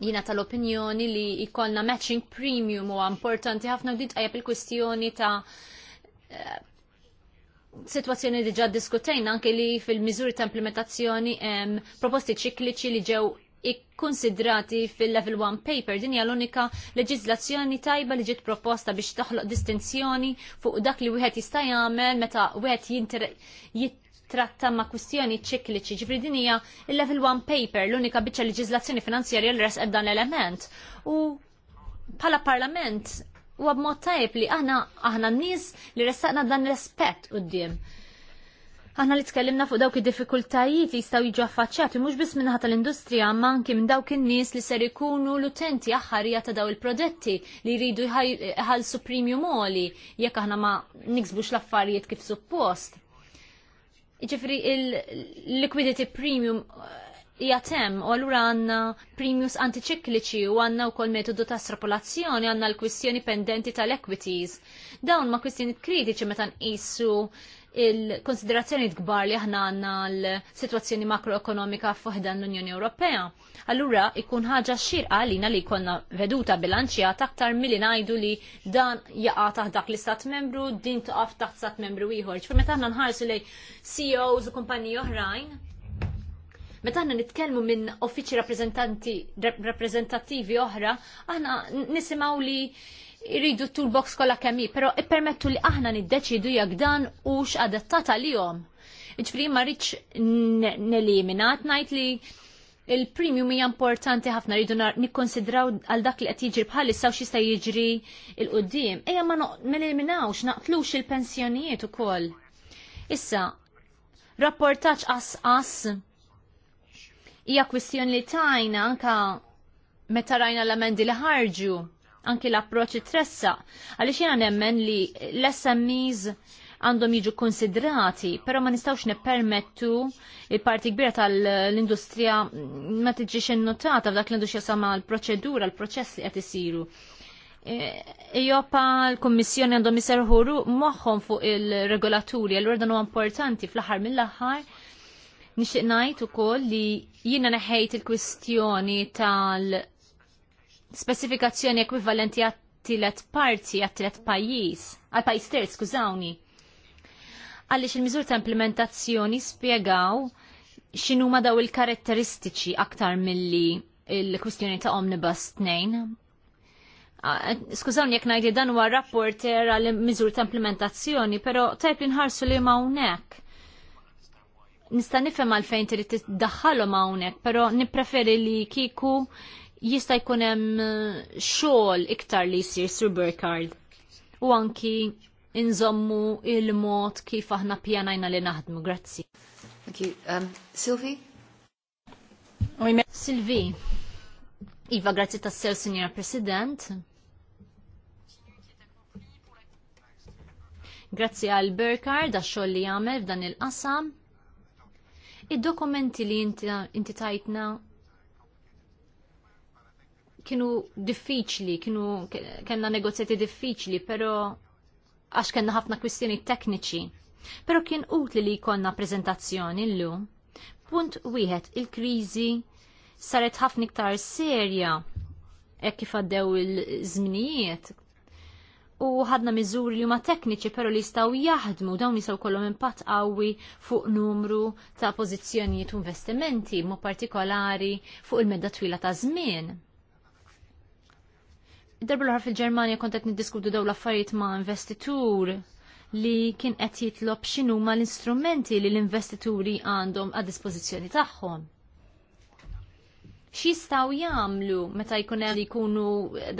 jina tal-opinjoni li ikolna matching premium u importanti ħafna gdid għajab il-kwestjoni ta' eh, situazzjoni diġa diskutejna anke li fil-miżuri ta' implementazzjoni proposti ċikliċi li ġew ikkonsidrati fil-level 1 paper din hija l-unika leġiżlazzjoni tajba li ġiet proposta biex toħloq distinzjoni fuq dak li wieħed jista' jagħmel meta wieħed Tratta ma' kwistjoni ċikliċi ġifridinija il-level 1 paper, l-unika biċċa leġizlazzjoni finanzjarja li resqed dan element. U pala parlament u b'mod tajb li aħna aħna n-nies li ressaqna dan d-dim. Aħna li tkellimna fuq dawk id-diffikultajiet li jistgħu jiġu mux mhux biss ħata l-industrija ma anke minn dawk in-nies li ser ikunu l-utenti aħħarija ta' daw il prodetti li jridu jħalsu premium oli jekk aħna ma niksbux l-affarijiet kif suppost. Ġifri il-liquidity premium hija temm u allura għandna premiums antiċikliċi u għandna wkoll metodu ta' strapolazzjoni għandna l-kwistjoni pendenti tal-equities. Dawn ma' kwistjoni kritiċi meta nqisu il-konsiderazzjoni kbar li aħna għanna l-situazzjoni makroekonomika fuħdan l-Unjoni Ewropea. Allura, ikun ħaġa xirqa għalina li konna veduta bilanċja taktar mill najdu li dan jaqa taħt dak l-istat membru, din taqaf taħt stat membru ieħor. Ġifier meta aħna nħarsu li CEOs u kumpaniji oħrajn, Meta għanna nitkellmu minn uffiċċji rappreżentanti rappreżentattivi oħra, għanna nisimgħu li jridu toolbox kollha kemm hi, però ippermettu li aħna niddeċidu jekk dan hux adattata jom. Iġfri ma rridx neliminat ngħid li il-premium hija importanti ħafna rridu nikkonsidraw għal dak li qed jiġri bħalissa u xista jiġri il-qudiem. Ejja ma neliminawx, naqtlux il-pensjonijiet ukoll. Issa, rapportaċ qas qas hija kwistjoni li tajna anka meta rajna l-amendi li ħarġu, anki l-approċċi tressa, għaliex jiena nemmen li l-SMEs għandhom jiġu konsidrati, pero ma nistawx nippermettu il-parti kbira tal-industrija ma tiġix innotata f'dak l-industrija sama l-proċedura, l-proċess li qed isiru. Ijopa e, l-Kommissjoni għandhom jiserħuru moħħom fuq il-regolaturi, għallur dan huwa importanti fl-aħħar mill-aħħar nixtieq ngħid ukoll li Jina neħejt il-kwistjoni tal-spesifikazzjoni ekvivalenti għat-tilet parti, għat-tilet pajis, għal-pajis terz, skużawni. Għalix il-mizur ta' implementazzjoni spiegaw xinu ma daw il-karatteristiċi aktar milli il-kwistjoni ta' omnibus 2. Skużawni jek najdi dan huwa rapporter għal miżur ta' implementazzjoni, pero tajb li nħarsu li ma' unek nista' nifhem għalfejn trid tiddaħħalhom hawnhekk, però nippreferi li kieku jista' jkun hemm eh, xogħol iktar li jsir sur Burkard. U anki inżommu il-mod kif aħna pjanajna li naħdmu. Grazzi. Um, Silvi. Oh, Silvi, Iva, grazzi sew, Signora President. Grazzi għal Burkard għax xogħol li jagħmel f'dan il-qasam. Id-dokumenti li inti tajtna kienu diffiċli, kienu kellna negozjati diffiċli, pero għax kellna ħafna kwistjoni tekniċi. Pero kien utli li jkollna prezentazzjoni llum. Punt wieħed, il-kriżi saret ħafna iktar serja hekk kif għaddew il-żminijiet u ħadna miżuri li huma tekniċi però li jistgħu jaħdmu dawn jistgħu kollhom impatt qawwi fuq numru ta' pożizzjonijiet u investimenti mu partikolari fuq il-medda twila ta' żmien. Darba l-ħar fil-Ġermanja kont qed niddiskutu dawn l-affarijiet ma' investitur li kien qed jitlob x'inhuma l-istrumenti li l-investituri għandhom għad dispożizzjoni tagħhom X'jistgħu jagħmlu meta jkun li jkunu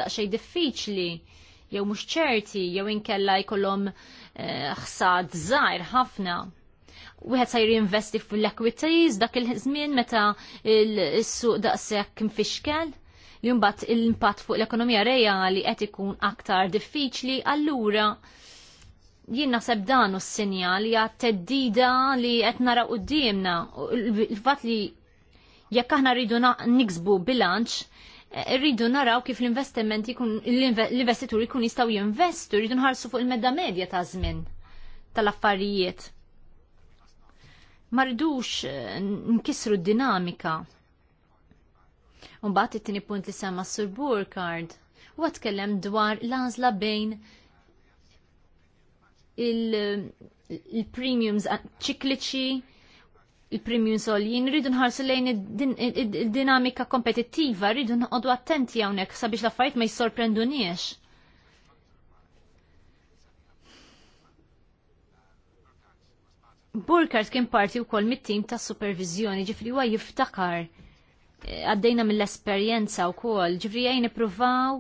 daqsxejn diffiċli jew mhux ċerti jew inkella jkollhom eh, ħsad żgħar żgħir ħafna. Wieħed se investi fil-equities dak il-żmien meta s-suq daqshekk mfixkel li mbagħad l-impatt fuq l-ekonomija reali qed ikun aktar diffiċli, allura jien naħseb dan s-sinjal hija teddida li qed naraw qudiemna. Il-fatt li jekk aħna rridu niksbu bilanċ, rridu naraw kif l-investiment l-investituri kun jistaw jinvestu, rridu nħarsu fuq il-medda medja ta' żmien tal-affarijiet. Ma rridux eh, nkissru d-dinamika. Unbat it-tieni punt li sema Sur Burkard u għatkellem dwar l-għażla bejn il-premiums ċikliċi il-premium jien rridu nħarsu lejn id-dinamika kompetittiva, rridu nqodu attenti hawnhekk sabiex l-affarijiet ma niex. Burkard kien parti wkoll mit-tim ta' supervizjoni, ġifri huwa jiftakar eh, għaddejna mill-esperjenza wkoll, ġifri jgħin ippruvaw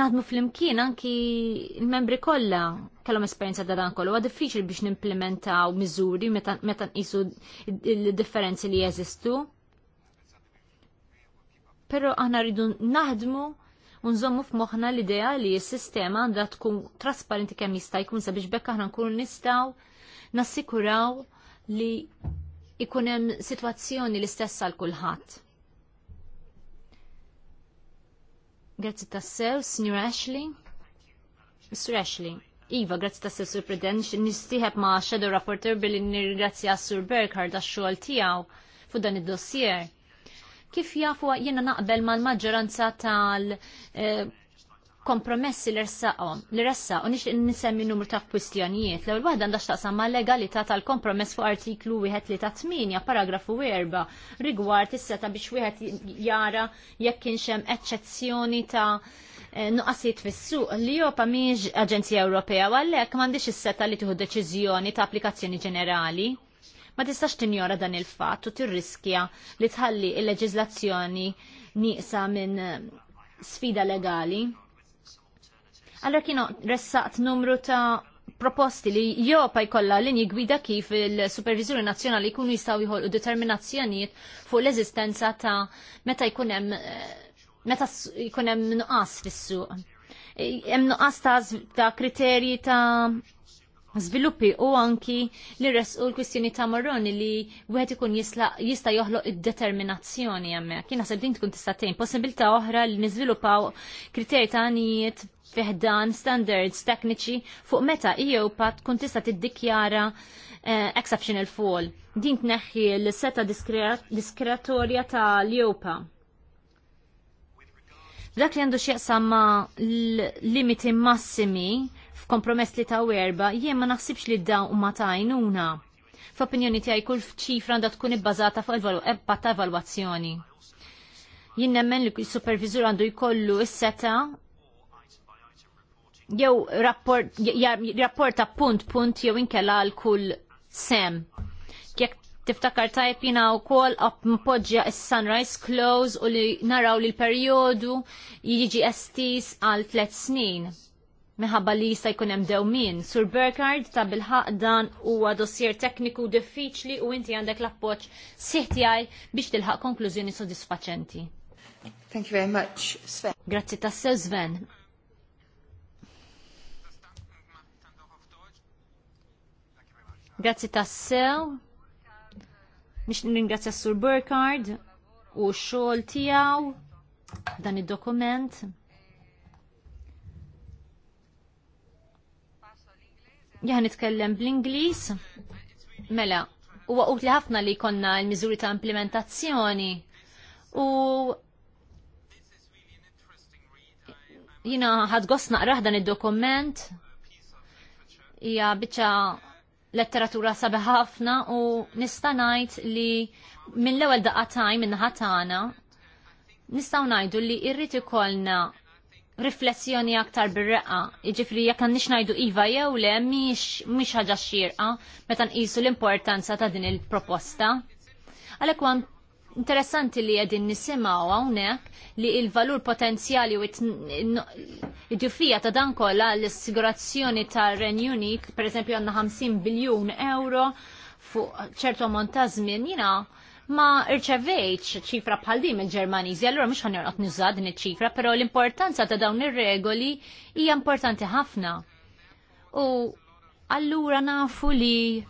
naħdmu fl-imkien anki il-membri kollha kellhom esperjenza ta' dan kollu, huwa diffiċli biex nimplementaw miżuri meta nqisu il-differenzi li jeżistu. Però aħna rridu naħdmu u nżommu f'moħħna l-idea li s-sistema għandha tkun trasparenti kemm jista' jkun sabiex bekk aħna nkunu nistgħu nassikuraw li ikun hemm sitwazzjoni l-istess għal kulħadd Grazzi tassew, Signor Ashley. Mr. Ashley. Iva, grazzi ta' Sur President. nistiħeb ma' Shadow Rapporteur billi nirgrazzja Sur Berghard għax xogħol tiegħu fuq dan id-dossier. Kif jafu jiena naqbel mal-maġġoranza tal eh, kompromessi l ressa u nix nisemmi numru ta' kwistjonijiet. L-ewwel waħda għandha x'taqsam ma' legalità tal-kompromess fuq artiklu wieħed li ta' 8 paragrafu 4 rigward is-seta biex wieħed jara jekk kienx hemm eċċezzjoni ta' e, nuqqasijiet fis-suq li jopa miġ Aġenzija Ewropea u għalhekk m'għandix is-seta li tieħu deċiżjoni ta' applikazzjoni ġenerali. Ma tistax tinjora dan il-fatt u tirriskja li tħalli il-leġiżlazzjoni nieqsa minn sfida legali Allora kienu ressaqt numru ta' proposti li jopa jkollha linji gwida kif il-Supervizuri Nazzjonali jkunu jistgħu jħolqu determinazzjonijiet fuq l-eżistenza ta' meta jkun hemm eh, meta jkun hemm nuqqas fis-suq. Eh, hemm nuqqas ta' kriterji ta' żviluppi u anki li resqu l-kwistjoni ta' Marroni li wieħed ikun jista' joħloq id-determinazzjoni hemmhekk. Jien se din tkun tista' tgħin possibilità oħra li niżviluppaw kriterji ta' għanijiet fiħdan standards tekniċi fuq meta e pat tkun tista' tiddikjara eh, exceptional fall. Din tneħħi l-seta diskretorja ta' l jopa e Dak li għandu xieqsam ma' limiti massimi f'kompromess li ta' werba, jien ma naħsibx li dawn huma ta' għajnuna. F'opinjoni tiegħi kull ċifra għandha tkun ibbażata fuq ebba ta' evalwazzjoni. Jien nemmen li s supervisur għandu jkollu s-seta jew rapport, rapporta punt punt jew inkella għal kull sem. Jekk tiftakar tajb jina u kol mpoġġja il-Sunrise Close u li naraw li l-periodu jiġi estis għal tlet snin meħabba li jista' jkun hemm min, Sur Burkard ta' bilħaq dan huwa dossier tekniku diffiċli u inti għandek l-appoġġ siħtijaj biex tilħaq konklużjoni sodisfaċenti. Thank you very much, Sven. Grazzi sew Sven. Grazzi tassew. Nix ringrazzja Sur Burkard u x-xogħol tiegħu dan id-dokument. Jaħ nitkellem bl-Inglis. Mela, huwa utli ħafna li konna l-miżuri ta' implementazzjoni. U jina ħadgost naqraħ dan id-dokument hija biċċa letteratura sabi ħafna u nista' ngħid li mill-ewwel taj minn ħatana nistgħu ngħidu li irrid ikollna riflessjoni aktar bir-reqqa. Jiġifieri jekk għandix ngħidu iva jew le mhix ħaġa xirqa meta nqisu l-importanza ta' din il-proposta. Għalhekk huwa interessanti li qegħdin nisimgħu hawnhekk li l-valur potenzjali u id dufija ta' dan kollha l-assigurazzjoni ta' Renju per pereżempju għandna 50 biljun euro fuq ċertu ammont ta' żmien, jina ma irċevejċ ċifra bħal din mill-Ġermaniżi, allura mhux ħanirqot nuża din iċ-ċifra, però l-importanza ta' dawn ir-regoli hija importanti ħafna. U allura nafu li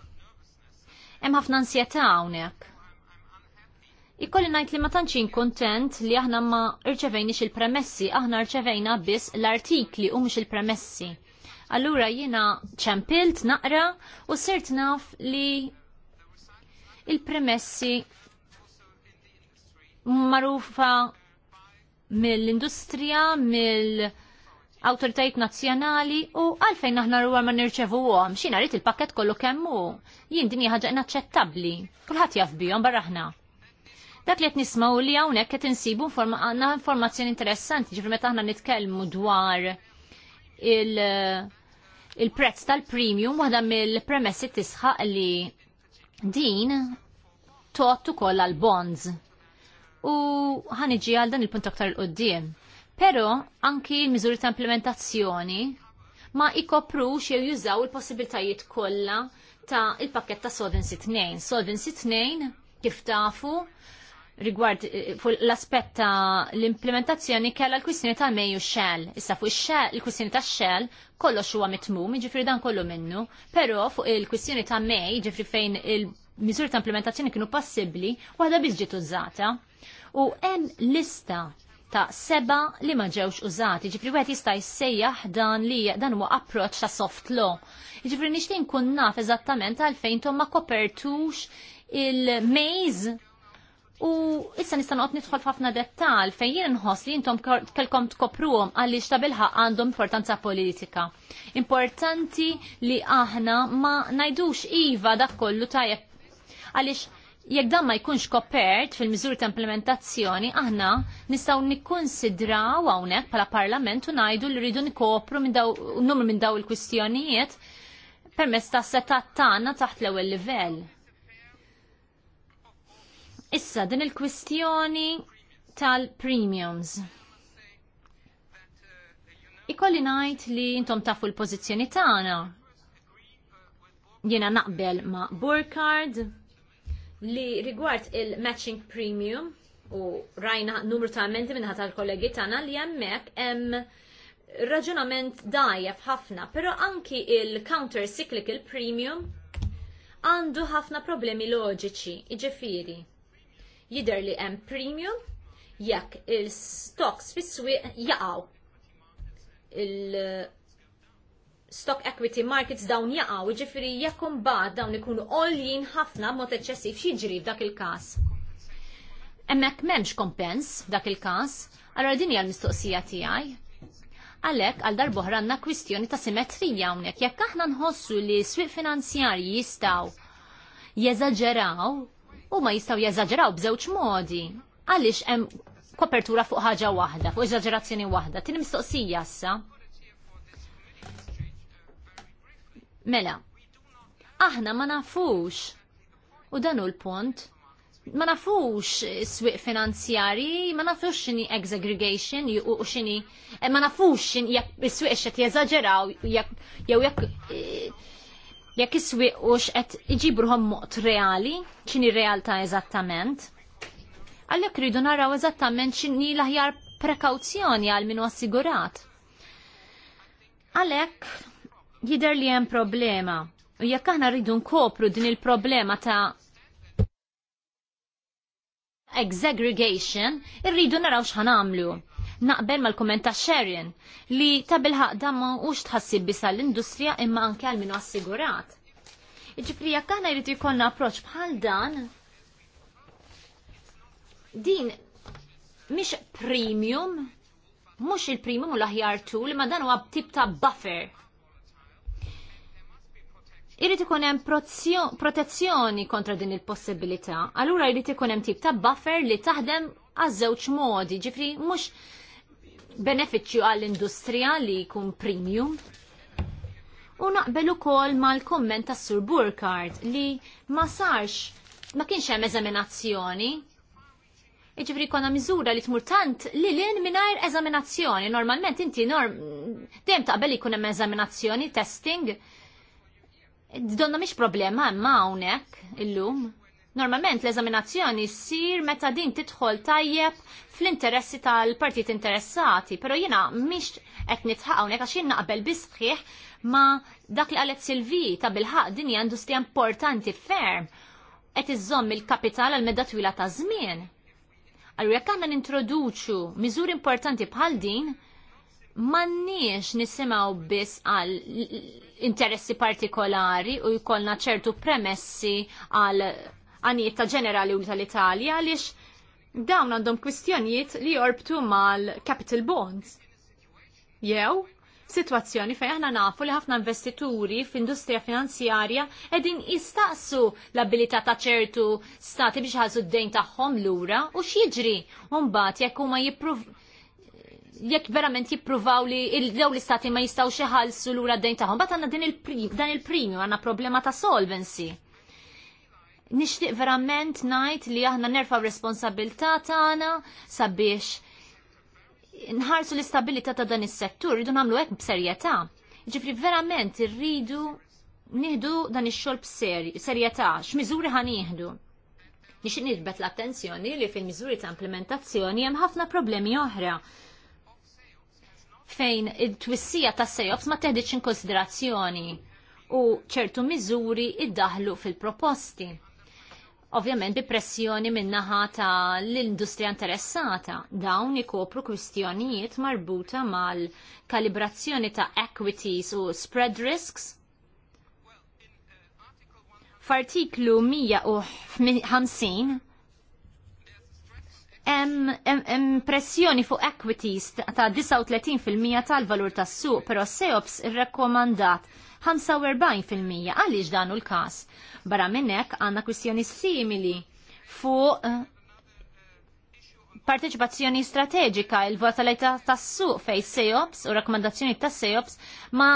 hemm ħafna ansjetà hawnhekk. Ikolli ngħid li ma tantx inkontent li aħna ma rċevejniex il-premessi, aħna rċevejna biss l-artikli u mhux il-premessi. Allura jiena ċempilt naqra u sirt naf li il-premessi marufa mill-industrija, mill-autoritajt nazjonali u għalfejn aħna ruwa ma nirċevu għom. Xina rrit il-pakket kollu kemmu, jien dinja ħagġa inaċċettabli, kullħat jaf bijom barraħna. Dak li qed nismaw li hawnhekk qed insibu għanna informazzjoni interessanti, ġifri meta aħna nitkellmu dwar il- il-prezz tal-premium waħda mill-premessi tisħaq li din tot ukoll għal bonds u ħaniġi għal dan il-punt aktar l-qoddim. Pero anki l-miżuri ta' implementazzjoni ma ikopru jew jużaw il possibiltajiet kollha ta' il-pakket ta' Solvency 2. Solvency 2 kif tafu rigward eh, l-aspett ta' l-implementazzjoni kella l-kwistjoni ta' mejju xell. Issa jiġifieri fuq il-kwistjoni ta' xell kollox huwa mitmum, ġifri dan kollu minnu, pero fuq il-kwistjoni ta' mej, ġifri fejn il-miżuri ta' implementazzjoni kienu possibbli, waħda biex ġiet użata u hemm lista ta' seba li ma ġewx użati. Ġifri wieħed jista' jissejjaħ dan li dan huwa approċċ ta' soft law. Ġifri nishtin kun naf eżattament għalfejn tom ma kopertux il-mejz u issa nista' noqgħod nidħol f'ħafna dettal fejn jien nħoss li intom kelkom tkopruhom għaliex ta' bilħaq għandhom importanza politika. Importanti li aħna ma ngħidux iva dak kollu tajjeb għaliex jekk dan ma jkunx kopert fil-miżuri ta' implementazzjoni, aħna nistgħu nikkonsidraw hawnhekk bħala Parlament u ngħidu li rridu nikopru minn daw numru minn daw il-kwistjonijiet permezz ta' setat tagħna taħt l-ewwel livell. Issa din il-kwistjoni tal-premiums. Ikolli ngħid li intom tafu l-pożizzjoni tagħna. Jiena naqbel ma' Burkard, li rigward il-matching premium u rajna numru ta' menti minnaħat tal-kollegi tagħna li hemmhekk hemm raġunament dajjef ħafna, però anki il-counter cyclical premium għandu ħafna problemi loġiċi, iġifiri. Jider li hemm premium jekk il-stocks fis-swieq jaqgħu il stock equity markets dawn jaqaw, ġifiri jekkum bad dawn ikunu all-jien ħafna mot eċċessiv xieġri f'dak il-kas. Emmek memx kompens f'dak il-kas, għal din hija l-mistoqsija tiegħi. Għalek għal darbohra għandna kwistjoni ta' simetrija hawnhekk jekk aħna nħossu li s-swieq finanzjarji jistgħu jeżaġeraw u ma jistgħu jeżaġeraw b'żewġ modi. Għaliex hemm kopertura fuq ħaġa waħda, fuq eżaġerazzjoni waħda. Tin mistoqsija issa Mela, aħna ma nafux u dan hu l-punt ma nafux swieq finanzjari, ma nafux xini exagregation, u xini, eh, ma nafux xini jak swieq xet jeżagġeraw, jew jak eh, jekk is-swieq u xet iġibruhom moqt reali, x'inhi realtà eżattament. Għalhekk ridu naraw eżattament x'inhi l-aħjar prekawzjoni għal min assigurat. Għalhekk jider li hemm problema. U jekk aħna rridu nkopru din il-problema ta' exegregation irridu naraw x'ħan għamlu. Naqbel mal-kumment ta' Sherin li ta' bilħaq dan ma hux tħassib bisa l-industrija imma anke għal minu assigurat. Iġifri jekk aħna jrid ikollna approċċ bħal dan, din mhix premium, mhux il-premium u l-aħjar tul, ma dan huwa tip ta' buffer irrit ikun hemm protezzjoni kontra din il-possibilità. Allura jrid ikun hemm tip ta' buffer li taħdem għaż-żewġ modi, ġifri mhux benefiċċju għall-industrija li jkun premium. U naqbel ukoll mal-komment tas Sur Burkard li ma sarx ma kienx hemm eżaminazzjoni. Iġifri konna miżura li tmur tant li l-in mingħajr eżaminazzjoni. Normalment inti norm dejjem taqbel ikun hemm eżaminazzjoni, testing, donna miex problema imma hawnhekk illum. Normalment l-eżaminazzjoni ssir meta din tidħol tajjeb fl-interessi tal-partit interessati, pero jiena mish qed nitħaq hawnhekk għax jien naqbel bisħiħ ma dak li qalet Silvi ta' bilħaq din hija industrija importanti ferm qed iżomm il-kapital għal medda twila ta' żmien. Allura jekk għandna nintroduċu miżuri importanti bħal din, mannix nisimaw biss għal interessi partikolari u jkollna ċertu premessi għal għanijiet ta' ġenerali u tal-Italja għaliex dawn għandhom kwistjonijiet li jorbtu mal-capital bonds. Jew, situazzjoni fejn aħna nafu li ħafna investituri f'industrija finanzjarja edin jistaqsu l-abilità ta' ċertu stati biex ħazu d-dejn tagħhom lura u x'jiġri u mbagħad jekk huma jippruv jekk verament jippruvaw li l-dew l-istati ma jistaw xeħalsu l-ura d-dejn taħħom, bat għanna dan il-primju, għanna problema ta' solvency. Nishtiq verament najt li aħna nerfa' responsabilta tagħna sabiex nħarsu l-istabilità ta' dan is-settur, rridu nagħmlu hekk b'serjetà. Ġifri verament irridu nieħdu dan ix-xogħol b'serjetà, x'miżuri ħanieħdu. Nixtieq nirbet l-attenzjoni li fil-miżuri ta' implementazzjoni hemm ħafna problemi oħra fejn id-twissija tas sejobs ma teħdiċ konsiderazzjoni u ċertu miżuri id-daħlu fil-proposti. Ovvjament bi pressjoni minnaħa ta' l-industrija interessata dawn ikopru kwistjonijiet marbuta mal-kalibrazzjoni ta' equities u spread risks. F'artiklu 150 hemm pressjoni fuq equities ta' 39% tal-valur tas-suq, però SEOPS irrakkomandat 45% għaliex dan hu l-każ. Barra minn hekk għandna kwistjoni simili fuq eh, parteċipazzjoni strateġika, il-volatilità tas-suq fej SEOPS e u rakkomandazzjoni tas SEOPS e ma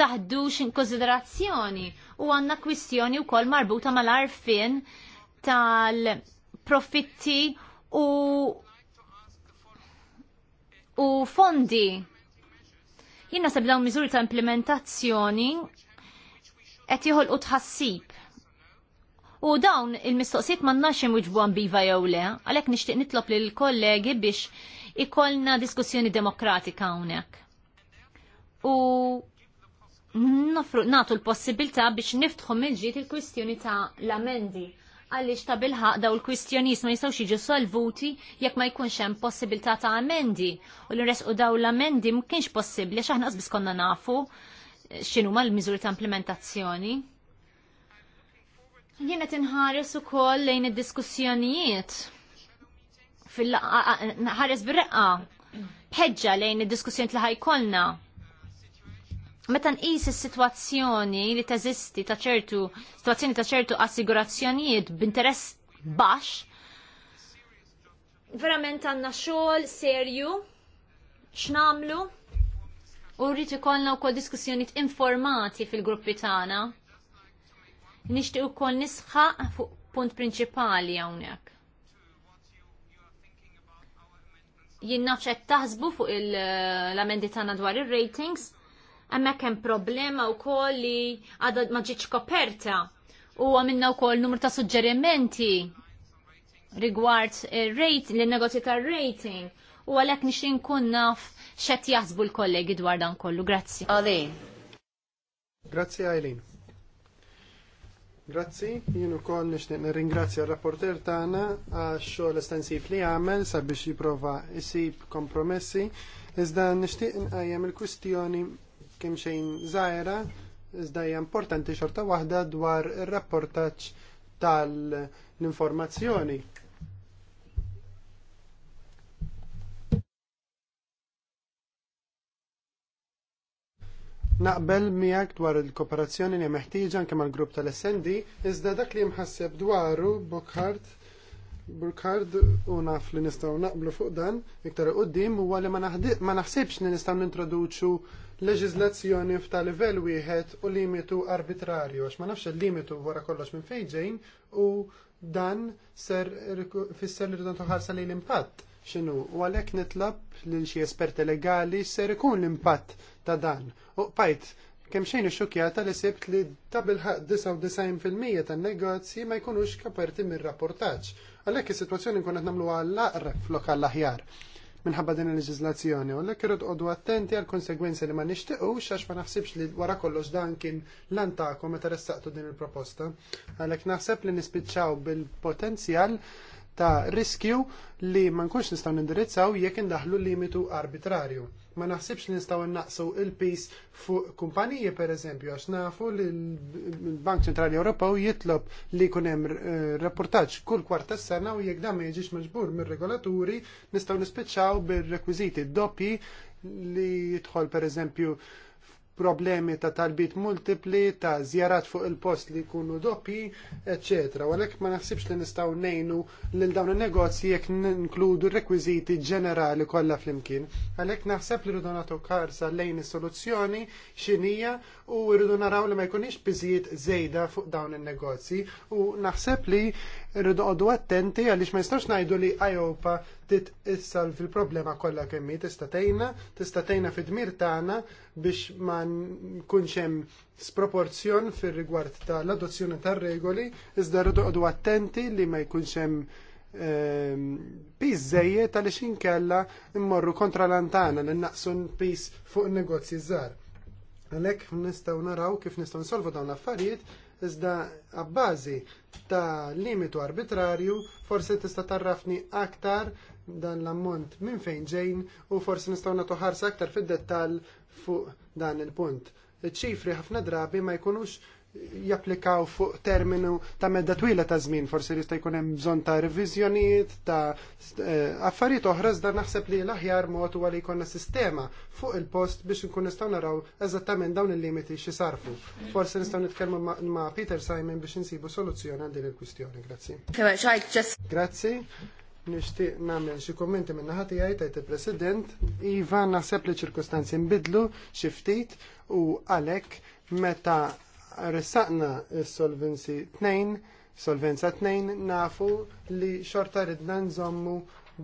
taħdux in konsiderazzjoni u għanna kwistjoni u kol marbuta mal-arfin tal-profitti u u fondi. Jien nasab dawn miżuri ta' implementazzjoni qed joħolqu tħassib. U dawn il-mistoqsijiet ma nnax imwiġbuhom biva jew le, għalhekk nixtieq nitlob lil kollegi biex ikollna diskussjoni demokratika hawnhekk. U nafru natu l-possibilità biex niftħu mill-ġiet il-kwistjoni ta' l-amendi għaliex ta' bilħaq daw il-kwistjonis ma jistgħux jiġu solvuti jekk ma jkunx hemm possibilità ta' amendi u l-res u daw l-amendi mkienx kienx possibbli għax aħna qasbis konna nafu eh, x'inhu l miżur ta' implementazzjoni. Jiena tinħares ukoll lejn id-diskussjonijiet fil-ħares bir-reqqa bħeġġa lejn id-diskussjoniet li ħajkolna Meta nqis is-sitwazzjoni li teżisti ta' ċertu sitwazzjoni ta' ċertu assigurazzjonijiet b'interess baxx, verament għandna xogħol serju x'namlu u rrid ikollna wkoll diskussjonijiet informati fil-gruppi tagħna. Nixtieq ukoll nisħaq fuq punt prinċipali hawnhekk. Jien nafx qed taħsbu fuq l-amendi tagħna dwar ir-ratings, Hemmhekk hemm problema wkoll li għadad ma ġietx koperta u għamilna wkoll numru ta' suġġerimenti rigward rate l negozju tar rating u għalhekk nixin nkun naf x'qed jaħsbu l-kollegi dwar dan kollu. Grazzi. Għalin. Grazzi Eileen. Grazzi, jien ukoll nixtieq nirringrazzja r-rapporter tagħna għax-xogħol estensiv li għamel sabiex jipprova jsib kompromessi, iżda nixtieq nqajjem il-kwistjoni kemm xejn żgħira, iżda hija importanti xorta waħda dwar ir-rapportaġġ tal-informazzjoni. Naqbel miegħek dwar il-kooperazzjoni li meħtieġa anke mal-grupp tal-SND, iżda dak li mħasseb dwaru Bookhart Burkhard u naf li nistgħu naqblu fuq dan iktar qudiem huwa li ma naħsibx li nistgħu nintroduċu leġiżlazzjoni f'ta' livell wieħed u limitu arbitrarju għax ma nafx il-limitu wara kollox minn fejġejn u dan ser fisser li rridu ħarsa lejn l-impatt x'inhu u għalhekk nitlab lil xi esperti legali ser ikun l-impatt ta' dan. U pajt, kemm xejn ixxukjata li sibt li ta' 99% tan-negozji ma jkunux kaperti mir-rapportaġġ Għalhekk is-sitwazzjoni nkun qed nagħmluha għall-aqr f'lokal aħjar minħabba din il leġizlazzjoni u l ekkir irrid attenti għal konsegwenzi li ma nixtiequx għax ma naħsibx li wara kollox dan kien lantakom meta ressaqtu din il-proposta. Għalhekk naħseb li nispiċċaw bil-potenzjal ta' riskju li ma nkunx nistgħu nindirizzaw jekk indaħlu limitu arbitrarju ma naħsibx li nistgħu naqsu il-pis fuq kumpaniji pereżempju għax nafu li l-Bank Centrali Ewropew jitlob li jkun hemm eh, rapportaġġ kull kwarta sena u jekk dan ma jiġix maġbur mir-regolaturi nistgħu nispiċċaw bir-rekwiżiti doppji li jidħol pereżempju eżempju problemi ta' talbit multipli, ta' zjarat fuq il-post li jkunu doppi, ecc. Għalek ma naħsibx li nistaw nejnu lil dawn il-negozji jekk ninkludu rekwiziti ġenerali kollha flimkien. Għalek naħseb li rridu nagħtu karza lejn is-soluzzjoni x'inija u rridu naraw li ma jkunix biżijiet żejda fuq dawn il-negozji u naħseb li irridu għoddu attenti għaliex ma jistax ngħidu li Ajopa tit issal fil-problema kollha kemm hi tista' tejna, tista' tgħinna fid-dmir tagħna biex ma kunxem hemm sproporzjon fir-rigward tal-adozzjoni tar-regoli, iżda irridu għoddu attenti li ma jkunx hemm ehm, pizzejiet għaliex inkella immorru kontra l-antana li naqsun pis fuq negozji żgħar. Għalhekk nistgħu naraw kif nistgħu nsolvu dawn l-affarijiet iżda għabbażi ta' limitu arbitrarju, forsi tista' tarrafni aktar dan l-ammont minn fejn ġejn u forsi nistgħu nagħtu ħarsa aktar fid-dettall fuq dan il-punt. Iċ-ċifri ħafna drabi ma jkunux japplikaw fuq terminu ta' medda twila ta' żmien, forsi jista' jkun hemm bżonn ta' reviżjonijiet, ta' eh, affarijiet oħra iżda naħseb li l-aħjar mod huwa li jkollna sistema fuq il-post biex inkun nistgħu naraw eżattament dawn il-limiti xi sarfu. Forsi nistgħu nitkellmu ma' Peter Simon biex insibu soluzzjoni għal din il-kwistjoni. Grazzi. Grazzi. Nixtieq nagħmel xi kummenti minn naħa tiegħi tajt il-President, iva naħseb li ċirkustanzi nbidlu xi ftit u għalhekk meta ressaqna s-solvenzi 2, solvenza 2 nafu li xorta ridna nżommu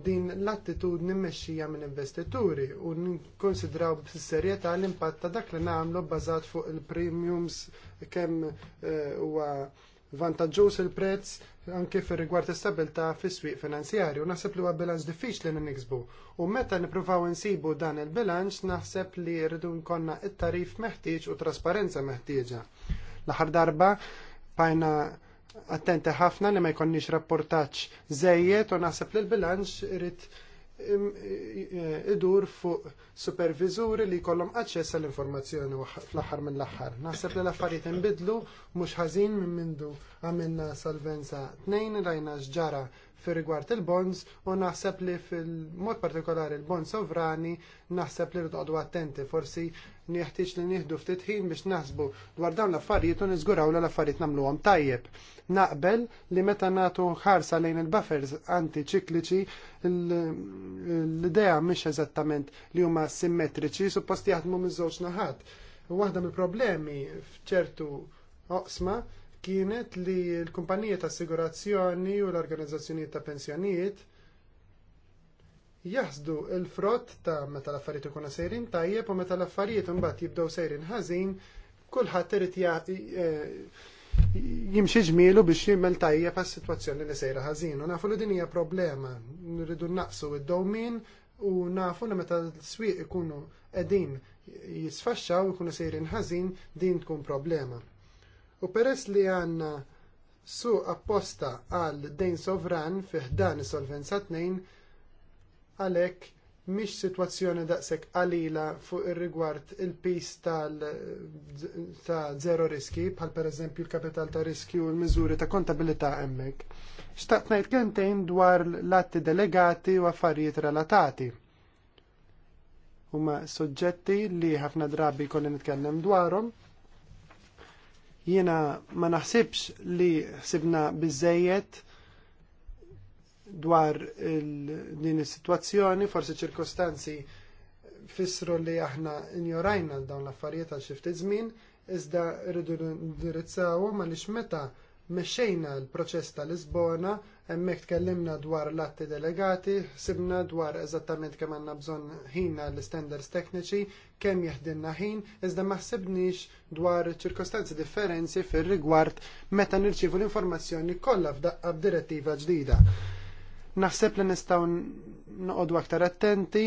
din l-attitudni mmexxija minn investituri u nkonsidraw bis-serjetà l-impatt ta' dak li nagħmlu bbażat fuq il-premiums kemm eh, huwa uh, vantaġġuż il-prezz anke fir rigward istabilta fis-swieq finanzjarju. Naħseb li huwa bilanċ diffiċli li niksbu. U meta nippruvaw insibu dan il-bilanċ naħseb li rridu nkollna it-tarif meħtieġ u trasparenza meħtieġa. L-aħħar darba bajna attenti ħafna li ma jkollniex rapportaġġ żejjed u naħseb li l-bilanċ irid idur fuq supervizuri li kollom aċċess għall-informazzjoni fl-axar minn l-axar. Naħseb li l-affarijiet inbidlu mhux ħażin minn mindu għamilna salvenza tnejn rajna ġara fir rigward il-bonds u naħseb li fil-mod partikolari il-bonds sovrani naħseb li rridu attenti forsi nieħtieġ li nieħdu ftit ħin biex naħsbu dwar dawn l-affarijiet u niżguraw li l-affarijiet nagħmluhom tajjeb. Naqbel li meta nagħtu ħarsa lejn il-buffers antiċikliċi l-idea mhix eżattament li huma simmetriċi suppost jaħdmu miż-żewġ naħat. Waħda mill-problemi f'ċertu oqsma kienet li l-kumpanija ta' assigurazzjoni u l-organizzazzjonijiet ta' pensjonijiet jaħsdu l frott ta' meta l-affarijiet ikunu sejrin tajjeb u meta l-affarijiet imbagħad jibdew sejrin ħażin, kulħadd irid e, jimxi ġmielu biex jimmel tajjeb għas sitwazzjoni li sejra ħażin. U nafu li din hija problema, nridu naqsu id-dowmin u nafu li meta l-swieq ikunu qegħdin jisfaxxaw ikunu sejrin ħażin din tkun problema. U peress li għandna suq apposta għal dejn sovran fih dan is-solvenza tnejn għalhekk mhix sitwazzjoni daqshekk qalila fuq ir-rigward il-pis ta' zero riski, bħal pereżempju l-kapital ta' riskju u l-miżuri ta' kontabilità hemmhekk. Xtaqt ngħid kentejn dwar l-atti delegati u affarijiet relatati. Huma suġġetti li ħafna drabi kolli nitkellem dwarhom, jiena ma naħsibx li ħsibna biżżejjed dwar din is-sitwazzjoni, forsi ċirkostanzi fissru li aħna injorajna dawn l-affarijiet għal xi ftit żmien, iżda rridu ndirizzawhom għaliex meta mexxejna l-proċess ta' Lisbona, hemmhekk tkellimna dwar l-atti delegati, sibna dwar eżattament kemm għandna bżonn ħina l-standards tekniċi, kemm jeħdinna ħin, iżda ma ħsibniex dwar ċirkostanzi differenzi fir-rigward meta nirċievu l-informazzjoni kollha f'daqqa b'direttiva ġdida. Naħseb li nistgħu noqogħdu aktar attenti,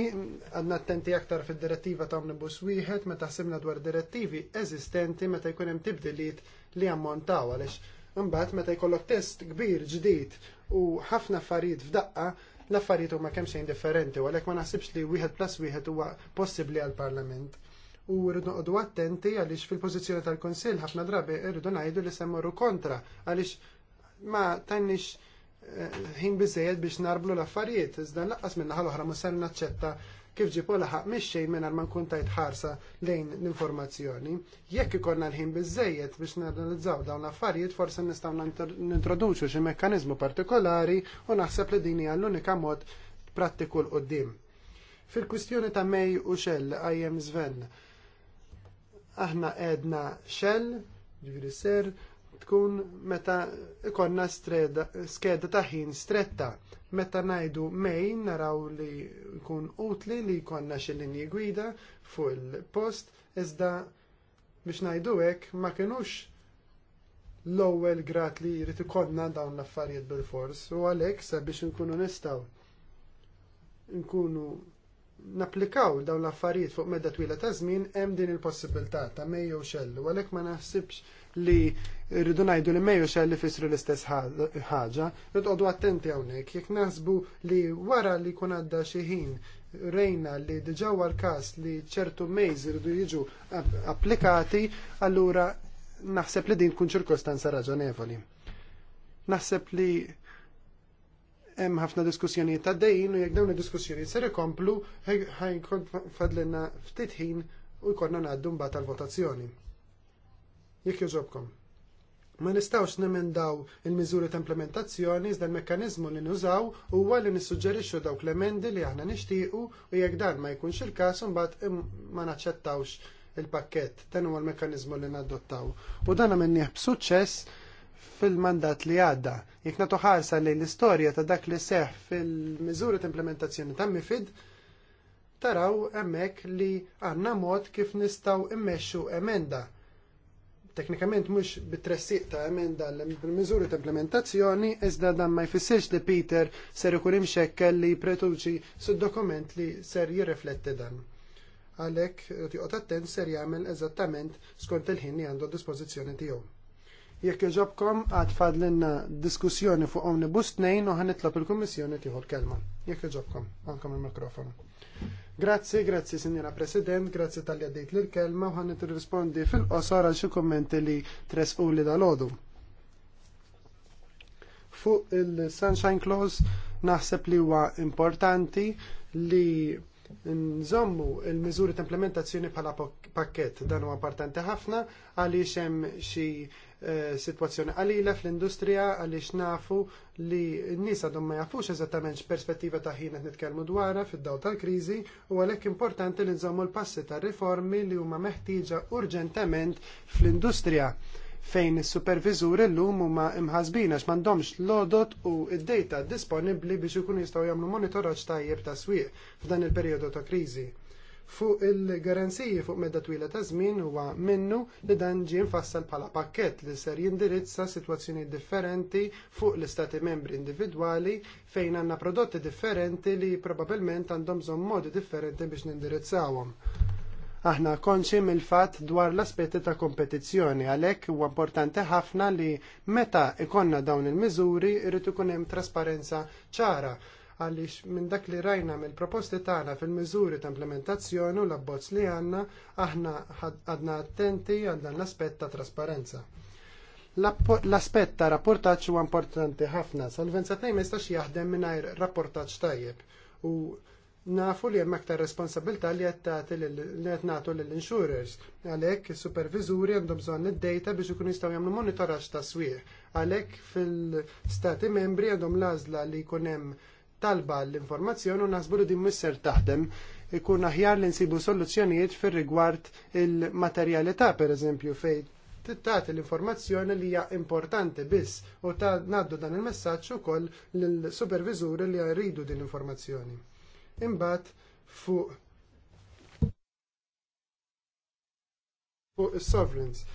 għadna attenti aktar fid-direttiva ta' omnibus wieħed meta ħsibna dwar direttivi eżistenti meta jkun hemm tibdiliet li ammontaw għaliex imbagħad meta jkollok test kbir ġdid u ħafna affarijiet f'daqqa l-affarijiet huma kemm xejn differenti u għalhekk ma naħsibx li wieħed plus wieħed huwa possibbli għall-Parlament. U rridu noqogħdu attenti għaliex fil-pożizzjoni tal-Kunsill ħafna drabi rridu ngħidu li semmorru kontra għaliex ma tajniex ħin biżejjed biex narblu l-affarijiet, iżda laqqas minn naħal oħra musar naċċetta kif ġipu laħaq misċej minn ma kuntajt ħarsa lejn l-informazzjoni. Jekk ikonna l-ħin bizzejed biex nanalizzaw dawn l-affarijiet, forse nistgħu nintroduċu xi mekkaniżmu partikolari u naħseb li din hija l-unika mod prattiku l qudiem Fil-kwistjoni ta' Mej u xell IM Sven, aħna edna xell ġviri ser, tkun meta ikonna skeda ta' ħin stretta. Meta ngħidu mejn naraw li jkun utli li jkollna xi linji gwida fuq il-post, iżda biex ngħidu hekk ma kinux l-ewwel grat li jrid ikollna dawn l-affarijiet bil-fors u għalhekk sabiex inkunu nistgħu nkunu napplikaw dawn l-affarijiet fuq medda twila ta' żmien hemm din il-possibilità ta' mejjew xell u għalhekk ma naħsibx li rridu ngħidu li mejju xelli fisru l-istess ħaġa, rridu attenti hawnhekk, jekk naħsbu li wara li jkun għadda xi ħin rejna li diġà l każ li ċertu mejz rridu jiġu applikati, allura naħseb li din kun ċirkostanza raġonevoli. Naħseb li hemm ħafna diskussjonijiet ta' dejn u jekk dawn id diskussjoni se ikomplu ħajkun fadlenna ftit ħin u jkollna ngħaddu mbagħad tal-votazzjoni jek jogħġobkom. Ma nistawx nemendaw il-miżuri ta' implementazzjoni iżda l-mekkanizmu li nużaw huwa li nissuġġerixxu dawk l-emendi li aħna nixtiequ u jekk dan ma jkunx il-każ imbagħad ma naċċettawx il-pakkett dan huwa l-mekkanizmu li nadottaw. U dan għamilnieh b'suċċess fil-mandat li għadda. Jekk nagħtu ħarsa lejn l-istorja ta' dak li seħħ fil-miżuri ta' implementazzjoni ta' MIFID, taraw hemmhekk li għandna mod kif nistgħu immexxu emenda teknikament mhux bit-tressiq ta' emenda l miżuri ta' implementazzjoni, iżda dan ma jfissirx li Peter ser ikun imxekkel li pretuċi sud-dokument li ser jirrifletti dan. Għalhekk tiqgħod attent ser jagħmel eżattament skont il-ħin li għandu dispożizzjoni tiegħu. Jekk iġobkom għad fadlinna diskussjoni fuq omnibus 2 u ħanitlob il-Kummissjoni tieħu l-kelma. Jekk iġobkom, għandkom il-mikrofonu. Grazzi, grazzi Signora President, grazzi tal-li għaddejt l-kelma u ħanet rispondi fil-qosor għal xi kommenti li u li dal-ħodu. Fuq il-Sunshine Clause naħseb li huwa importanti li nżommu il-miżuri ta' implementazzjoni bħala pakket dan huwa importanti ħafna għaliex hemm xi Eh, situazzjoni qalila fl-industrija għaliex nafu li n-nies għadhom ma jafux eżattament perspettiva ta' ħin qed nitkellmu dwarra fid-daw tal-kriżi u għalhekk importanti li nżommu l-passi ta' riformi li huma meħtieġa urġentament fl-industrija fejn is lum u huma imħazbina għax m'għandhomx l-odot u id data disponibbli biex ikunu jistgħu jagħmlu monitoraġġ tajjeb ta' swieq f'dan il-perjodu ta' kriżi Fuq il-garanziji fuq medda twila ta' żmien huwa minnu li dan ġie mfassal bħala pakkett li ser jindirizza sitwazzjoni differenti fuq l-istati membri individwali fejn għandna prodotti differenti li probabbilment għandhom bżonn modi differenti biex nindirizzawhom aħna konxi mill fatt dwar l-aspetti ta' kompetizzjoni, għalhekk huwa importanti ħafna li meta ikonna dawn il-miżuri jrid ikun hemm trasparenza ċara għaliex minn dak li rajna mill-proposti tagħna fil-miżuri ta' implementazzjoni u l-abbozz li għandna aħna għadna attenti għal dan l-aspett ta' trasparenza. L-aspett ta' rapportaċ huwa importanti ħafna, salvenza tnejn ma jistax jaħdem mingħajr rapportaċ tajjeb u nafu li hemm aktar responsabilità li qed tagħtu nagħtu lill-insurers. Għalhekk is-superviżuri għandhom bżonn id-data biex ikunu jistgħu jagħmlu monitoraġġ ta' swieq. Għalhekk fil-stati membri għandhom l-għażla li jkun hemm talba l-informazzjoni u nasbu li din misser taħdem ikun aħjar li nsibu soluzzjonijiet fir rigward il-materjalità pereżempju fejn tittat l-informazzjoni li hija importanti biss u ta' naddu dan il-messaġġ ukoll l superviżuri li jridu din l-informazzjoni. Imbagħad fuq fuq is-sovereigns.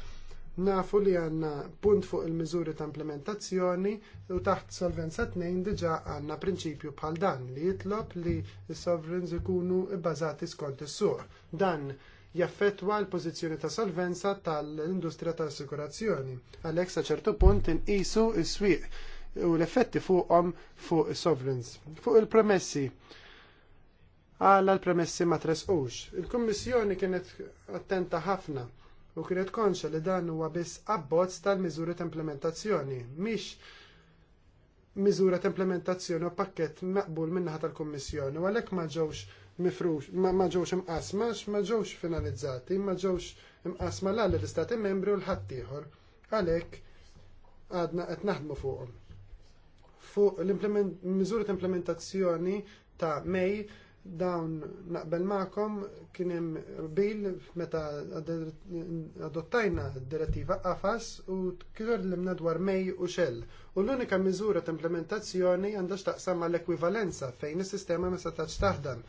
Nafu li għandna punt fuq il miżuri ta' implementazzjoni u taħt solvenza tnejn diġà għandna prinċipju bħal dan li jitlob li s-sovereigns ikunu bbażati skont is-suq. Dan jaffettwa l-pożizzjoni ta' solvenza tal-industrija tal-assikurazzjoni. Għalhekk sa ċertu punt inqisu s-swieq u l-effetti fuqhom fuq is-sovereigns. Fuq il-premessi għala l-premessi ma tresqux. Il-Kommissjoni kienet attenta ħafna u kienet konxa li dan huwa biss abbozz tal-miżuri ta' implementazzjoni, mhix miżura ta' implementazzjoni u pakkett maqbul min-naħa tal-Kummissjoni, u għalhekk ma ġewx mifrux, ma ġewx imqasma, ma ġewx finalizzati, ma ġewx imqasma l l-Istati membri u l-ħaddieħor. Għalhekk għadna qed naħdmu fuqhom. Fuq l-miżuri ta' implementazzjoni ta' Mej dawn naqbel ma'kom kien hemm bil meta adottajna d-direttiva AFAS u tkellimna dwar mej u xell. U l-unika miżura ta' implementazzjoni għandha x'taqsam l ekwivalenza fejn is-sistema ma setax taħdem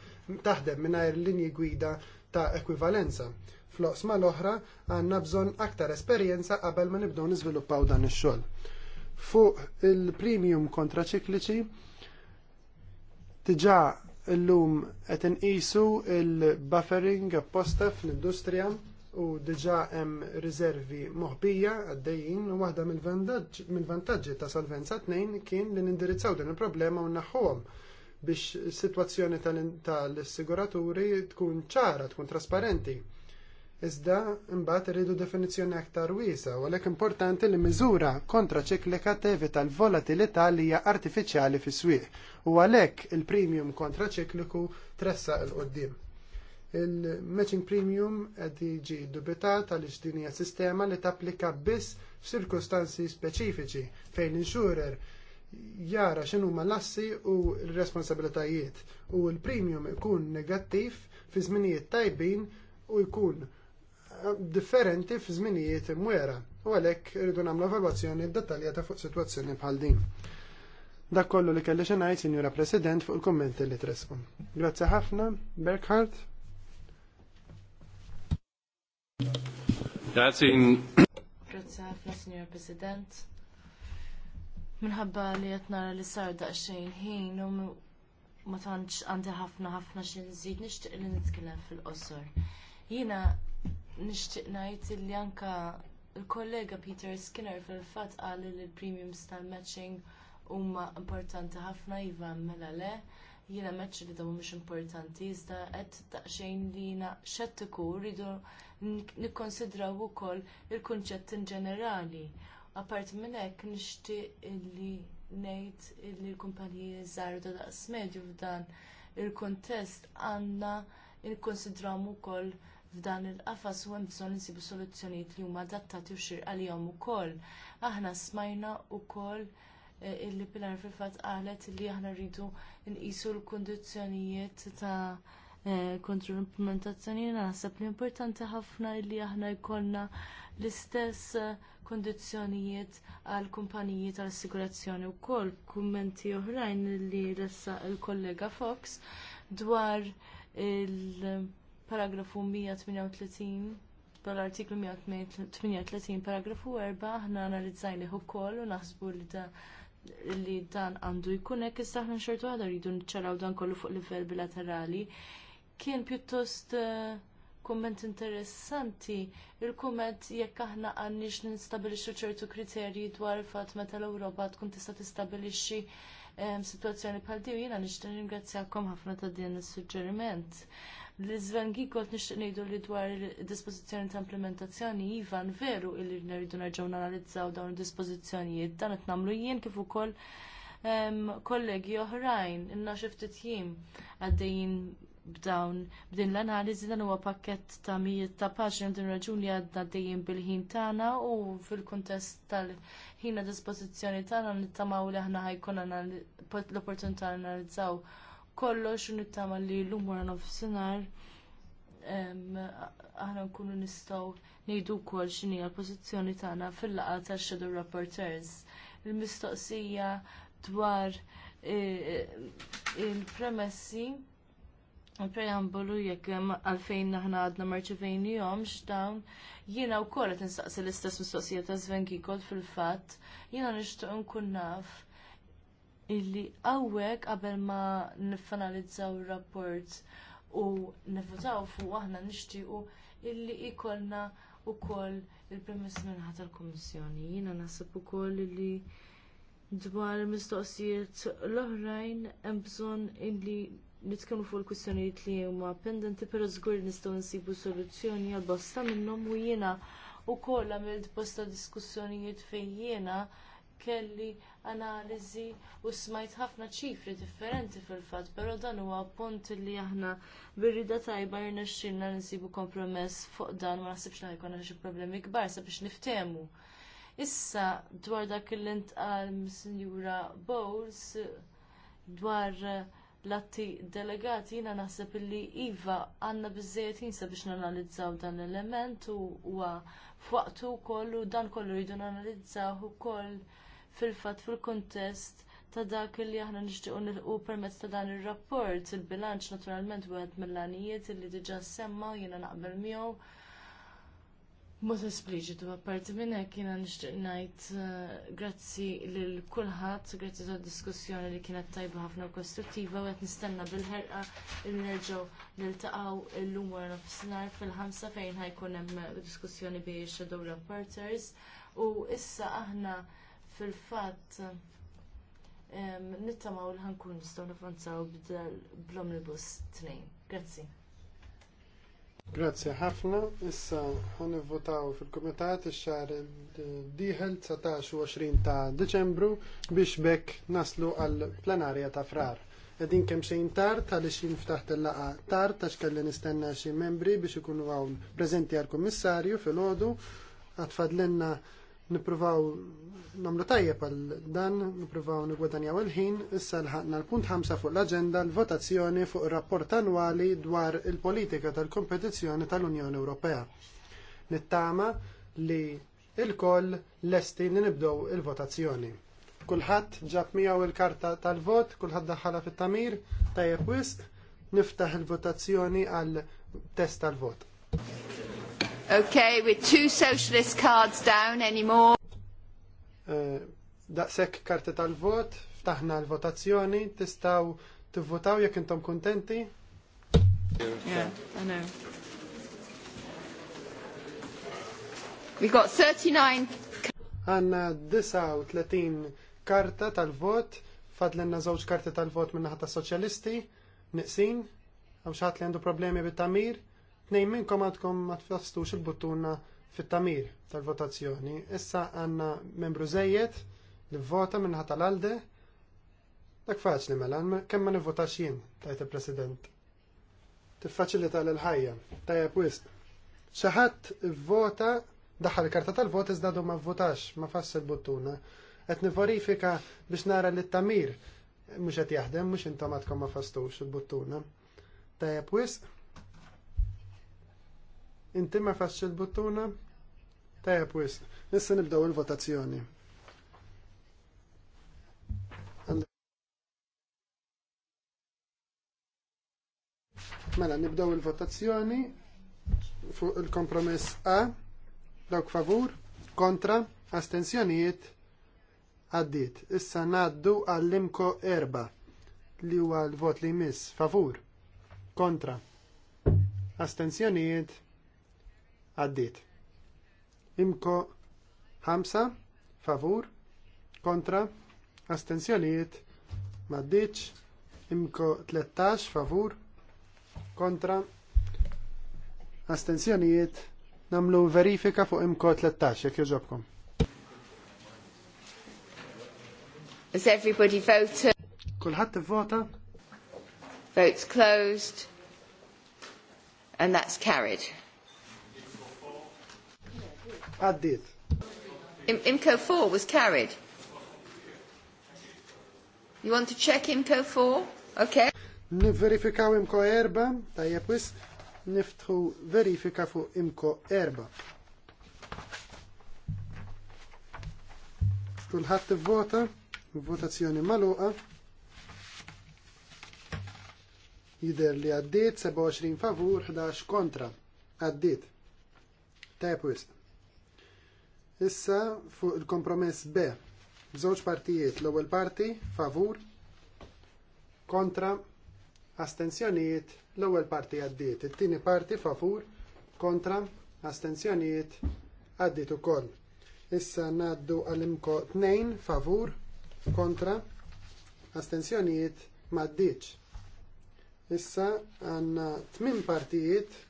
taħdem mingħajr linji gwida ta' ekwivalenza. Floqsma l-oħra għandna bżonn aktar esperjenza qabel ma nibdew niżviluppaw dan ix-xogħol. Fuq il-premium kontraċikliċi diġà Illum qed inqisu il-buffering apposta fl-industrija u diġa' hemm riservi moħbija għaddejjin u waħda mill-vantaġġi ta' Salvenza 2 kien li nindirizzaw din il-problema u naħħuhom biex is-sitwazzjoni tal-assiguraturi tkun ċara, tkun trasparenti Iżda mbagħad irridu definizzjoni aktar wiesa, u għalhekk importanti li miżura kontra ċiklika tevita l-volatilità li hija artifiċjali fis-swieq u għalhekk il-premium kontra ċikliku tressa l qoddim Il-matching premium qed jiġi dubitat għaliex din hija sistema li tapplika biss f'sirkustanzi speċifiċi fejn insurer jara x'inhu l-assi u l-responsabilitajiet u l-premium ikun negattiv fi żminijiet tajbin u jkun differenti f'żminijiet mwera u għalhekk irridu nagħmlu evalwazzjoni dettaljata fuq sitwazzjoni bħal din. Dak kollu li kelli xi ngħid, Sinjura President, fuq il-kummenti li tresqu. Grazzi ħafna, Berkhardt. Grazzi. Grazzi ħafna, Sinjura President. Minħabba li qed nara li sar daqsxejn ħin u ma tantx għandi ħafna ħafna xi nżid nixtieq li nitkellem fil-qosor. Jina nixtieq ngħid li anke il-kollega Peter Skinner fil-fatt qal li l-premiums tal-matching huma importanti ħafna iva mela le. Jiena meċċi li dawn mhux importanti iżda qed daqsxejn li xettiku rridu nikkonsidraw ukoll il-kunċett in ġenerali. Apart minn hekk nixtieq li ngħid li l-kumpaniji żgħar ta' daqs medju f'dan il-kuntest għandna nikkonsidrawhom ukoll f'dan il-qafas u hemm bżonn insibu soluzzjonijiet li huma adattati u xir għalihom ukoll. Aħna smajna wkoll eh, illi Pilar fil-fatt qalet li aħna rridu nqisu l-kundizzjonijiet ta' eh, kontru l-implementazzjoni naħseb li importanti ħafna li aħna jkollna l-istess eh, kundizzjonijiet għall kumpaniji tal-assigurazzjoni wkoll kummenti oħrajn li ressaq il-kollega Fox dwar il- paragrafu 138 tal-artiklu 138 paragrafu 4 aħna analizzajni ukoll u naħsbu li da li dan għandu jkun hekk issa aħna xortu għadha rridu niċċaraw dan kollu fuq livell bilaterali. Kien pjuttost eh, kumment interessanti il-kumment jekk aħna għandniex ninstabilixxu ċertu kriterji dwar il-fatt meta l-Ewropa tkun tista' tistabilixxi eh, situazzjoni bħal di jiena nixtieq ħafna ta' din is-suġġeriment. L-Sven kont nixtieq ngħidu li dwar id dispożizzjoni ta' implementazzjoni ivan veru illi rridu nerġgħu nanalizzaw dawn id dispożizzjonijiet dan qed nagħmlu jien kif ukoll kollegi oħrajn inna xi ftit għaddejjin b'dawn b'din l-analiżi dan huwa pakkett ta' mijiet ta' paġni din raġuni għadna għaddejjin bil-ħin tagħna u fil-kuntest tal-ħin dispożizzjoni tagħna nittamaw li aħna ħajkun l-opportunità analizzaw kollox u nittama li l-lum wara nofsinhar aħna nkunu nistgħu ngħidu wkoll x'inhi l-pożizzjoni tagħna fil-laqgħa tax-Shadow Rapporteurs. Il-mistoqsija dwar e, e, il-premessi il-preambolu jekk għalfejn aħna għadna marċivejnijom x'dawn jiena wkoll qed nistaqsi l-istess mistoqsija ta' Sven Gikol fil-fatt jiena nixtieq nkun naf illi hawnhekk qabel ma niffinalizzaw ir rapport u nifutaw fuq aħna nixtiequ illi jkollna wkoll il-premess minnħat tal-Kummissjoni. Jiena naħseb ukoll illi dwar mistoqsijiet l-oħrajn hemm bżonn illi nitkellmu fuq il-kwistjonijiet li huma pendenti però żgur nistgħu nsibu soluzzjoni għal bosta minnhom u jiena wkoll għamilt bosta diskussjonijiet fejn jiena kelli analiżi u smajt ħafna ċifri differenti fil-fatt, però dan huwa punt li aħna birrida tajba rnexxilna nsibu kompromess fuq dan ma naħsibx li ħajkun xi problemi kbar sabiex niftehmu. Issa dwar dak li ntqal Sinjura Bowles dwar l-atti delegati jiena naħseb li Iva għandna bizzejet jinsa biex nanalizzaw dan l-element u huwa f'waqtu kollu dan kollu jridu nanalizzaw ukoll fil-fatt fil-kuntest ta' dak li aħna nixtiequ nilqu permezz ta' dan ir-rapport. Il-bilanċ naturalment wieħed mill-għanijiet li diġà semma jiena naqbel miegħu. Mod espliċitu, apparti minn hekk jiena nixtieq ngħid eh, grazzi lil kulħadd, grazzi tad diskussjoni li kienet tajba ħafna u kostruttiva u qed nistenna bil-ħerqa li nerġgħu niltaqgħu llum wara nofsinhar fil-ħamsa fejn ħajkun hemm diskussjoni biex shadow reporters u issa aħna fil-fatt nittamaw li ħankun nistgħu nifanzaw bl-omnibus tnejn. Grazzi. Grazzi ħafna. Issa ħan votaw fil-Kumitat ix-xahar diħel 19 u 20 ta' Deċembru biex bekk naslu għall plenarja ta' frar. Edin kem xejn tard għaliex jinftaħt il-laqa tard għax kelli nistenna xi membri biex ikunu hawn preżenti għall-Kummissarju fil-għodu għatfadlenna Nippruvaw namlu tajjeb għal dan, nippruvaw nigwadanjaw il-ħin, issa l-ħakna l-punt 5 fuq l aġenda l-votazzjoni fuq ir rapport annwali dwar il-politika tal-kompetizzjoni tal-Unjoni Ewropea. Nittama li il-koll lesti li nibdow il-votazzjoni. Kulħadd ġab miegħu il-karta tal-vot, kulħadd daħħala fit-tamir, tajjeb wisq, niftaħ il-votazzjoni għal test tal-vot. Okay, with two socialist cards down anymore. Uh, eh, Daqsek karta tal-vot, ftaħna l-votazzjoni, tistaw tivvotaw jekk intom kontenti? Yeah, I know. We've got 39 Għanna 39 karta tal-vot, fadlenna żewġ karta tal-vot minnaħat ta' soċjalisti, niqsin, għaw xaħat li għandu problemi bit-tamir. Tnejn minnkom għadkom ma tfastux il-buttuna fit-tamir tal-votazzjoni. Issa għandna membru żejjed li vota minn ħata l-alde. Dak faċli mela, kemm ma nivvotax jien, tajt il-President. Tiffaċilita l-ħajja, tajja wisq. Xi ħadd ivvota daħal karta tal-vot iżda du ma votax, ma fass il-buttuna. Qed nivorifika biex nara li t-tamir mhux qed jaħdem, mhux intom għadkom ma fastux il-buttuna. Tajja wisq Inti ma faċċi l-buttuna? Tajab wis, issa nibdaw il-votazzjoni. Mela, nibdaw il-votazzjoni fuq il-kompromess A, dawk favur, kontra, astensjonijiet, għaddit. Issa naddu għall-imko erba li huwa l-vot li jmiss favur, kontra, astensjonijiet, għaddit. Imko 5 favur kontra astensjonijiet maddiċ. Imko 13 favur kontra Astenzjonijiet. namlu verifika fuq imko 13 jek joġobkom. Has everybody voted? Kulħadd vota. Votes closed. And that's carried. Għaddit. IMCO 4 was carried. You want to check IMCO 4? Okay. Nifverifikaw IMCO 4, tajjeb wis, niftħu verifika fuq IMCO 4. Kulħadd vota, votazzjoni maluqa. Jider li għaddit, 27 favur, 11 kontra. Għaddit. Tajpwist. Issa fuq il-kompromess B. Żewġ partijiet, l-ewwel parti favur kontra astenzjonijiet, l-ewwel parti għaddiet, it-tieni parti favur kontra astenzjonijiet għaddiet ukoll. Issa ngħaddu għal-imko 2 favur kontra astenzjonijiet maddiċ. Issa għandna tmien partijiet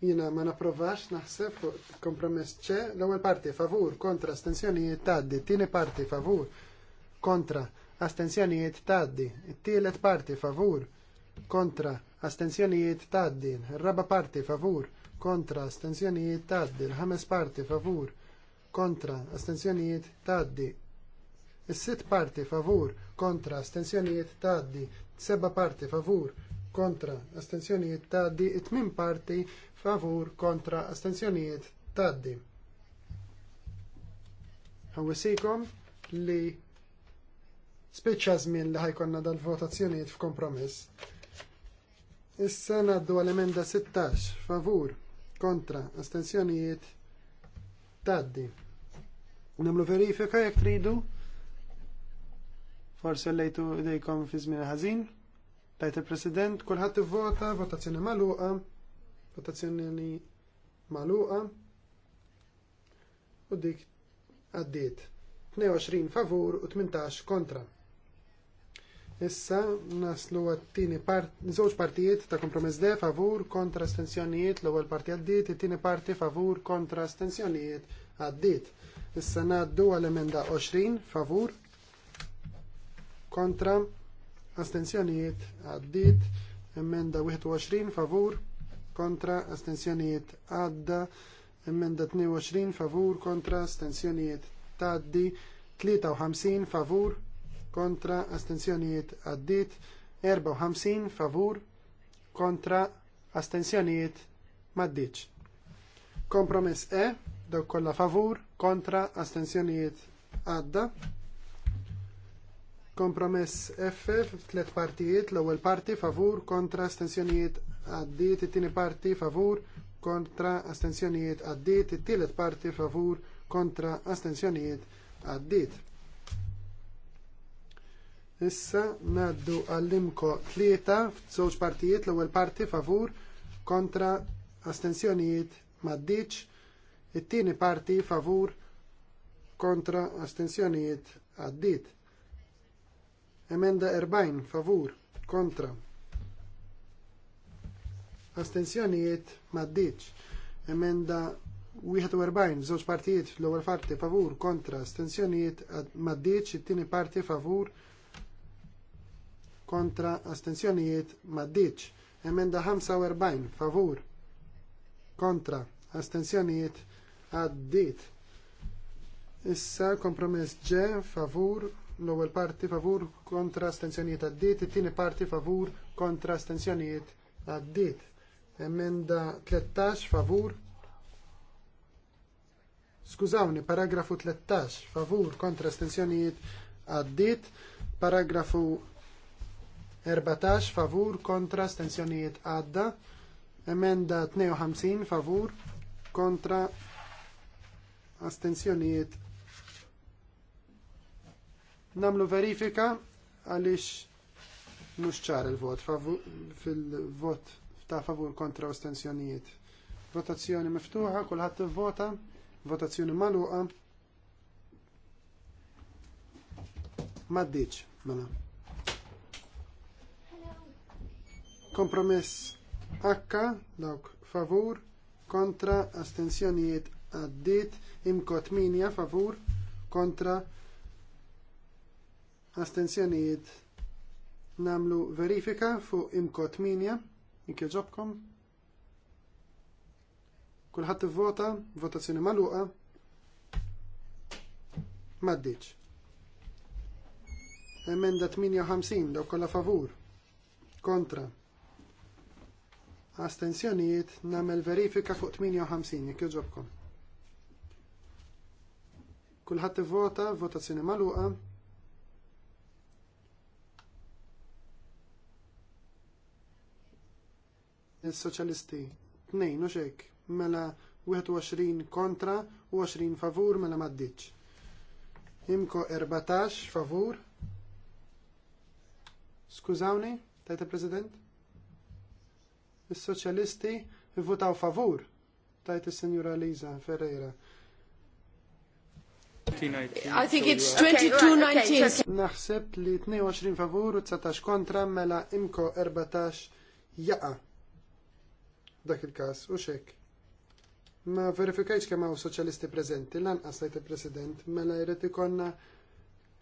Jina ma naprovax naħseb fuq kompromess ċe l-ewwel parti favur kontra astensjonijiet taddi. tieni parti favur kontra astensjonijiet taddi. t tielet parti favur kontra astensjonijiet taddi. r raba parti favur kontra astensjonijiet taddi, l ħames parti favur kontra astensjonijiet taddi. s sitt parti favur kontra astensjonijiet taddi. seba parti favur kontra astenzjonijiet taddi, it tmien parti favur kontra astenzjonijiet taddi. Għawisikom li spiċċa żmien li ħajkonna dal-votazzjonijiet f'kompromess. Issa naddu għal-emenda 16 favur kontra astenzjonijiet taddi. Namlu verifika jekk tridu? Forse lejtu idejkom fi żmien ħażin. Tajt il-President, kullħat vota, votazzjoni maluqa, votazzjoni maluqa, u dik għaddit. 22 favur u 18 kontra. Issa naslu għattini part, zoċ partijiet ta' kompromess de favur kontra stenzjonijiet l-ewwel parti għaddit, it-tieni parti favur kontra stenzjonijiet għaddit. Issa naddu għal-emenda 20 favur kontra astenzjonijiet għaddit, emenda 21 favur kontra astenzjonijiet għadda, emenda 22 favur kontra astenzjonijiet taddi, 53 favur kontra astenzjonijiet għaddit, 54 favur kontra astenzjonijiet maddiċ. Kompromess E, dawk kollha favur kontra astenzjonijiet għadda. Kompromess F f'tliet partijiet, l-ewwel parti favur kontra astensjonijiet għaddiet, it-tieni parti favur kontra astensjonijiet għaddiet, it-tielet parti favur kontra astensjonijiet għaddiet. Issa ngħaddu għall-imko tlieta f'żewġ partijiet, l-ewwel parti favur kontra astensjonijiet maddiċ, it-tieni parti favur kontra astensjonijiet għaddiet Emenda 40 favur kontra. Astenzjonijiet maddiċ. Emenda 41 zoċ partijiet l parti favur kontra astenzjonijiet maddiċ it tini parti favur kontra astenzjonijiet maddiċ. Emenda 45 favur kontra astenzjonijiet għaddit. Issa kompromess ġe favur l-ewwel parti favur kontra astensjonijiet għaddiet, it-tieni parti favur kontra astensjonijiet għaddiet. Emenda 13 favur Skużawni, paragrafu 13 favur kontra astensjonijiet għaddiet, paragrafu 14 favur kontra astensjonijiet għadda, emenda 52 favur kontra astensjonijiet Namlu verifika għaliex mhux ċar il-vot fil-vot ta' favur kontra ostensjonijiet. Votazzjoni miftuħa, kulħadd ivvota, votazzjoni magħluqa. Maddiċ, mela. Kompromess H, dawk favur, kontra astensjonijiet għaddit, imkot minja favur, kontra astenzjonijiet namlu verifika fuq imkot minja, inke ġobkom. Kulħadd vota, votazzjoni magħluqa. Maddiċ. Emenda 58, daw kollha favur. Kontra. Astenzjonijiet namel verifika fuq 58, inke ġobkom. Kulħadd vota, votazzjoni magħluqa. il soċjalisti Tnejn u xek, mela 21 kontra u 20 favur mela maddiċ. Imko 14 favur. Skużawni, tajta prezident? il soċjalisti votaw favur, tajta is Liza Ferreira. I think it's 22-19. Naħseb li 22 favur u 19 kontra mela imko 14 jaqa dak il-każ u xek. Ma verifikajx kemm hawn soċjalisti preżenti lanqas tajt il-President mela jrid ikonna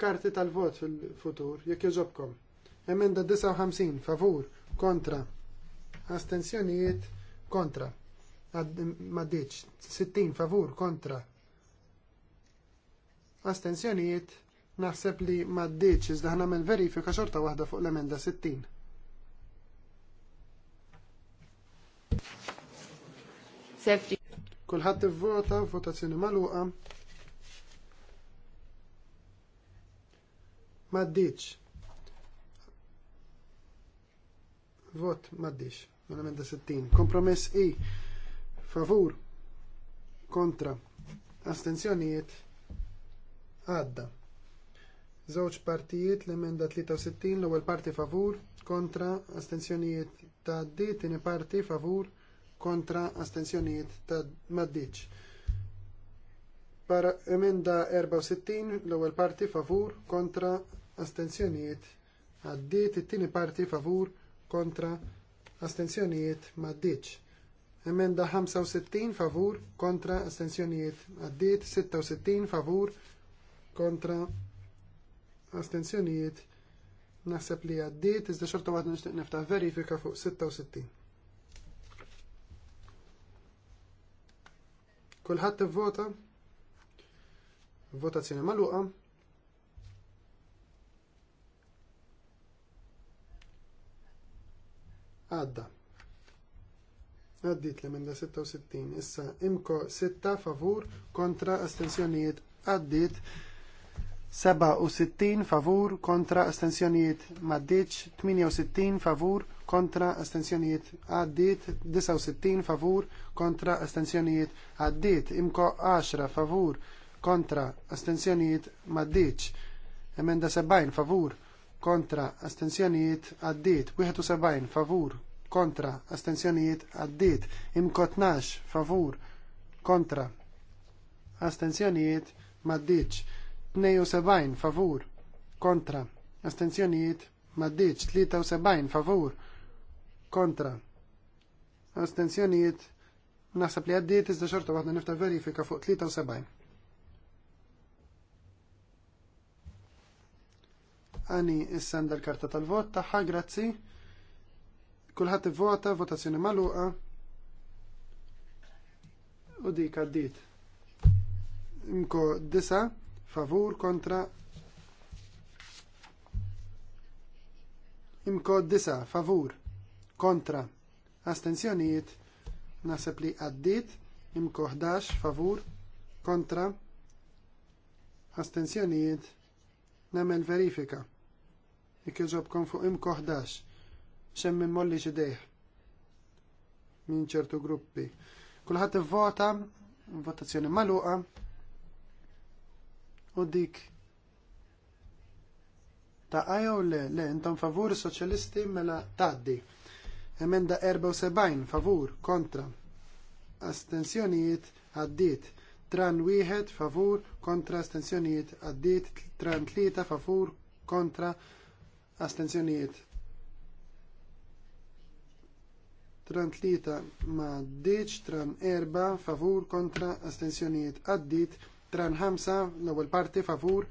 karti tal-vot fil-futur jekk jogħġobkom. Emenda 59 favur kontra. Astenzjonijiet kontra. Maddiċ 60 favur kontra. Astenzjonijiet naħseb li maddiċ iżda ħnamel verifika xorta waħda fuq l-emenda 60. Sefri. Kulħadd ivvota votazzjoni magħluqa. Maddiċ. Vot maddiċ. Emenda mela 60. Kompromess I. Favur. Kontra. Astenzjonijiet. Għadda. Żewġ partijiet l-emenda 63 l-ewwel parti favur, kontra, astenzjonijiet tgħaddi, tieni parti favur, kontra astensjonijiet ta' maddiċ. Para emenda 64 l-ewwel parti favur kontra astensjonijiet għaddiet it-tieni parti favur kontra astensjonijiet maddiċ. Emenda 65 favur kontra astensjonijiet għaddiet 66 favur kontra astensjonijiet naħseb li għaddiet iżda xorta waħda nixtieq verifika fuq 66. Kulħadd ivvota? Votazzjoni magħluqa. Għadda. Għaddit l-emenda 66. Issa imko 6 favur kontra astensjonijiet għaddit 67 favur kontra astensjonijiet maddiċ, 68 favur kontra astensjonijiet għaddit, 69 favur kontra astensjonijiet għaddit, imko 10 favur kontra astensjonijiet maddiċ, emenda 70 favur kontra astensjonijiet għaddit, 71 favur kontra astensjonijiet għaddit, imko 12 favur kontra astensjonijiet maddiċ. 72 favur kontra astenzjonijiet maddiċ 73 favur kontra astenzjonijiet naħseb li għaddiet iżda xorta waħda nifta verifika fuq 73. Għani issanda l-karta tal-vot taħħa, grazzi. Kulħadd ivvota, votazzjoni magħluqa. U dik għaddiet. Imko disa' favur kontra imkod disa favur kontra astenzjonijiet nasab li għaddit imkod 11 favur kontra astenzjonijiet namel verifika ikkjoġobkom fuq imkod 11 xemmin molli xideħ minn ċertu gruppi kullħat vota votazzjoni maluqa u dik ta' jew le, le, intom favur soċjalisti mela taddi. Emenda 74 favur kontra. Astensjonijiet għaddit. Tran wieħed favur kontra astensjonijiet għaddit. Tran tlita favur kontra astensjonijiet. Tran tlita ma' ditx, tran erba favur kontra astensjonijiet għaddit Tran ħamsa l-ewwel parti favur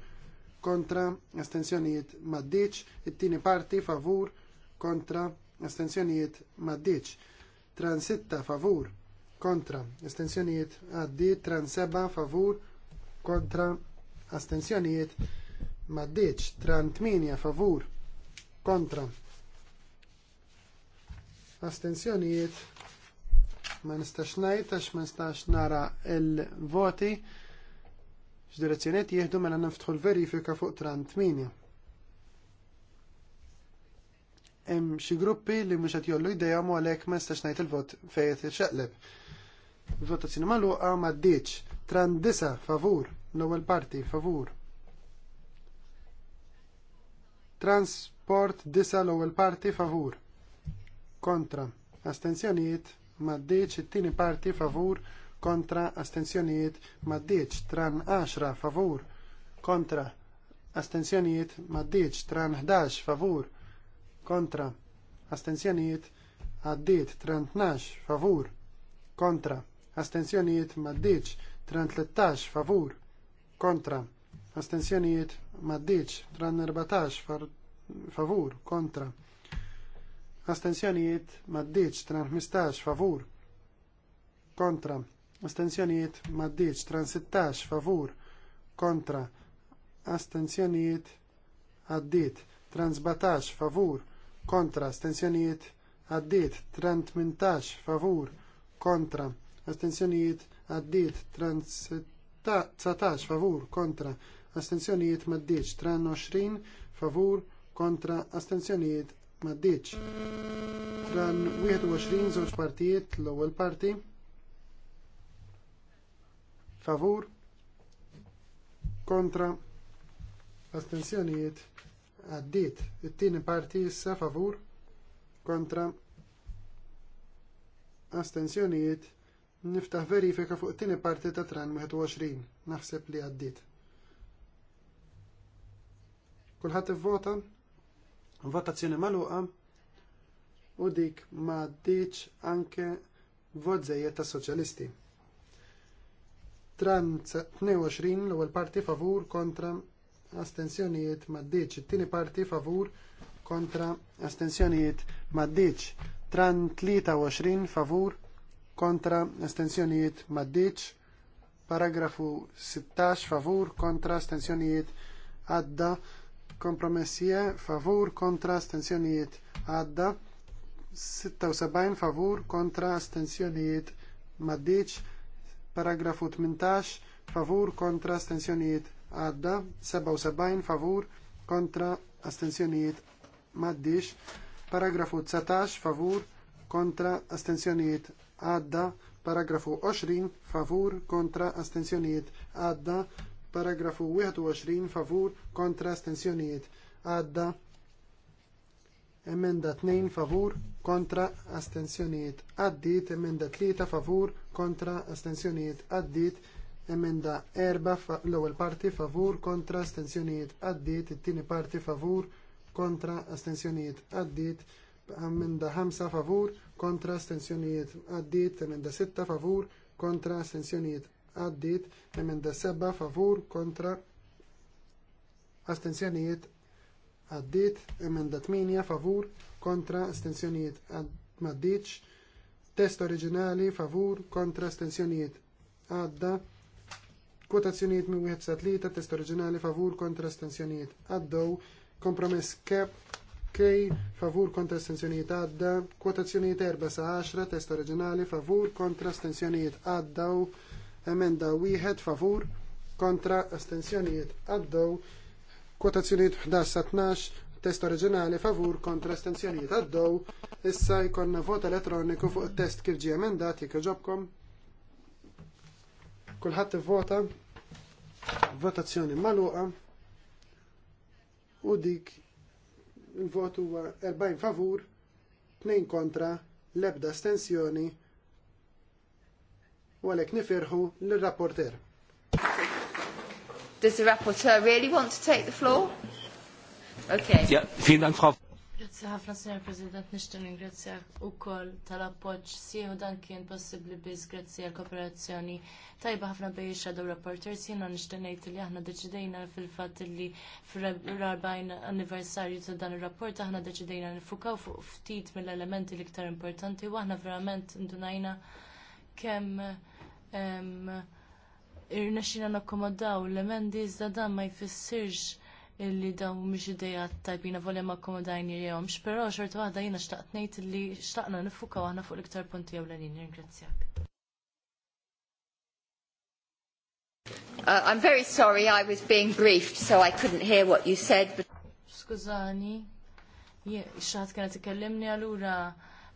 kontra estensjonijiet. maddiċ, it-tieni parti favur kontra estensjonijiet maddiċ. Tran sitta favur kontra estensjonijiet, għaddi, tran seba, favur kontra astensjonijiet maddiċ, tran 8 favur kontra astensjonijiet ma nistax ngħid għax ma nistax nara l voti x'direzzjonijiet jieħdu mela niftħu l-verifika fuq tran 8. Hemm xi gruppi li mhux qed jollu idea u għalhekk ma nistax ngħid il-vot fejn qed ixaqleb. Il-votazzjoni magħluqa m'għaddiex. Tran disa favur, l-ewwel parti favur. Transport disa l-ewwel parti favur. Kontra. Astenzjonijiet m'għaddiex it-tieni parti favur kontra astenzjonijiet maddiċ tran 10 favur kontra astenzjonijiet maddiċ tran 11 favur kontra astenzjonijiet għaddiet tran 12 favur kontra astenzjonijiet maddiċ tran 13 favur kontra astenzjonijiet maddiċ tran 14 favur kontra astenzjonijiet maddiċ tran 15 favur kontra astenzjonijiet maddiċ, tran 16 favur kontra astenzjonijiet għaddit, Transbatax favur kontra astenzjonijiet għaddit, tran favur kontra astenzjonijiet għaddit, tran favur kontra astenzjonijiet maddiċ, tran 20 favur kontra astenzjonijiet maddiċ. Tran 21 żewġ partijiet l-ewwel parti favur kontra astensjonijiet għaddit it-tieni parti issa favur kontra astensjonijiet niftaħ verifika fuq it-tieni parti ta' tran 21 naħseb li għaddit. Kulħadd ivvota votazzjoni magħluqa u dik ma' ddiċ anke vot ta' soċjalisti. Tran 22 l-ewwel parti favur kontra astensjonijiet maddiċ. It-tieni parti favur kontra astensjonijiet maddiċ. Tran 23 favur kontra astensjonijiet maddiċ. Paragrafu 16 favur kontra astensjonijiet għadda. kompromessie, favur kontra astensjonijiet għadda. 76 favur kontra astensjonijiet maddiċ. Paragrafu 18, favur kontra astensjonijiet għadda, 77 favur kontra astensjonijiet maddix, paragrafu 19 favur kontra astensjonijiet għadda, paragrafu 20 favur kontra astensjonijiet għadda, paragrafu 21 favur kontra astensjonijiet għadda, emenda 2 favur kontra astensjonijiet għaddit, emenda 3 favur kontra astensjonijiet għaddit, emenda 4 l-ewwel parti favur kontra astensjonijiet għaddit, it-tieni parti favur kontra astensjonijiet għaddit, emenda 5 favur kontra astensjonijiet għaddit, emenda 6 favur kontra astensjonijiet għaddit, emenda 7 favur kontra astensjonijiet għaddit, emenda 8 favur kontra astensjonijiet maddiċ, test oriġinali favur kontra astensjonijiet għadda, kwotazzjonijiet mi wieħed satlita, test oriġinali favur kontra astensjonijiet għaddew, kompromess kep K favur kontra astensjonijiet għadda, kwotazzjonijiet erba sa 10, test oriġinali favur kontra astensjonijiet għaddaw. emenda wieħed favur kontra astensjonijiet għaddew, kwotazzjoniet 11 12, test oriġinali favur kontra estensjonijiet għaddow, issa jkollna vot elettroniku fuq test kif ġie emendat jek ġobkom. Kulħadd ivvota votazzjoni magħluqa u dik il-vot huwa 40 favur, 2 kontra, l-ebda stensjoni u għalhekk nifirħu l rapporter Does the rapporteur really want to take the floor? Okay. Ja, vielen Dank, Frau. Grazie ħafna, Signor President, nishtu ringrazzja u koll tal-appoġġ u dan kien possibbli biss grazzi għal kooperazzjoni tajba ħafna bej shadow reporters jiena nishtu ngħid li aħna deċidejna fil-fatt li fir-40 anniversarju ta' dan ir-rapport aħna deċidejna nifukaw fuq ftit mill-elementi l-iktar importanti u aħna verament ndunajna kemm irnexxina nakkomodaw l-emendi iżda dan ma jfissirx illi dawn mhumiex idejat tajbina volja ma akkomodajni jehomx, però xorta waħda jiena xtaqt ngħid illi xtaqna nifuka aħna fuq l-iktar punti ewlenin. Ringrazzjak. Uh, I'm very sorry I was being briefed so I couldn't hear what you said. But... Skużani, xaħat kienet ikellimni allura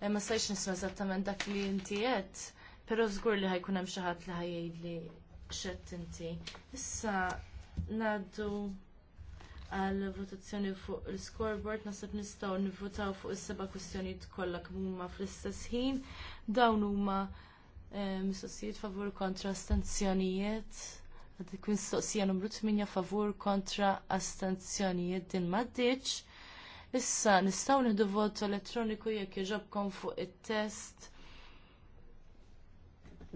eh, ma stajx nisma eżattament dak li inti qed, però żgur li ħajkun hemm xi ħadd li ħajjgħid li xett inti. Issa ngħaddu għal votazzjoni fuq il-scoreboard nasib nistgħu nivvotaw fuq is-seba' kwistjonijiet kollha kemm huma fl-istess ħin. Dawn huma eh, mistoqsijiet favur kontra astenzjonijiet. mistoqsija numru 8 favur kontra astenzjonijiet din m'għaddiċ. Issa nistgħu nieħdu vot elettroniku jekk jġobkom fuq it-test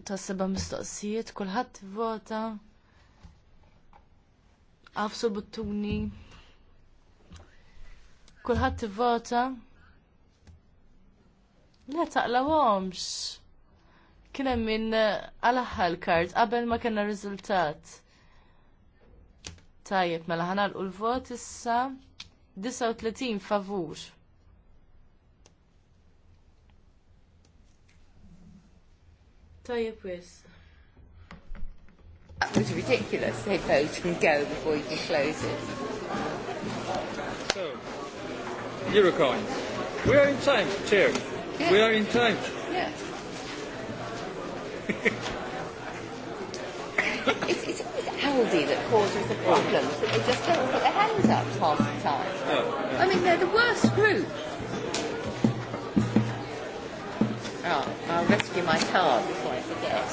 ta' seba mistoqsijiet, kulħadd vota għafsu buttuni. Kulħadd vota Le taqlawhomx. Kien hemm min eh, għal l-kart qabel ma kellna riżultat. Tajjeb, mela ħanalqu l-vot issa 39 favur. Tajjeb wis. That was ridiculous. They both can go before you can close it. So, Eurocoin. We are in time, Chair. Yeah. We are in time. Yeah. it's, it's always Aldi that causes the problems, that they just don't put their hands up half the time. Oh, yeah. I mean, they're the worst group. Oh I'll rescue my card before I forget.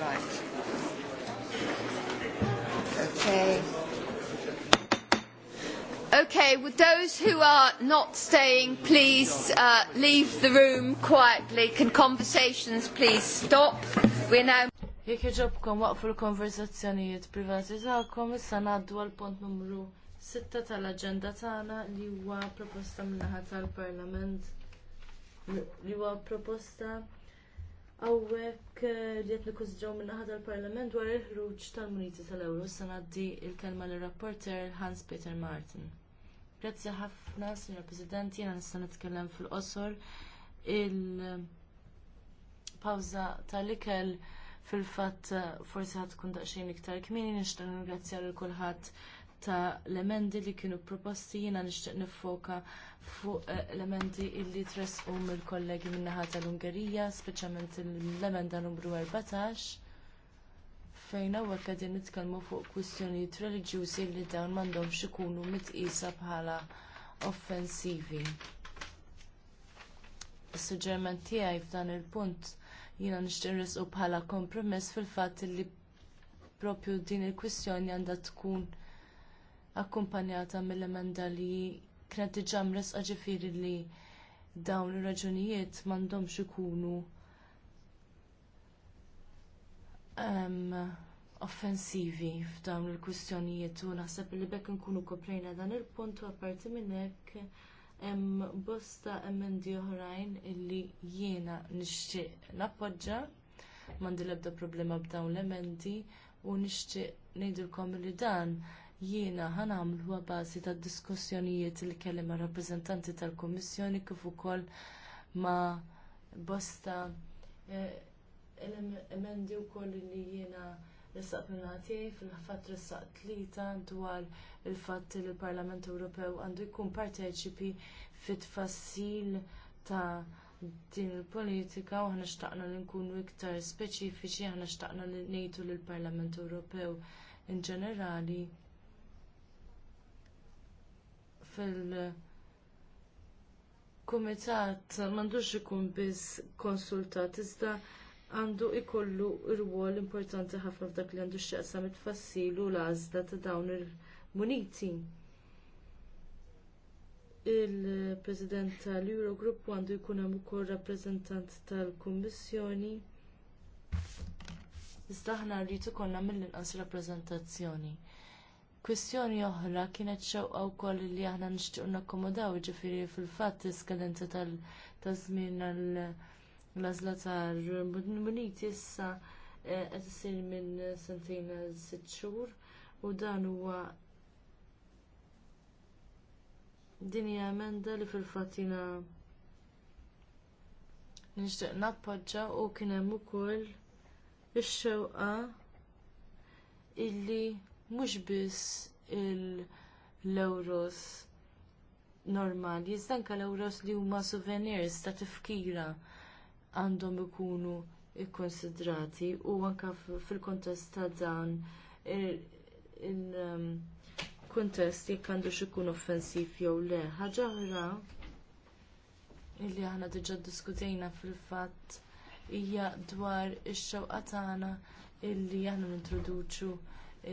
Right. Okay. Okay, with those who are not staying, please uh, leave the room quietly. Can conversations please stop? We're now... Jekk iġobkom waqfu l-konversazzjonijiet privati tagħkom, issa ngħaddu għal punt numru 6 tal-aġenda tagħna li huwa proposta min-naħa tal-Parlament li huwa proposta hawnhekk li qed nikuzġaw min-naħa tal parlament dwar il-ħruġ tal-Muniti tal issa ngħaddi il-kelma l-rapporter Hans Peter Martin. Grazzi ħafna, Signor President, Jiena nista' nitkellem fil-qosor il-pawza tal-ikel fil-fatt eh, forsi ħadd tkun daqsxejn iktar kmieni nixtieq ringrazzjar lil kulħadd ta' l-emendi li kienu proposti jiena nixtieq niffoka fuq eh, l-emendi illi tresqu mill-kollegi min-naħa tal-Ungerija, speċjalment l-emenda numru 14 fejn hawnhekk qegħdin nitkellmu fuq kwistjonijiet reliġjużi li dawn m'għandhomx ikunu mitqisa bħala offensivi. Is-suġġerment tiegħi f'dan il-punt jiena nixtieq u bħala kompromess fil-fatt li propju din il-kwistjoni għandha tkun akkumpanjata mill-emenda li kienet diġà mresqa ġifieri li dawn ir-raġunijiet m'għandhomx ikunu um, offensivi f'dawn il-kwistjonijiet u naħseb li bekk nkunu koprejna dan il-punt u apparti minn hekk hemm bosta emendi oħrajn illi jiena nixtieq nappoġġa m'għandi l-ebda problema b'dawn l-emendi u nixtieq ngħidilkom li dan jiena ħanamluha bażi tad diskussjonijiet li kelli ma' rappreżentanti tal-Kummissjoni kif ukoll ma' bosta eh, emendi wkoll li jiena ressaq minnati fil-ħafat ressaq tlita dwar il-fatt li l-Parlament Ewropew għandu jkun parteċipi fit-tfassil ta' din il-politika u aħna xtaqna li nkunu iktar speċifiċi, aħna xtaqna li ngħidu lill parlament Ewropew in ġenerali fil-Kumitat m'għandux ikun biss konsultat iżda għandu jkollu rwol importanti ħafna f'dak li għandu x it-tfassil u l-għażla ta' dawn il-muniti. Il-President tal-Eurogroup għandu jkun hemm ukoll rappreżentant tal-Kummissjoni. Iżda aħna rrid ikollna mill-inqas rappreżentazzjoni. Kwistjoni oħra kienet xewqa wkoll li aħna nixtiequ nakkomodaw ġifieri fil-fatt iskadenza tal-żmien tal l tar tal-Munit issa eh, qed isir minn sentejn sitt xhur u dan huwa din hija emenda li fil-fatt jiena nixtieq nappoġġa u kien hemm ukoll ix-xewqa illi mhux biss l-euros normali, iżda l-euros li huma souvenirs ta' tifkira għandhom ikunu ikkonsidrati u anke fil-kontest ta' dan il-kontest um, jekk għandux ikun offensiv jew le. Ħaġa oħra illi aħna diġà ddiskutejna fil-fatt hija dwar ix-xewqa tagħna illi aħna nintroduċu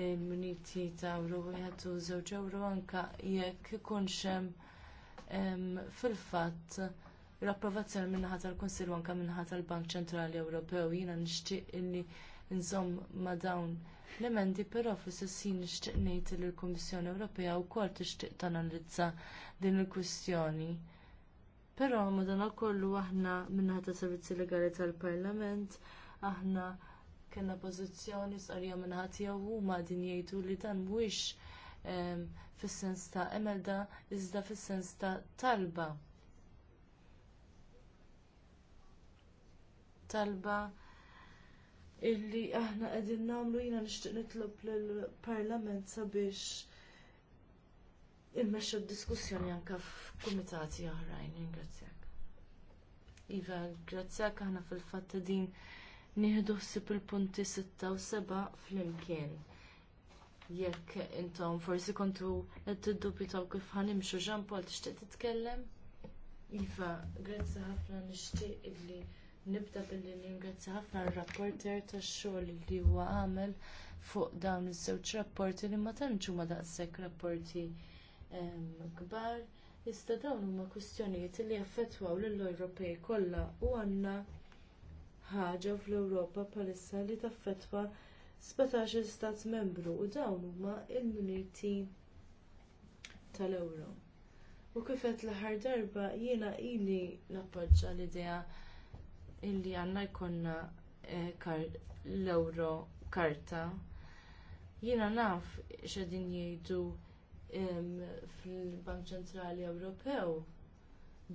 il-muniti ta' euro wieħed u żewġ euro anke jekk ikunx hemm fil-fatt l-approvazzjoni min-naħa tal-Konsil u anke min-naħa tal-Bank Ċentrali Ewropew jiena nixtieq illi nżomm ma' dawn l-emendi però fl-istessin nixtieq ngħid li l-Kummissjoni Ewropea wkoll tixtieq tanalizza din il-kwistjoni. Però madankollu aħna min-naħa tas servizzi legali tal-Parlament aħna kellna pożizzjoni sqarrija min-naħa tiegħu huma din jgħidu li dan mhuwiex ehm, fis-sens ta' emelda iżda fis-sens ta' talba. talba illi aħna qegħdin nagħmlu jiena nixtieq nitlob lill-Parlament sabiex immexxa d-diskussjoni anke f'kumitati oħrajn. Ingrazzjak. Iva, grazzjak aħna fil-fatt din nieħdu ħsieb il-punti 6 u seba' flimkien. Jekk intom forsi kontu qed tiddubitaw kif ħanimxu Jean Paul tixtieq titkellem? Iva, grazzi ħafna nixtieq illi Nibda billi ningrazzja ħafna r-rapporter tax-xogħol li huwa għamel fuq dawn iż-żewġ rapporti li ma tantx huma daqshekk rapporti ehm, kbar. Iżda dawn huma kwistjonijiet li jaffettwaw lill Ewropej kollha u għandna ħaġa fl-Ewropa bħalissa li taffettwa 17 stat membru u dawn huma l-muniti tal ewro U kif qed l-aħħar darba jiena ili nappoġġa l-idea illi għandna jkollna eh, l-euro karta. Jiena naf x'edin jgħidu fil-Bank Ċentrali Ewropew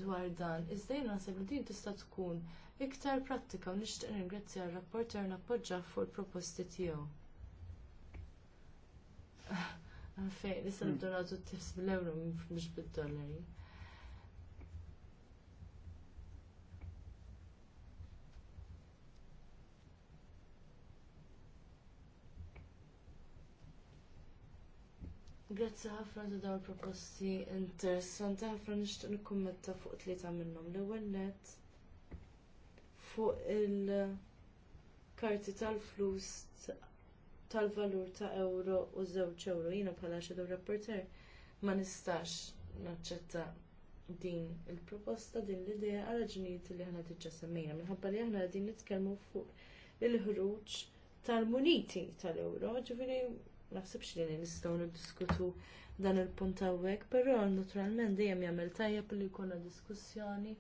dwar dan. Iżda jiena naħseb li din tista' tkun iktar prattika u nixtieq ringrazzja r-rapporter nappoġġa fuq il-proposti tiegħu. nista issa hmm. nagħtu t-tifs euro mhux bid-dollari. Grazzi ħafna ta' dawn proposti interessanti ħafna nixtieq nikkummenta fuq tlieta minnhom. L-ewwel net. fuq il-karti tal-flus tal-valur ta' euro u żewġ euro jiena bħala xedew rapporter ma nistax naċċetta din il-proposta din l-idea għal raġunijiet li aħna diġà semmejna minħabba li aħna qegħdin nitkellmu fuq il-ħruġ tal-muniti tal-euro, ġifieri naħsibx li nistgħu niddiskutu dan il-punt hawnhekk, però naturalment dejjem jagħmel tajjeb li jkollna diskussjoni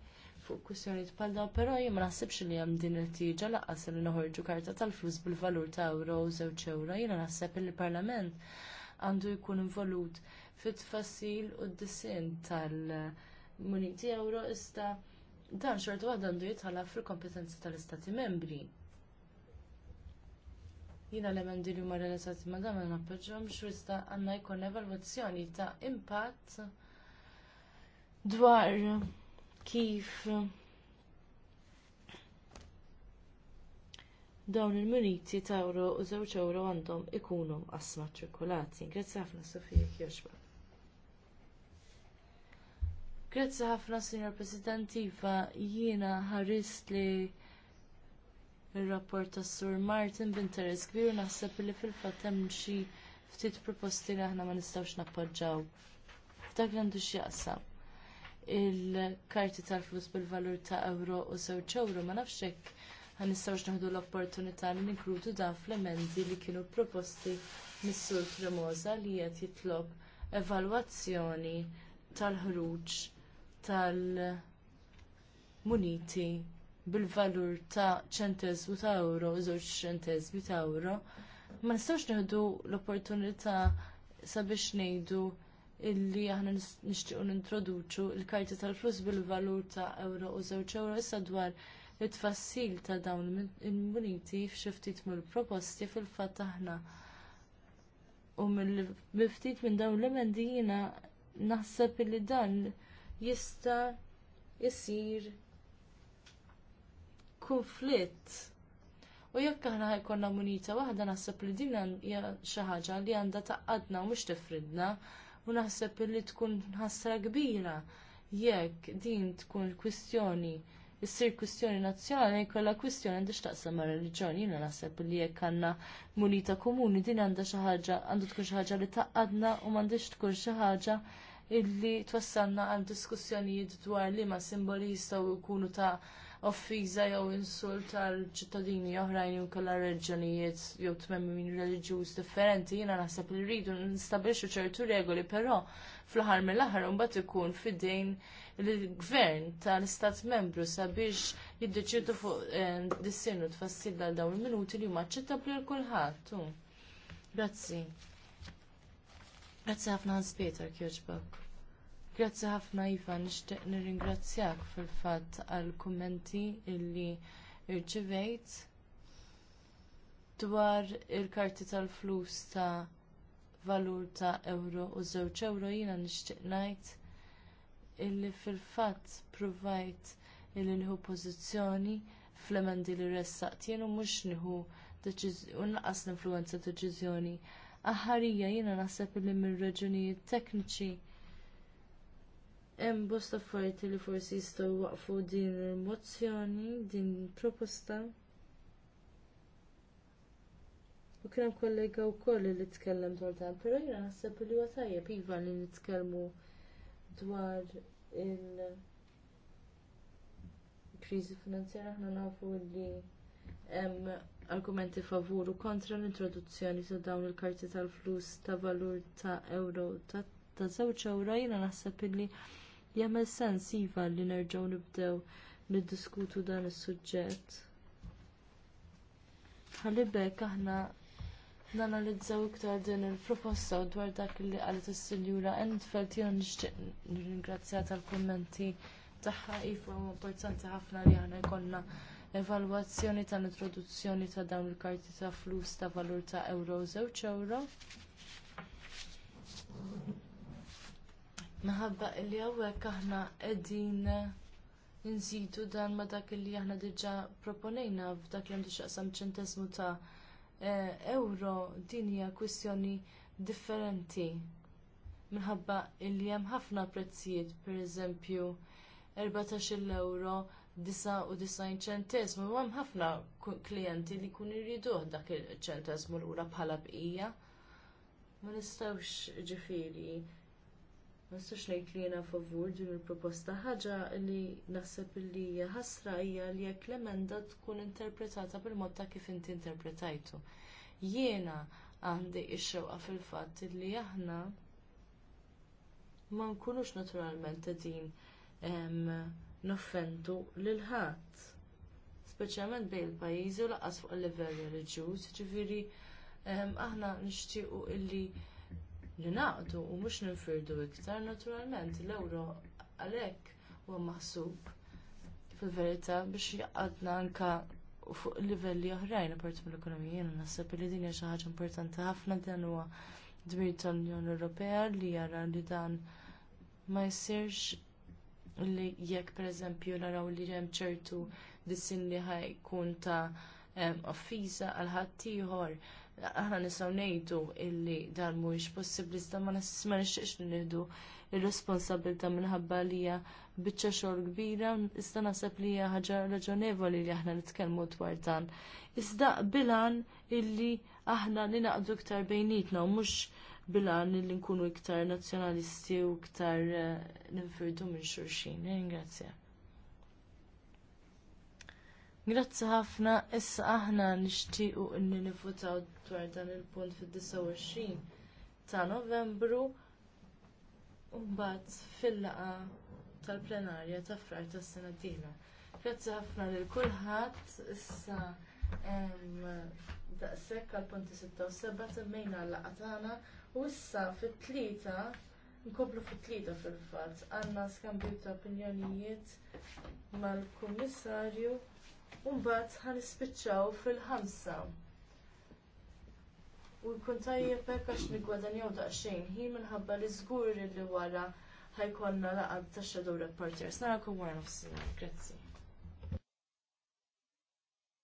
fuq kwistjonijiet bħal dawn, però jien ma naħsibx li hemm din it tieġa laqas li noħorġu karta tal-flus bil-valur ta' euro u żewġ euro. Jiena naħseb li l-Parlament għandu jkun involut fit-tfassil u d-disin tal-Muniti Ewro iżda dan xorta waħda għandu jitħallaf fil-kompetenzi tal-Istati membri. Jiena l-emendi li huma relatati ma' dan ma nappoġġhom xwista għandna jkun evalwazzjoni ta' impatt dwar kif dawn il-muniti ta' euro u żewġ euro għandhom ikunu asma ċirkolati. Grazzi ħafna Sofija Kjoxba. Grazzi ħafna Signor President iva. jiena ħarist li ir-rapport tas-Sur Martin b'interess kbir u naħseb li fil-fatt hemm xi ftit proposti li aħna ma nistgħux nappoġġaw. F'dak għandu x'jaqsam. Il-karti tal-flus bil-valur ta' euro u żewġ euro ma nafx hekk nistgħux naħdu l-opportunità li ninkludu da fl-emendi li kienu proposti mis-sur Tremosa li qed jitlob evalwazzjoni tal-ħruġ tal-muniti bil-valur ta' ċentezmu ta' euro, żewġ ċentezmi ta' euro, ma nistgħux neħdu l-opportunità sabiex ngħidu illi aħna nixtiequ nintroduċu l karti tal-flus bil-valur ta' euro u żewġ euro issa dwar it-tfassil ta' dawn il-muniti f'xi ftit mill-proposti fil-fatt aħna. U mill-ftit minn dawn l-emendi jiena naħseb li dan jista' jsir konflitt. U jekk aħna jkollna munita waħda naħseb li din hija xi ħaġa li għandha taqadna u mhux tifridna u naħseb li tkun ħasra kbira jekk din tkun kwistjoni issir kwistjoni nazzjonali kollha kwistjoni għandha x'taqsam ma' reliġjoni jiena naħseb li jekk għandna munita komuni din għandha xi ħaġa għandu tkun xi ħaġa li taqadna u m'għandix tkun xi ħaġa illi twassalna għal diskussjonijiet dwar liema simboli jistgħu jkunu ta' offiża jew insult għal ċittadini oħrajn jew kollha reġjonijiet jew tmemmin reliġjuż differenti, jiena naħseb li rridu nistabilxu ċertu regoli, però fl-aħħar mill-aħħar imbagħad ikun fidejn il-gvern tal-istat membru sabiex jiddeċidu fuq eh, dis-sinu tfassil għal dawn il-minuti li huma ċittabli l kulħadd. Grazzi. Grazzi ħafna Hans Peter Grazzi ħafna Iva, nixtieq nirringrazzjak fil-fatt għall kummenti illi irċivejt dwar il-karti tal-flus ta' valur ta' euro u żewġ euro jiena nixtieq ngħid illi fil-fatt provajt illi nħu pożizzjoni fl-emendi li ressaqt jien u mhux nieħu u naqas l-influenza deċiżjoni. Aħħarija jiena naħseb illi mir raġunijiet tekniċi Hemm bosta affarijiet li forsi jistgħu waqfu din il-mozzjoni, din proposta. U kien hemm kollega wkoll li tkellem dwar dan, però jiena naħseb li huwa tajjeb iva li nitkellmu dwar il- kriżi finanzjera aħna nafu li hemm argumenti favur u kontra l-introduzzjoni ta' dawn il-karti tal-flus ta' valur ta' euro ta' żewġ euro jiena naħseb illi jagħmel sens iva li nerġgħu nibdew niddiskutu dan is-suġġett. Ħalibek aħna nanalizzaw iktar din il-proposta dwar dak li qalet is-Sinjura Endfeld jiena nixtieq nirringrazzja tal-kummenti tagħha iva importanti ħafna li aħna jkollna evalwazzjoni tal-introduzzjoni ta' dawn il-karti ta' flus ta' valur ta' euro żewġ euro. Minħabba li hawnhekk aħna qegħdin nżidu dan ma dak li aħna diġà proponejna f'dak li għandu xaqsam ċentesmu ta' e, euro din hija kwistjoni differenti minħabba illi hemm ħafna prezzijiet, pereżempju 14 euro 99 ċentesmu, u hemm ħafna klijenti li jkunu jriduh dak il-ċentesmu lura bħala bqija. Ma nistgħux ġifiri. Ma nistax ngħid li jiena favur din il-proposta ħaġa li naħseb li hija ħasra hija li jekk l-emenda tkun interpretata bil-mod ta' kif inti interpretajtu. Jiena għandi x-xewqa fil-fatt li aħna ma nkunux naturalment din noffendu lil ħadd. Speċjalment bejn il-pajjiżi u laqas fuq il-livell reliġjuż, ġifieri aħna nixtiequ illi li naqdu u mhux ninfirdu iktar naturalment l ewro għalhekk huwa maħsub fil-verità biex jaqadna anke fuq livelli oħrajn apart mill-ekonomija jiena naħseb li din hija xi ħaġa importanti ħafna dan huwa dmir tal-Unjoni Ewropea li jara li dan ma jsirx li jekk pereżempju naraw li hemm ċertu disin li ħajkun ta' offiża għal ħadd ieħor aħna nisaw ngħidu illi dan mhuwiex possibbli iżda ma nixtieqx li nieħdu ir minħabba li hija biċċa xogħol kbira iżda naħseb li hija ħaġa raġonevoli li aħna nitkellmu dwar dan. Iżda bilan illi aħna li naqdu iktar bejnietna u mhux bilan illi nkunu iktar nazzjonalisti u iktar eh, ninfirdu minn xulxin. Ringrazzja. Grazzi ħafna, issa aħna nixtiequ inni nifutaw dwar dan il-punt fid-29 ta' Novembru u mbagħad fil laqgħa tal-plenarja ta' frar tas-sena d-dieħla. Grazzi ħafna lil kulħadd issa daqshekk għall punti 67 semmejna l-laqgħa tagħna u issa fit-tlieta Nkomplu fit-tlieta fil fatt għandna skambju ta' opinjonijiet mal-kummissarju u mbagħad ħanispiċċaw fil-ħamsa. U jkun tajjeb hekk għax niggwadanjaw daqsxejn ħin minħabba li żgur li wara ħajkonna laqad ta' Shadow Reporters. Narakom wara nofsinhar. Grazzi.